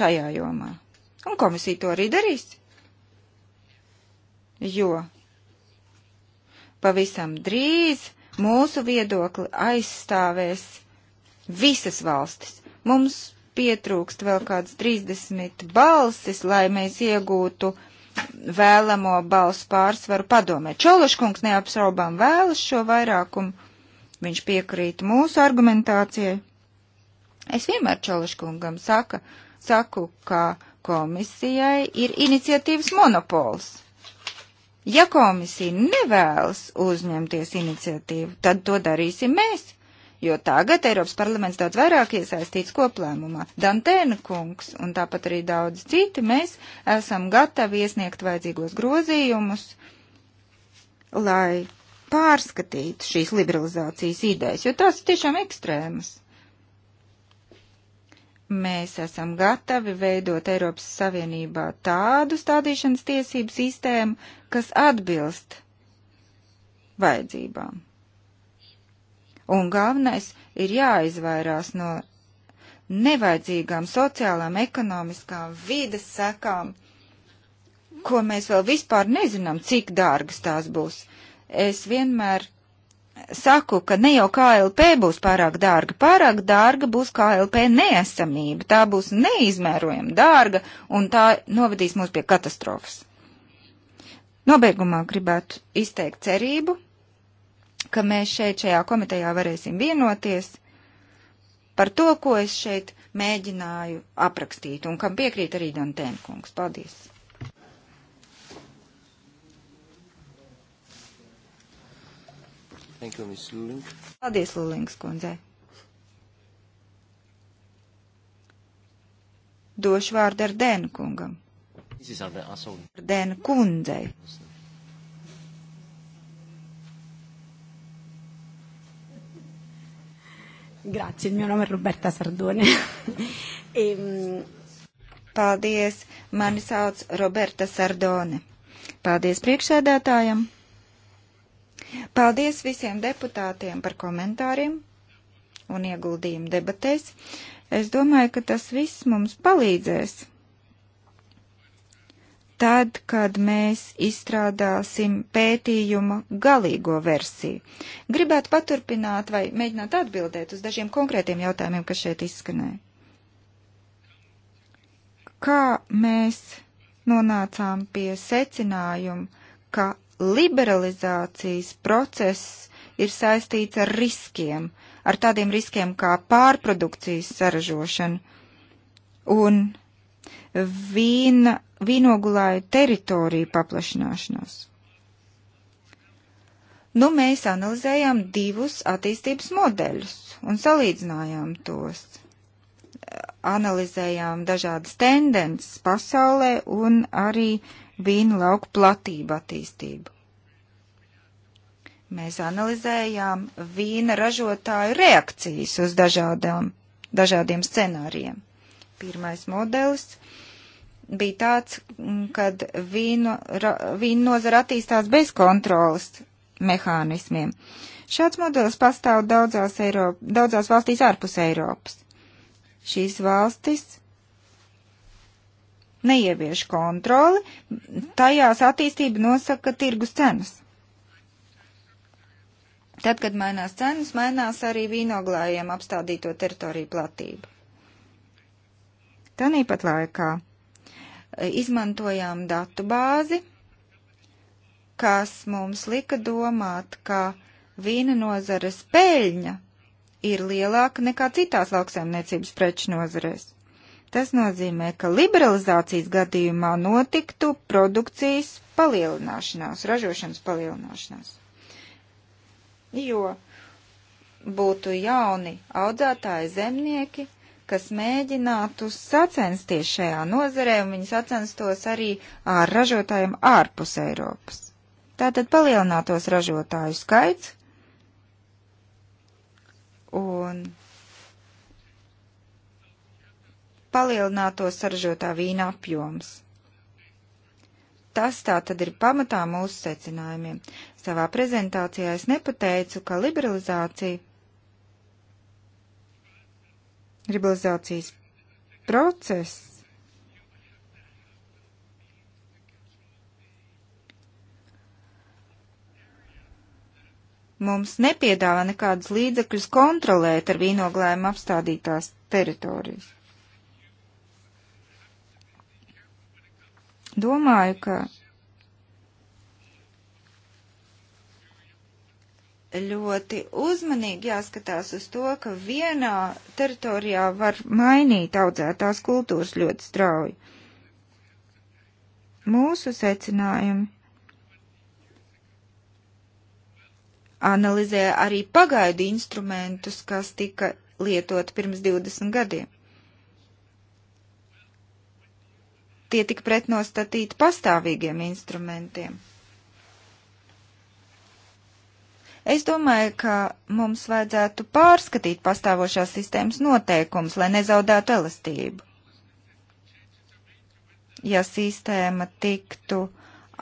šajā jomā. Un komisija to arī darīs. Jo pavisam drīz mūsu viedokli aizstāvēs visas valstis. Mums pietrūkst vēl kāds 30 balsis, lai mēs iegūtu vēlamo balsu pārsvaru padomē. Čološkungs neapšaubām vēlas šo vairākumu, viņš piekrīt mūsu argumentācijai. Es vienmēr Čološkungam saka, saku, ka komisijai ir iniciatīvas monopols. Ja komisija nevēlas uzņemties iniciatīvu, tad to darīsim mēs jo tagad Eiropas parlaments daudz vairāk iesaistīts koplēmumā. Dantēna kungs un tāpat arī daudz citi mēs esam gatavi iesniegt vajadzīgos grozījumus, lai pārskatītu šīs liberalizācijas idejas, jo tās ir tiešām ekstrēmas. Mēs esam gatavi veidot Eiropas Savienībā tādu stādīšanas tiesību sistēmu, kas atbilst vajadzībām. Un galvenais ir jāizvairās no nevajadzīgām sociālām, ekonomiskām, vides sekām, ko mēs vēl vispār nezinām, cik dārgas tās būs. Es vienmēr saku, ka ne jau KLP būs pārāk dārga, pārāk dārga būs KLP neesamība, tā būs neizmērojama dārga un tā novadīs mūs pie katastrofas. Nobeigumā gribētu izteikt cerību, ka mēs šeit šajā komitejā varēsim vienoties par to, ko es šeit mēģināju aprakstīt un kam piekrīt arī Dantēna kungs. Paldies! Thank you, Ms. Luling. Paldies, Lulings kundze. Došu vārdu ar Dēnu kungam. Ar Dēnu kundzei. Grazie, il mio nome è Roberta Sardone. e, Paldies, mani sauc Roberta Sardone. Paldies priekšsēdētājam. Paldies visiem deputātiem par komentāriem un ieguldījumu debatēs. Es domāju, ka tas viss mums palīdzēs tad, kad mēs izstrādāsim pētījuma galīgo versiju. Gribētu paturpināt vai mēģināt atbildēt uz dažiem konkrētiem jautājumiem, kas šeit izskanēja. Kā mēs nonācām pie secinājuma, ka liberalizācijas process ir saistīts ar riskiem, ar tādiem riskiem kā pārprodukcijas saražošana un vīna, vīnogulāju teritoriju paplašināšanos. Nu, mēs analizējām divus attīstības modeļus un salīdzinājām tos. Analizējām dažādas tendences pasaulē un arī vīnu lauku platību attīstību. Mēs analizējām vīna ražotāju reakcijas uz dažādām, dažādiem scenārijiem. Pirmais modelis bija tāds, mm, kad vīnu, ra, vīnu nozara attīstās bez kontrolas mehānismiem. Šāds modelis pastāv daudzās, Eiropa, daudzās valstīs ārpus Eiropas. Šīs valstis neievieš kontroli, tajās attīstība nosaka tirgus cenas. Tad, kad mainās cenas, mainās arī vīnoglājiem apstādīto teritoriju platība. Tāpat laikā e, izmantojām datu bāzi, kas mums lika domāt, ka vīna nozares peļņa ir lielāka nekā citās lauksaimniecības preču nozarēs. Tas nozīmē, ka liberalizācijas gadījumā notiktu produkcijas palielināšanās, ražošanas palielināšanās. Jo būtu jauni audzētāji zemnieki, kas mēģinātu sacensties šajā nozarē, un viņi sacenstos arī ar ražotājiem ārpus Eiropas. Tātad palielinātos ražotāju skaits, un palielinātos saražotā vīna apjoms. Tas tā tad ir pamatā mūsu secinājumiem. Savā prezentācijā es nepateicu, ka liberalizācija liberalizācijas process mums nepiedāvā nekādus līdzekļus kontrolēt ar vīnoglēm apstādītās teritorijas. Domāju, ka ļoti uzmanīgi jāskatās uz to, ka vienā teritorijā var mainīt audzētās kultūras ļoti strauji. Mūsu secinājumi analizē arī pagaidu instrumentus, kas tika lietot pirms 20 gadiem. Tie tika pretnostatīti pastāvīgiem instrumentiem. Es domāju, ka mums vajadzētu pārskatīt pastāvošās sistēmas noteikums, lai nezaudētu elastību. Ja sistēma tiktu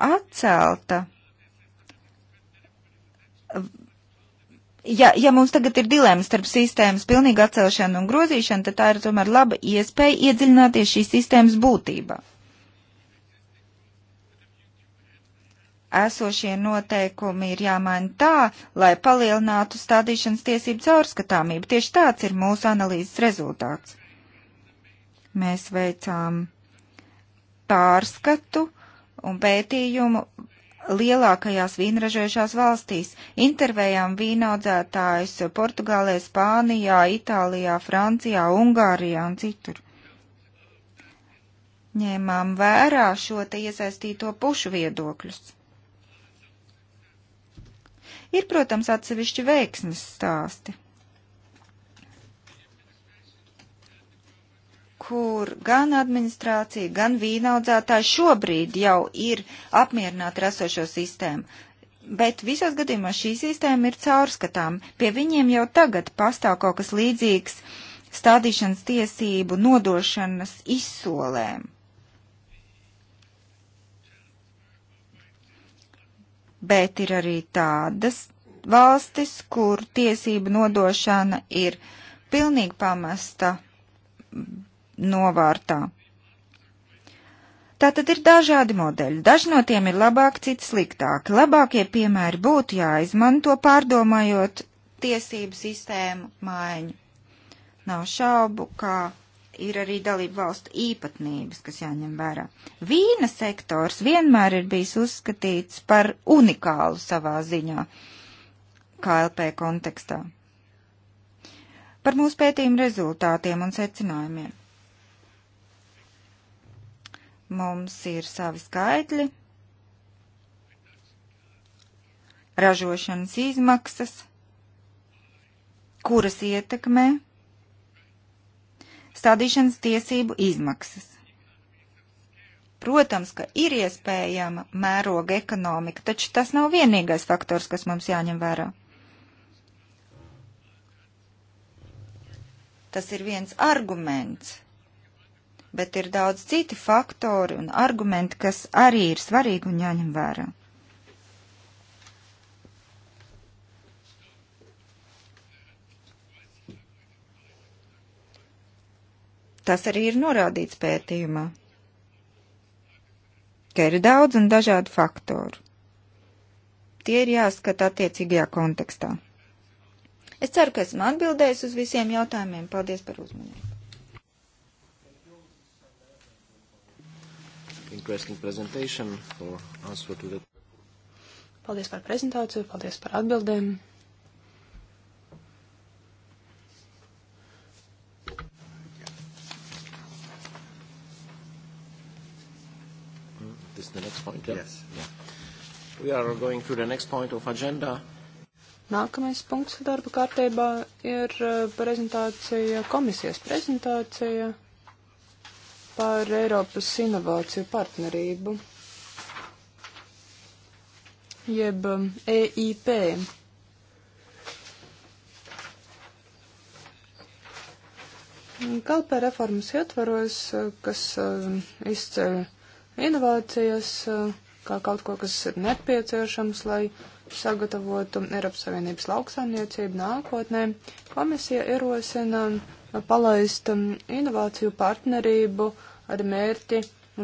atcelta, ja, ja mums tagad ir dilemma starp sistēmas pilnīgu atcelšanu un grozīšanu, tad tā ir tomēr laba iespēja iedziļināties šīs sistēmas būtībā. esošie noteikumi ir jāmaina tā, lai palielinātu stādīšanas tiesību caurskatāmību. Tieši tāds ir mūsu analīzes rezultāts. Mēs veicām pārskatu un pētījumu lielākajās vīnražojušās valstīs. Intervējām vīnaudzētājus Portugālē, Spānijā, Itālijā, Francijā, Ungārijā un citur ņēmām vērā šo te iesaistīto pušu viedokļus. Ir, protams, atsevišķi veiksmes stāsti, kur gan administrācija, gan vīnaudzētāji šobrīd jau ir apmierināti ar esošo sistēmu. Bet visos gadījumos šī sistēma ir caurskatām. Pie viņiem jau tagad pastāv kaut kas līdzīgs stādīšanas tiesību nodošanas izsolēm. bet ir arī tādas valstis, kur tiesību nodošana ir pilnīgi pamesta novārtā. Tātad ir dažādi modeļi. Daži no tiem ir labāki, citi sliktāki. Labākie piemēri būtu jāizmanto pārdomājot tiesību sistēmu maiņu. Nav šaubu, kā ir arī dalību valstu īpatnības, kas jāņem vērā. Vīna sektors vienmēr ir bijis uzskatīts par unikālu savā ziņā KLP kontekstā. Par mūsu pētījumu rezultātiem un secinājumiem. Mums ir savi skaitļi, ražošanas izmaksas, kuras ietekmē stādīšanas tiesību izmaksas. Protams, ka ir iespējama mēroga ekonomika, taču tas nav vienīgais faktors, kas mums jāņem vērā. Tas ir viens arguments, bet ir daudz citi faktori un argumenti, kas arī ir svarīgi un jāņem vērā. Tas arī ir norādīts pētījumā, ka ir daudz un dažādu faktoru. Tie ir jāskata attiecīgajā kontekstā. Es ceru, ka esmu atbildējis uz visiem jautājumiem. Paldies par uzmanību. Interesting presentation for answer to the... Paldies par prezentāciju, paldies par atbildēm. the next point, yeah? Yes. Yeah. We are going to the next point of agenda. Nākamais punkts darba kārtībā ir uh, prezentācija, komisijas prezentācija par Eiropas inovāciju partnerību, jeb um, EIP. Kalpē reformas ietvaros, uh, kas uh, izceļ inovācijas eh, kā kaut ko, kas ir nepieciešams, lai sagatavotu Eiropas Savienības lauksaimniecību nākotnē. Komisija ierosina eh, palaist eh, inovāciju partnerību ar mērķi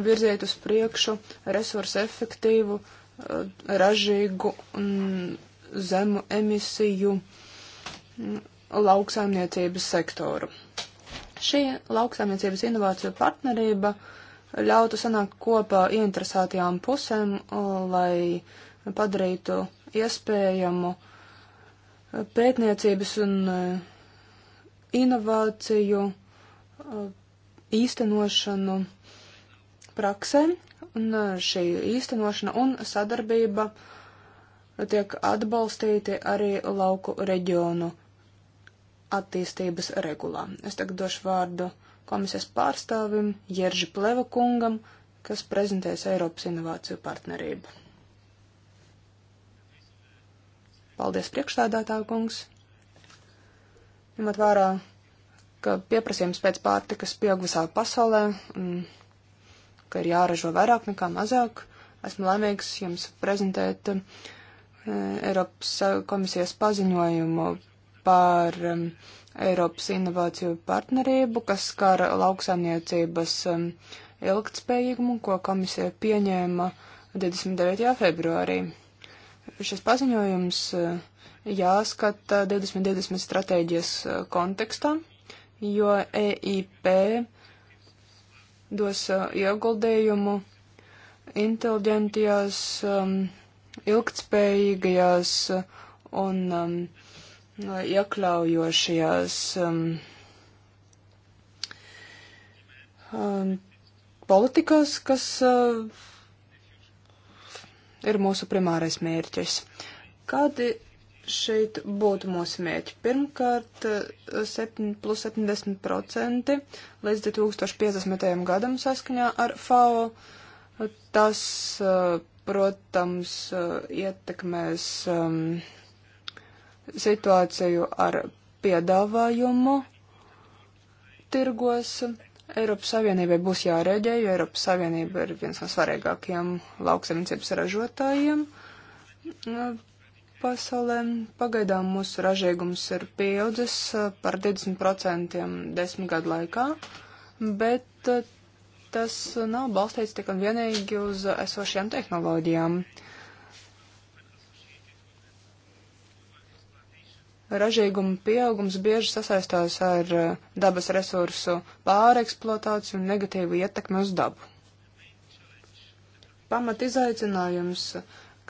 virzīt uz priekšu resursu efektīvu, ražīgu un zemu emisiju mm, lauksaimniecības sektoru. Šī lauksaimniecības inovāciju partnerība uh, ļautu sanākt kopā ieinteresētajām pusēm, lai padarītu iespējamu pētniecības un e, inovāciju īstenošanu praksē, un e, šī īstenošana un sadarbība tiek atbalstīti arī lauku reģionu attīstības regulā. Es tagad došu vārdu uh, komisijas pārstāvim Jerži Pleva kungam, kas prezentēs Eiropas inovāciju partnerību. Paldies priekšstādātā kungs. Ņemot vērā, ka pieprasījums pēc pārtikas pieaug visā pasaulē un ka ir jāražo vairāk nekā mazāk, esmu laimīgs jums prezentēt uh, Eiropas komisijas paziņojumu par um, Eiropas inovāciju partnerību, kas skar lauksaimniecības um, ilgtspējīgumu, ko komisija pieņēma 29. februārī. Šis paziņojums uh, jāskata 2020 stratēģijas uh, kontekstā, jo EIP dos uh, ieguldījumu inteliģentajās, um, ilgtspējīgajās un um, iekļaujošajās um, um, politikās, kas uh, ir mūsu primārais mērķis. Kādi šeit būtu mūsu mērķi? Pirmkārt, 7, uh, plus 70% līdz 2050. gadam saskaņā ar FAO. Tas, uh, protams, uh, ietekmēs um, situāciju ar piedāvājumu tirgos. Eiropas Savienībai būs jārēģē, jo Eiropas Savienība ir viens no svarīgākajiem lauksaimniecības ražotājiem nu, pasaulē. Pagaidām mūsu ražīgums ir pieaudzis eh, par 20% desmit gadu laikā, bet eh, tas nav balstīts tikai un vienīgi uz esošajām tehnoloģijām. Uh, Ražīguma pieaugums bieži sasaistās ar eh, dabas resursu pāreksploatāciju un negatīvu ietekmi uz dabu. Pamat izaicinājums,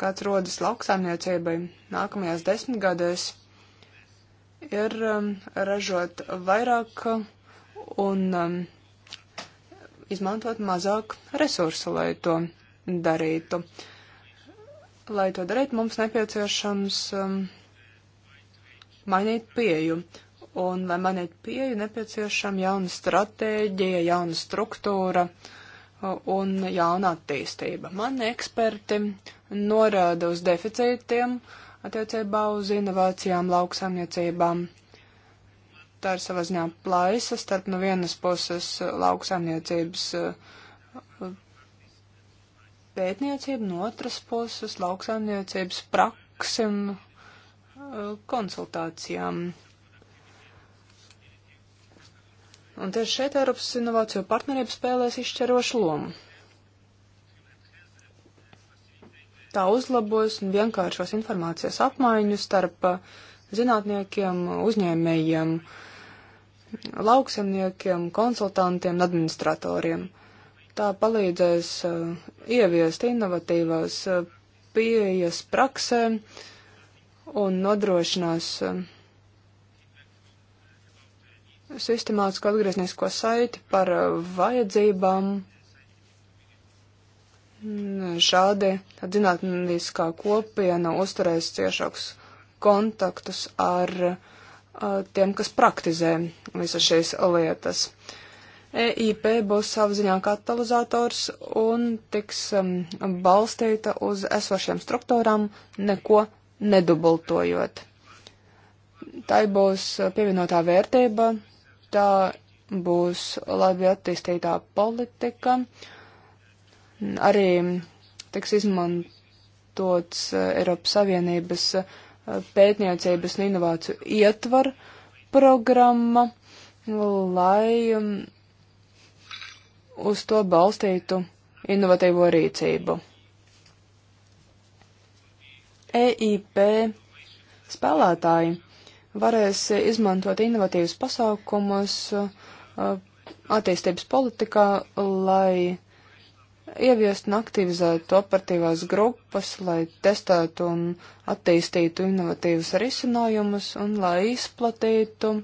kāds rodas lauksāniecībai nākamajās desmitgadēs, ir um, ražot vairāk un um, izmantot mazāk resursu, lai to darītu. Lai to darītu, mums nepieciešams um, mainīt pieju. Un, lai mainītu pieju, nepieciešama jauna stratēģija, jauna struktūra un jauna attīstība. Mani eksperti norāda uz deficītiem attiecībā uz inovācijām lauksaimniecībām. Tā ir savā ziņā plaisa starp no vienas puses lauksaimniecības pētniecību, no otras puses lauksaimniecības praksi un konsultācijām. Un tieši šeit Eiropas inovāciju partnerība spēlēs izšķirošu lomu. Tā uzlabos un vienkāršos informācijas apmaiņu starp uh, zinātniekiem, uzņēmējiem, lauksemniekiem, konsultantiem un administratoriem. Tā palīdzēs uh, ieviest innovatīvās uh, pieejas praksē, uh, un nodrošinās um, sistemātisku atgrieznisko saiti par uh, vajadzībām. Uh, šādi zinātniskā kopiena uzturēs ciešākus kontaktus ar uh, tiem, kas praktizē visas šīs lietas. EIP būs apziņā katalizators un tiks um, balstīta uz esošiem struktūrām, neko nedubultojot. Tā būs pievienotā vērtība, tā būs labi attīstītā politika, arī tiks izmantots eh, Eiropas Savienības eh, pētniecības un inovāciju ietvar programma, lai mm, uz to balstītu inovatīvo rīcību. EIP spēlētāji varēs izmantot innovatīvas pasākumus uh, attīstības politikā, lai ieviestu un aktivizētu operatīvās grupas, lai testētu un attīstītu innovatīvas risinājumus un lai izplatītu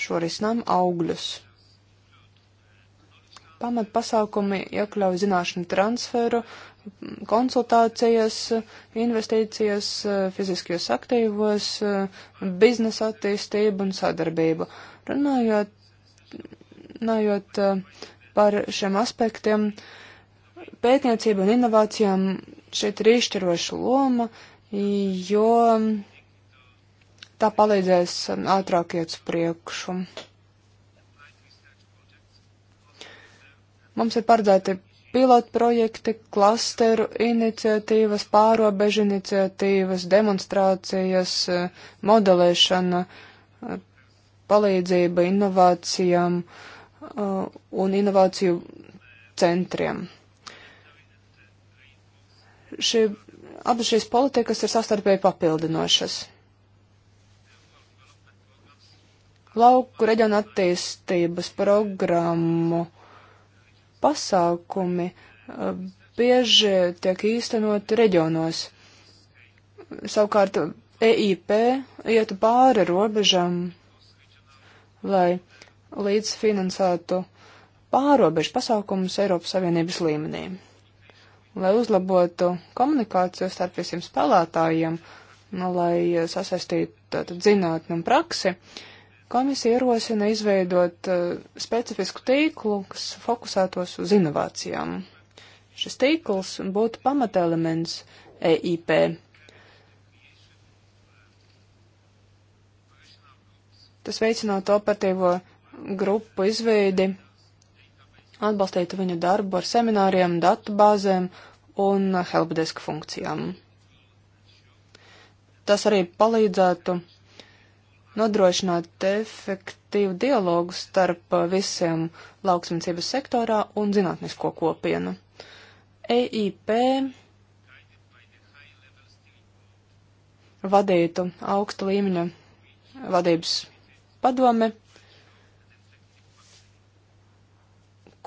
šo risinājumu augļus. Pamat pasākumi iekļauj zināšanu transferu, konsultācijas, investīcijas, fiziskajos aktīvos, biznesa attīstību un sadarbību. Runājot, runājot eh, par šiem aspektiem, pētniecība un inovācijām šeit ir izšķiroša loma, jo tā palīdzēs ātrāk iet uz priekšu. Mums ir paredzēti pilotprojekti, klasteru iniciatīvas, pārobežu iniciatīvas, demonstrācijas, modelēšana, palīdzība inovācijām uh, un inovāciju centriem. Šī, abas šīs politikas ir sastarpēji papildinošas. Lauku reģiona attīstības programmu pasākumi eh, bieži tiek īstenoti reģionos. Savukārt EIP ietu pāri robežam, lai līdzfinansētu pārobežu pasākumus Eiropas Savienības līmenī. Lai uzlabotu komunikāciju starp visiem spēlētājiem, nu, lai sasaistītu zinātni un praksi, uh, Komisija ierosina izveidot uh, specifisku tīklu, kas fokusētos uz inovācijām. Šis tīkls būtu pamatelements EIP. Tas veicinātu operatīvo grupu izveidi, atbalstītu viņu darbu ar semināriem, datubāzēm un helpdesk funkcijām. Tas arī palīdzētu nodrošināt efektīvu dialogu starp visiem lauksmēcības sektorā un zinātnisko kopienu. EIP vadītu augsta līmeņa vadības padome,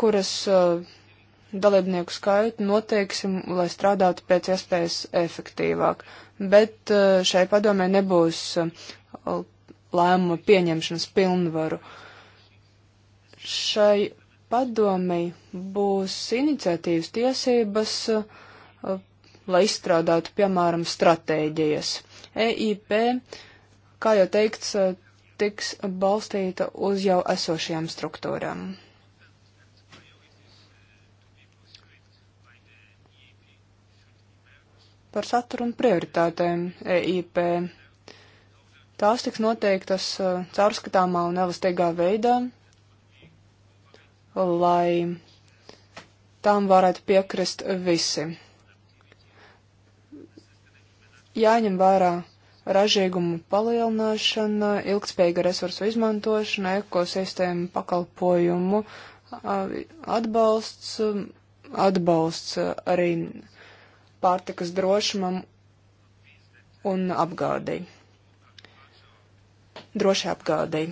kuras uh, dalībnieku skaitu noteiksim, lai strādātu pēc iespējas efektīvāk. Bet uh, šai padomē nebūs uh, lēmuma pieņemšanas pilnvaru. Šai padomei būs iniciatīvas tiesības, uh, lai izstrādātu, piemēram, stratēģijas. EIP, kā jau teikts, uh, tiks balstīta uz jau esošajām struktūrām. Par saturu un prioritātēm EIP Tās tiks noteiktas uh, caurskatāmā un elastīgā veidā, lai tām varētu piekrist visi. Jāņem vērā ražīgumu palielināšana, ilgspējīga resursu izmantošana, ekosistēma pakalpojumu uh, atbalsts, atbalsts uh, arī pārtikas drošumam un apgādēji drošai apgādai.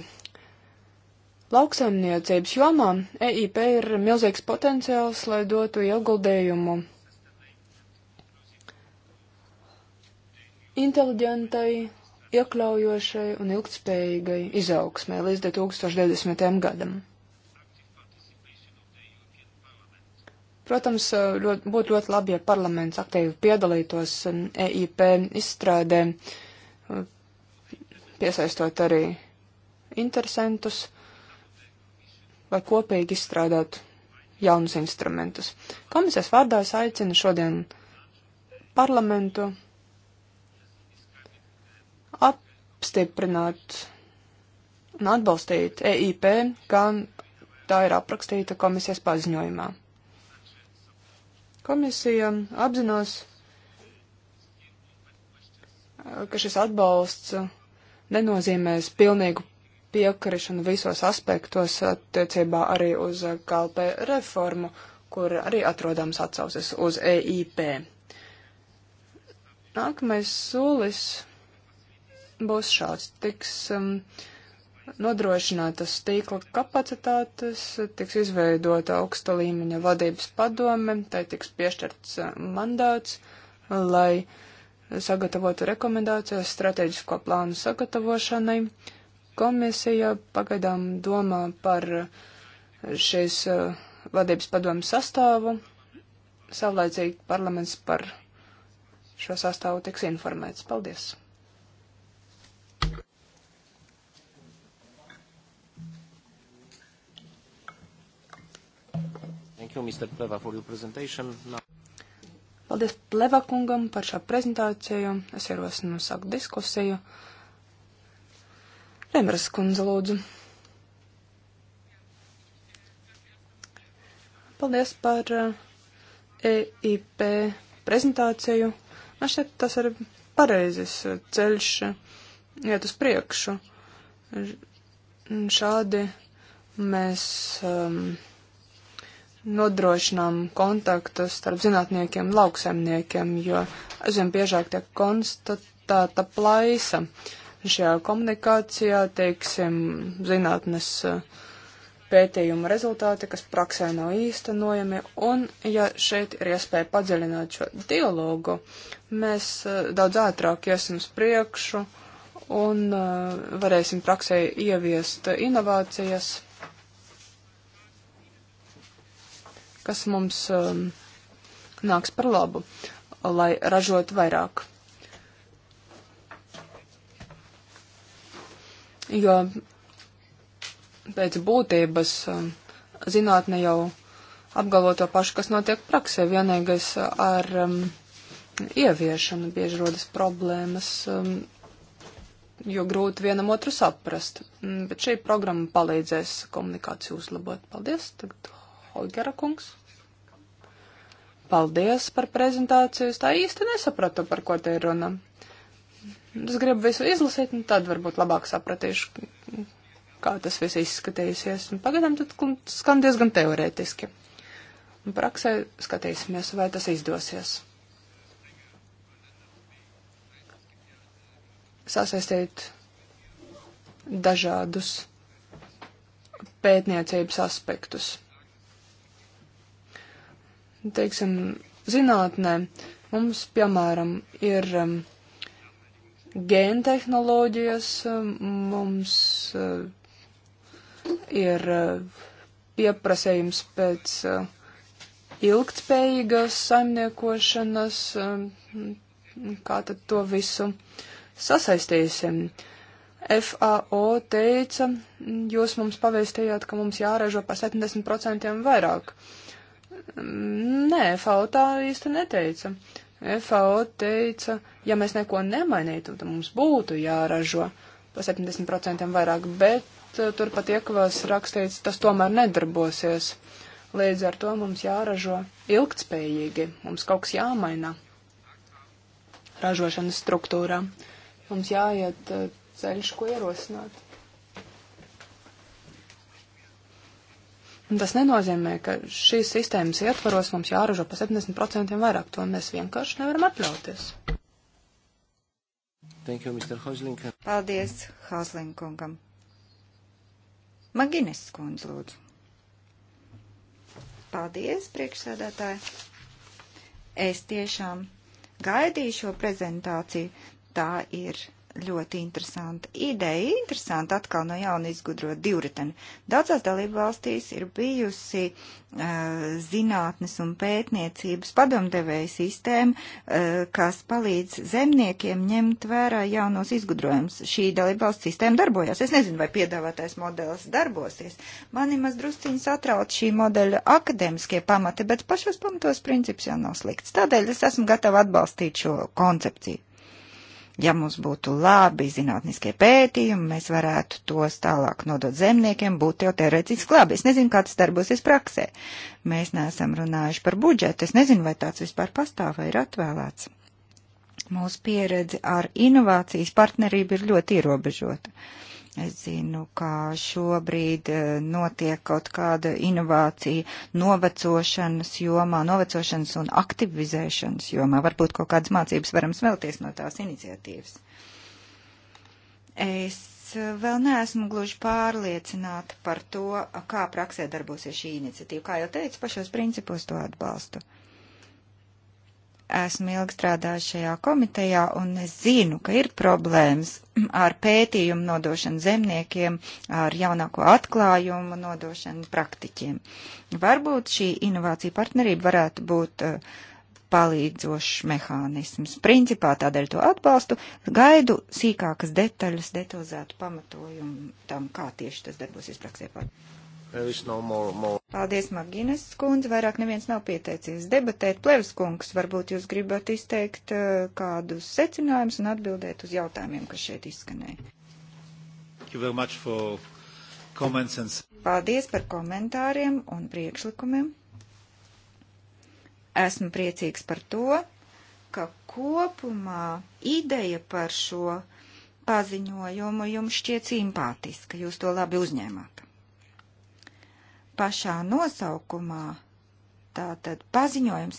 Lauksaimniecības jomā EIP ir milzīgs potenciāls, lai dotu ieguldījumu inteliģentai, iekļaujošai un ilgtspējīgai izaugsmē līdz 2020. gadam. Protams, ļoti, būtu ļoti labi, ja parlaments aktīvi piedalītos um, EIP izstrādē. Uh, piesaistot arī interesantus, lai kopīgi izstrādātu jaunus instrumentus. Komisijas vārdā es aicinu šodien parlamentu apstiprināt un atbalstīt EIP, kā tā ir aprakstīta komisijas paziņojumā. Komisija apzinās, ka šis atbalsts nenozīmēs pilnīgu piekrišanu visos aspektos attiecībā arī uz kalpē reformu, kur arī atrodams atsauces uz EIP. Nākamais solis būs šāds. Tiks um, nodrošinātas tīkla kapacitātes, tiks izveidota augsta līmeņa vadības padome, tai tiks piešķirts uh, mandāts, lai uh, sagatavotu rekomendācijas strateģisko plānu sagatavošanai. Komisija pagaidām domā par šīs uh, vadības padomu sastāvu. Savlaicīgi parlaments par šo sastāvu tiks informēts. Paldies! Thank you, Mr. Pleva, for your presentation. Now... Paldies Plevakungam par šo prezentāciju. Es ierosinu sākt diskusiju. Remras kundze, lūdzu. Paldies par EIP eh, e prezentāciju. Man šķiet, tas ir pareizes eh, ceļš eh, iet uz priekšu. Šādi mēs. Um, nodrošinām kontaktus starp zinātniekiem un lauksaimniekiem, jo aizvien biežāk tiek konstatēta plaisa šajā komunikācijā, teiksim, zinātnes eh, pētījuma rezultāti, kas praksē nav īstenojami, un ja šeit ir iespēja padziļināt šo dialogu, mēs eh, daudz ātrāk iesim uz priekšu un eh, varēsim praksē ieviest inovācijas kas mums um, nāks par labu, lai ražot vairāk. Jo pēc būtības um, zinātne jau apgalvo to pašu, kas notiek praksē. Vienīgais ar um, ieviešanu bieži rodas problēmas, um, jo grūti vienam otru saprast. Mm, bet šī programma palīdzēs komunikāciju uzlabot. Paldies! Tagad Holgera kungs. Paldies par prezentāciju. Es tā īsti nesapratu, par ko te ir runa. Es gribu visu izlasīt, un tad varbūt labāk sapratīšu, kā tas viss izskatīsies. Un pagadām tad skan diezgan teorētiski. Un praksē skatīsimies, vai tas izdosies. Sasaistīt dažādus pētniecības aspektus teiksim, zinātnē mums, piemēram, ir um, gēntehnoloģijas, um, mums uh, ir uh, pieprasējums pēc uh, ilgtspējīgas saimniekošanas, uh, kā tad to visu sasaistīsim. FAO teica, jūs mums pavēstījāt, ka mums jāražo par 70% vairāk. Uh, Nē, FAO tā īsti neteica. FAO teica, ja mēs neko nemainītu, tad mums būtu jāražo pa 70% vairāk, bet eh, tur pat iekavās rakstīts, tas tomēr nedarbosies. Līdz ar to mums jāražo ilgtspējīgi, mums kaut kas jāmaina ražošanas struktūrā. Mums jāiet eh, ceļš, ko ierosināt. Tas nenozīmē, ka šīs sistēmas ietvaros mums jāražo pa 70% vairāk. To mēs vienkārši nevaram atļauties. Thank you, Mr. Hosling. Paldies, Hosling kungam. Magines kundze, lūdzu. Paldies, priekšsēdētāji. Es tiešām gaidīju šo prezentāciju. Tā ir Ļoti interesanta ideja, interesanti atkal no jauna izgudrot divriteni. Daudzās dalību valstīs ir bijusi uh, zinātnes un pētniecības padomdevēja sistēma, uh, kas palīdz zemniekiem ņemt vērā jaunos izgudrojumus. Šī dalību valsts sistēma darbojās. Es nezinu, vai piedāvātais modelis darbosies. Mani maz drusciņi satrauc šī modeļa akademiskie pamati, bet pašos pamatos princips jau nav slikts. Tādēļ es esmu gatava atbalstīt šo koncepciju. Ja mums būtu labi zinātniskie pētījumi, mēs varētu tos tālāk nodot zemniekiem, būtu jau teorētiski labi. Es nezinu, kā tas darbosies praksē. Mēs neesam runājuši par budžetu. Es nezinu, vai tāds vispār pastāv vai ir atvēlēts. Mūsu pieredze ar inovācijas partnerību ir ļoti ierobežota. Uh, Es zinu, ka šobrīd eh, notiek kaut kāda inovācija novecošanas jomā, novecošanas un aktivizēšanas jomā. Varbūt kaut kādas mācības varam smelties no tās iniciatīvas. Es eh, vēl neesmu gluži pārliecināta par to, kā praksē darbosies šī iniciatīva. Kā jau teicu, pašos principos to atbalstu. Uh, esmu ilgi strādājis šajā komitejā, un es zinu, ka ir problēmas ar pētījumu nodošanu zemniekiem, ar jaunāko atklājumu nodošanu praktiķiem. Varbūt šī inovācija partnerība varētu būt uh, palīdzošs mehānisms. Principā tādēļ to atbalstu, gaidu sīkākas detaļas, detalizētu pamatojumu tam, kā tieši tas darbosies praksē. Pār. No more, more. Paldies, Maginas skundze. Vairāk neviens nav pieteicies debatēt. Plevs kungs, varbūt jūs gribat izteikt eh, kādus secinājumus un atbildēt uz jautājumiem, kas šeit izskanēja. And... Paldies par komentāriem un priekšlikumiem. Esmu priecīgs par to, ka kopumā ideja par šo paziņojumu jums šķiet simpātiska. Jūs to labi uzņēmāt pašā nosaukumā, tātad paziņojums,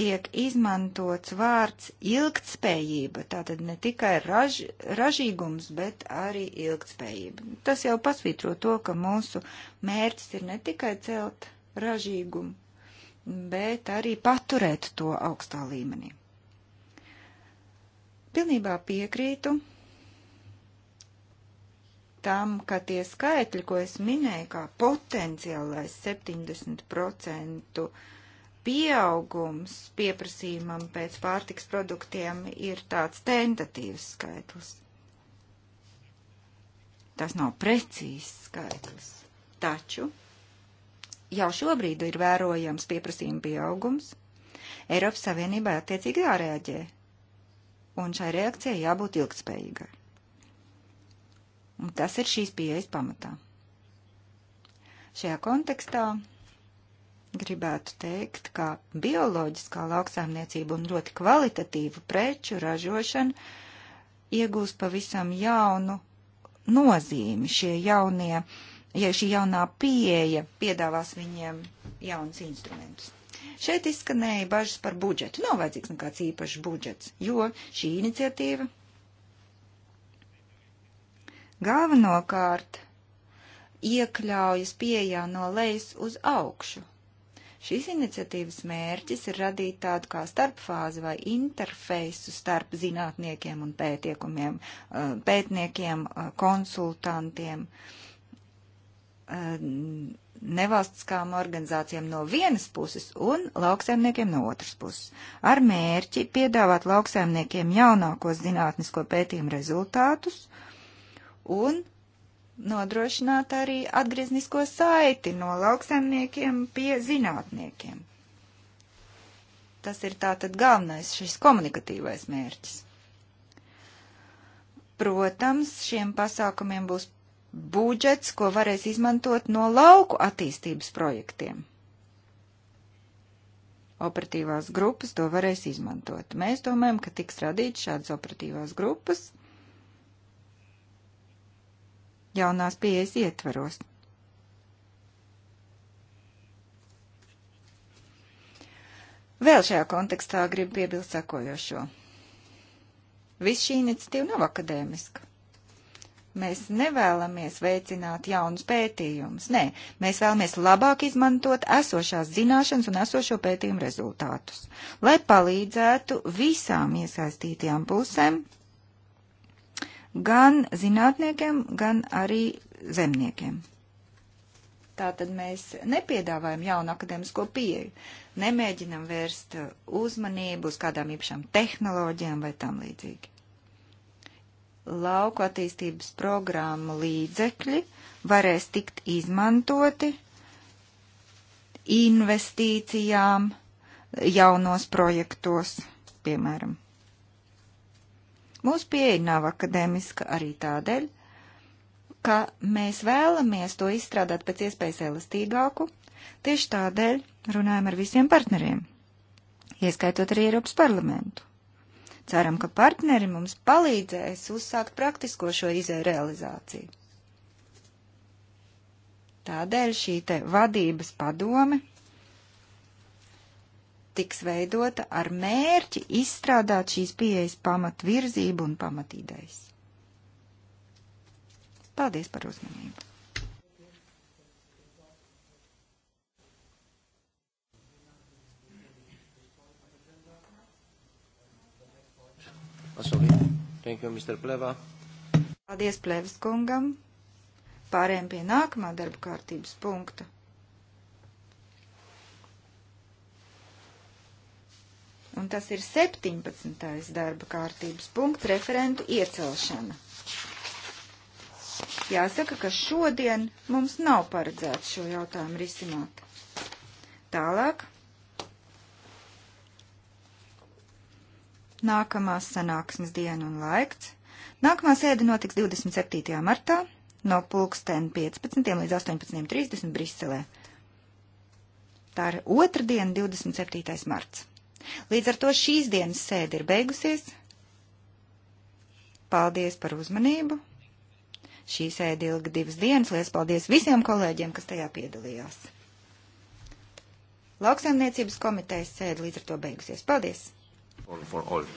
tiek izmantots vārds ilgtspējība, tātad ne tikai raž, ražīgums, bet arī ilgtspējība. Tas jau pasvītro to, ka mūsu mērķis ir ne tikai celt ražīgumu, bet arī paturēt to augstā līmenī. Pilnībā piekrītu tam, ka tie skaitļi, ko es minēju, kā potenciālais 70% pieaugums pieprasījumam pēc pārtiks produktiem ir tāds tentatīvs skaitlis. Tas nav precīzs skaitlis. Taču jau šobrīd ir vērojams pieprasījuma pieaugums. Eiropas Savienībā attiecīgi jārēģē, un šai reakcijai jābūt ilgspējīgai. Un tas ir šīs pieejas pamatā. Šajā kontekstā gribētu teikt, ka bioloģiskā lauksāmniecība un ļoti kvalitatīvu preču ražošana iegūst pavisam jaunu nozīmi. Šie jaunie, ja šī jaunā pieeja piedāvās viņiem jaunus instrumentus. Šeit izskanēja bažas par budžetu. Nav vajadzīgs nekāds īpašs budžets, jo šī iniciatīva Galvenokārt iekļaujas pieejā no lejas uz augšu. Šīs iniciatīvas mērķis ir radīt tādu kā starpfāzi vai interfeisu starp zinātniekiem un pētiekumiem, eh, pētniekiem, eh, konsultantiem, eh, nevalstiskām organizācijām no vienas puses un lauksaimniekiem no otras puses, ar mērķi piedāvāt lauksaimniekiem jaunākos zinātnisko pētījumu rezultātus un nodrošināt arī atgrieznisko saiti no lauksaimniekiem pie zinātniekiem. Tas ir tātad galvenais šis komunikatīvais mērķis. Protams, šiem pasākumiem būs budžets, ko varēs izmantot no lauku attīstības projektiem. Operatīvās grupas to varēs izmantot. Mēs domājam, ka tiks radīts šādas operatīvās grupas – jaunās pieejas ietvaros. Vēl šajā kontekstā gribu piebilst sakojošo. Viss šī iniciatīva nav akadēmiska. Mēs nevēlamies veicināt jaunus pētījumus. Nē, mēs vēlamies labāk izmantot esošās zināšanas un esošo pētījumu rezultātus, lai palīdzētu visām iesaistītajām pusēm gan zinātniekiem, gan arī zemniekiem. Tātad mēs nepiedāvājam jaunu akadēmisko pieeju, nemēģinam vērst uzmanību uz kādām īpašām tehnoloģijām vai tam līdzīgi. Lauku attīstības programmu līdzekļi varēs tikt izmantoti investīcijām jaunos projektos, piemēram. Mūsu pieeja nav akadēmiska arī tādēļ, ka mēs vēlamies to izstrādāt pēc iespējas elastīgāku, tieši tādēļ runājam ar visiem partneriem, ieskaitot arī Eiropas parlamentu. Ceram, ka partneri mums palīdzēs uzsākt praktisko šo izēju realizāciju. Tādēļ šī te vadības padome tiks veidota ar mērķi izstrādāt šīs pieejas pamatvirzību un pamatīdais. Paldies par uzmanību! Ah, Thank you, Mr. Pleva. Paldies Plevas kungam. Pārējiem pie nākamā darba kārtības punkta. un tas ir 17. darba kārtības punkts - referentu iecelšana. Jāsaka, ka šodien mums nav paredzēts šo jautājumu risināt. Tālāk. Nākamās sanāksmes diena un laiks. Nākamā sēde notiks 27. martā no pulksten 15. līdz 18.30 Briselē. Tā ir otrdiena, 27. marts. Līdz ar to šīs dienas sēde ir beigusies. Paldies par uzmanību. Šī sēde ilga divas dienas. Lielas paldies visiem kolēģiem, kas tajā piedalījās. Lauksaimniecības komitejas sēde līdz ar to beigusies. Paldies! All for all.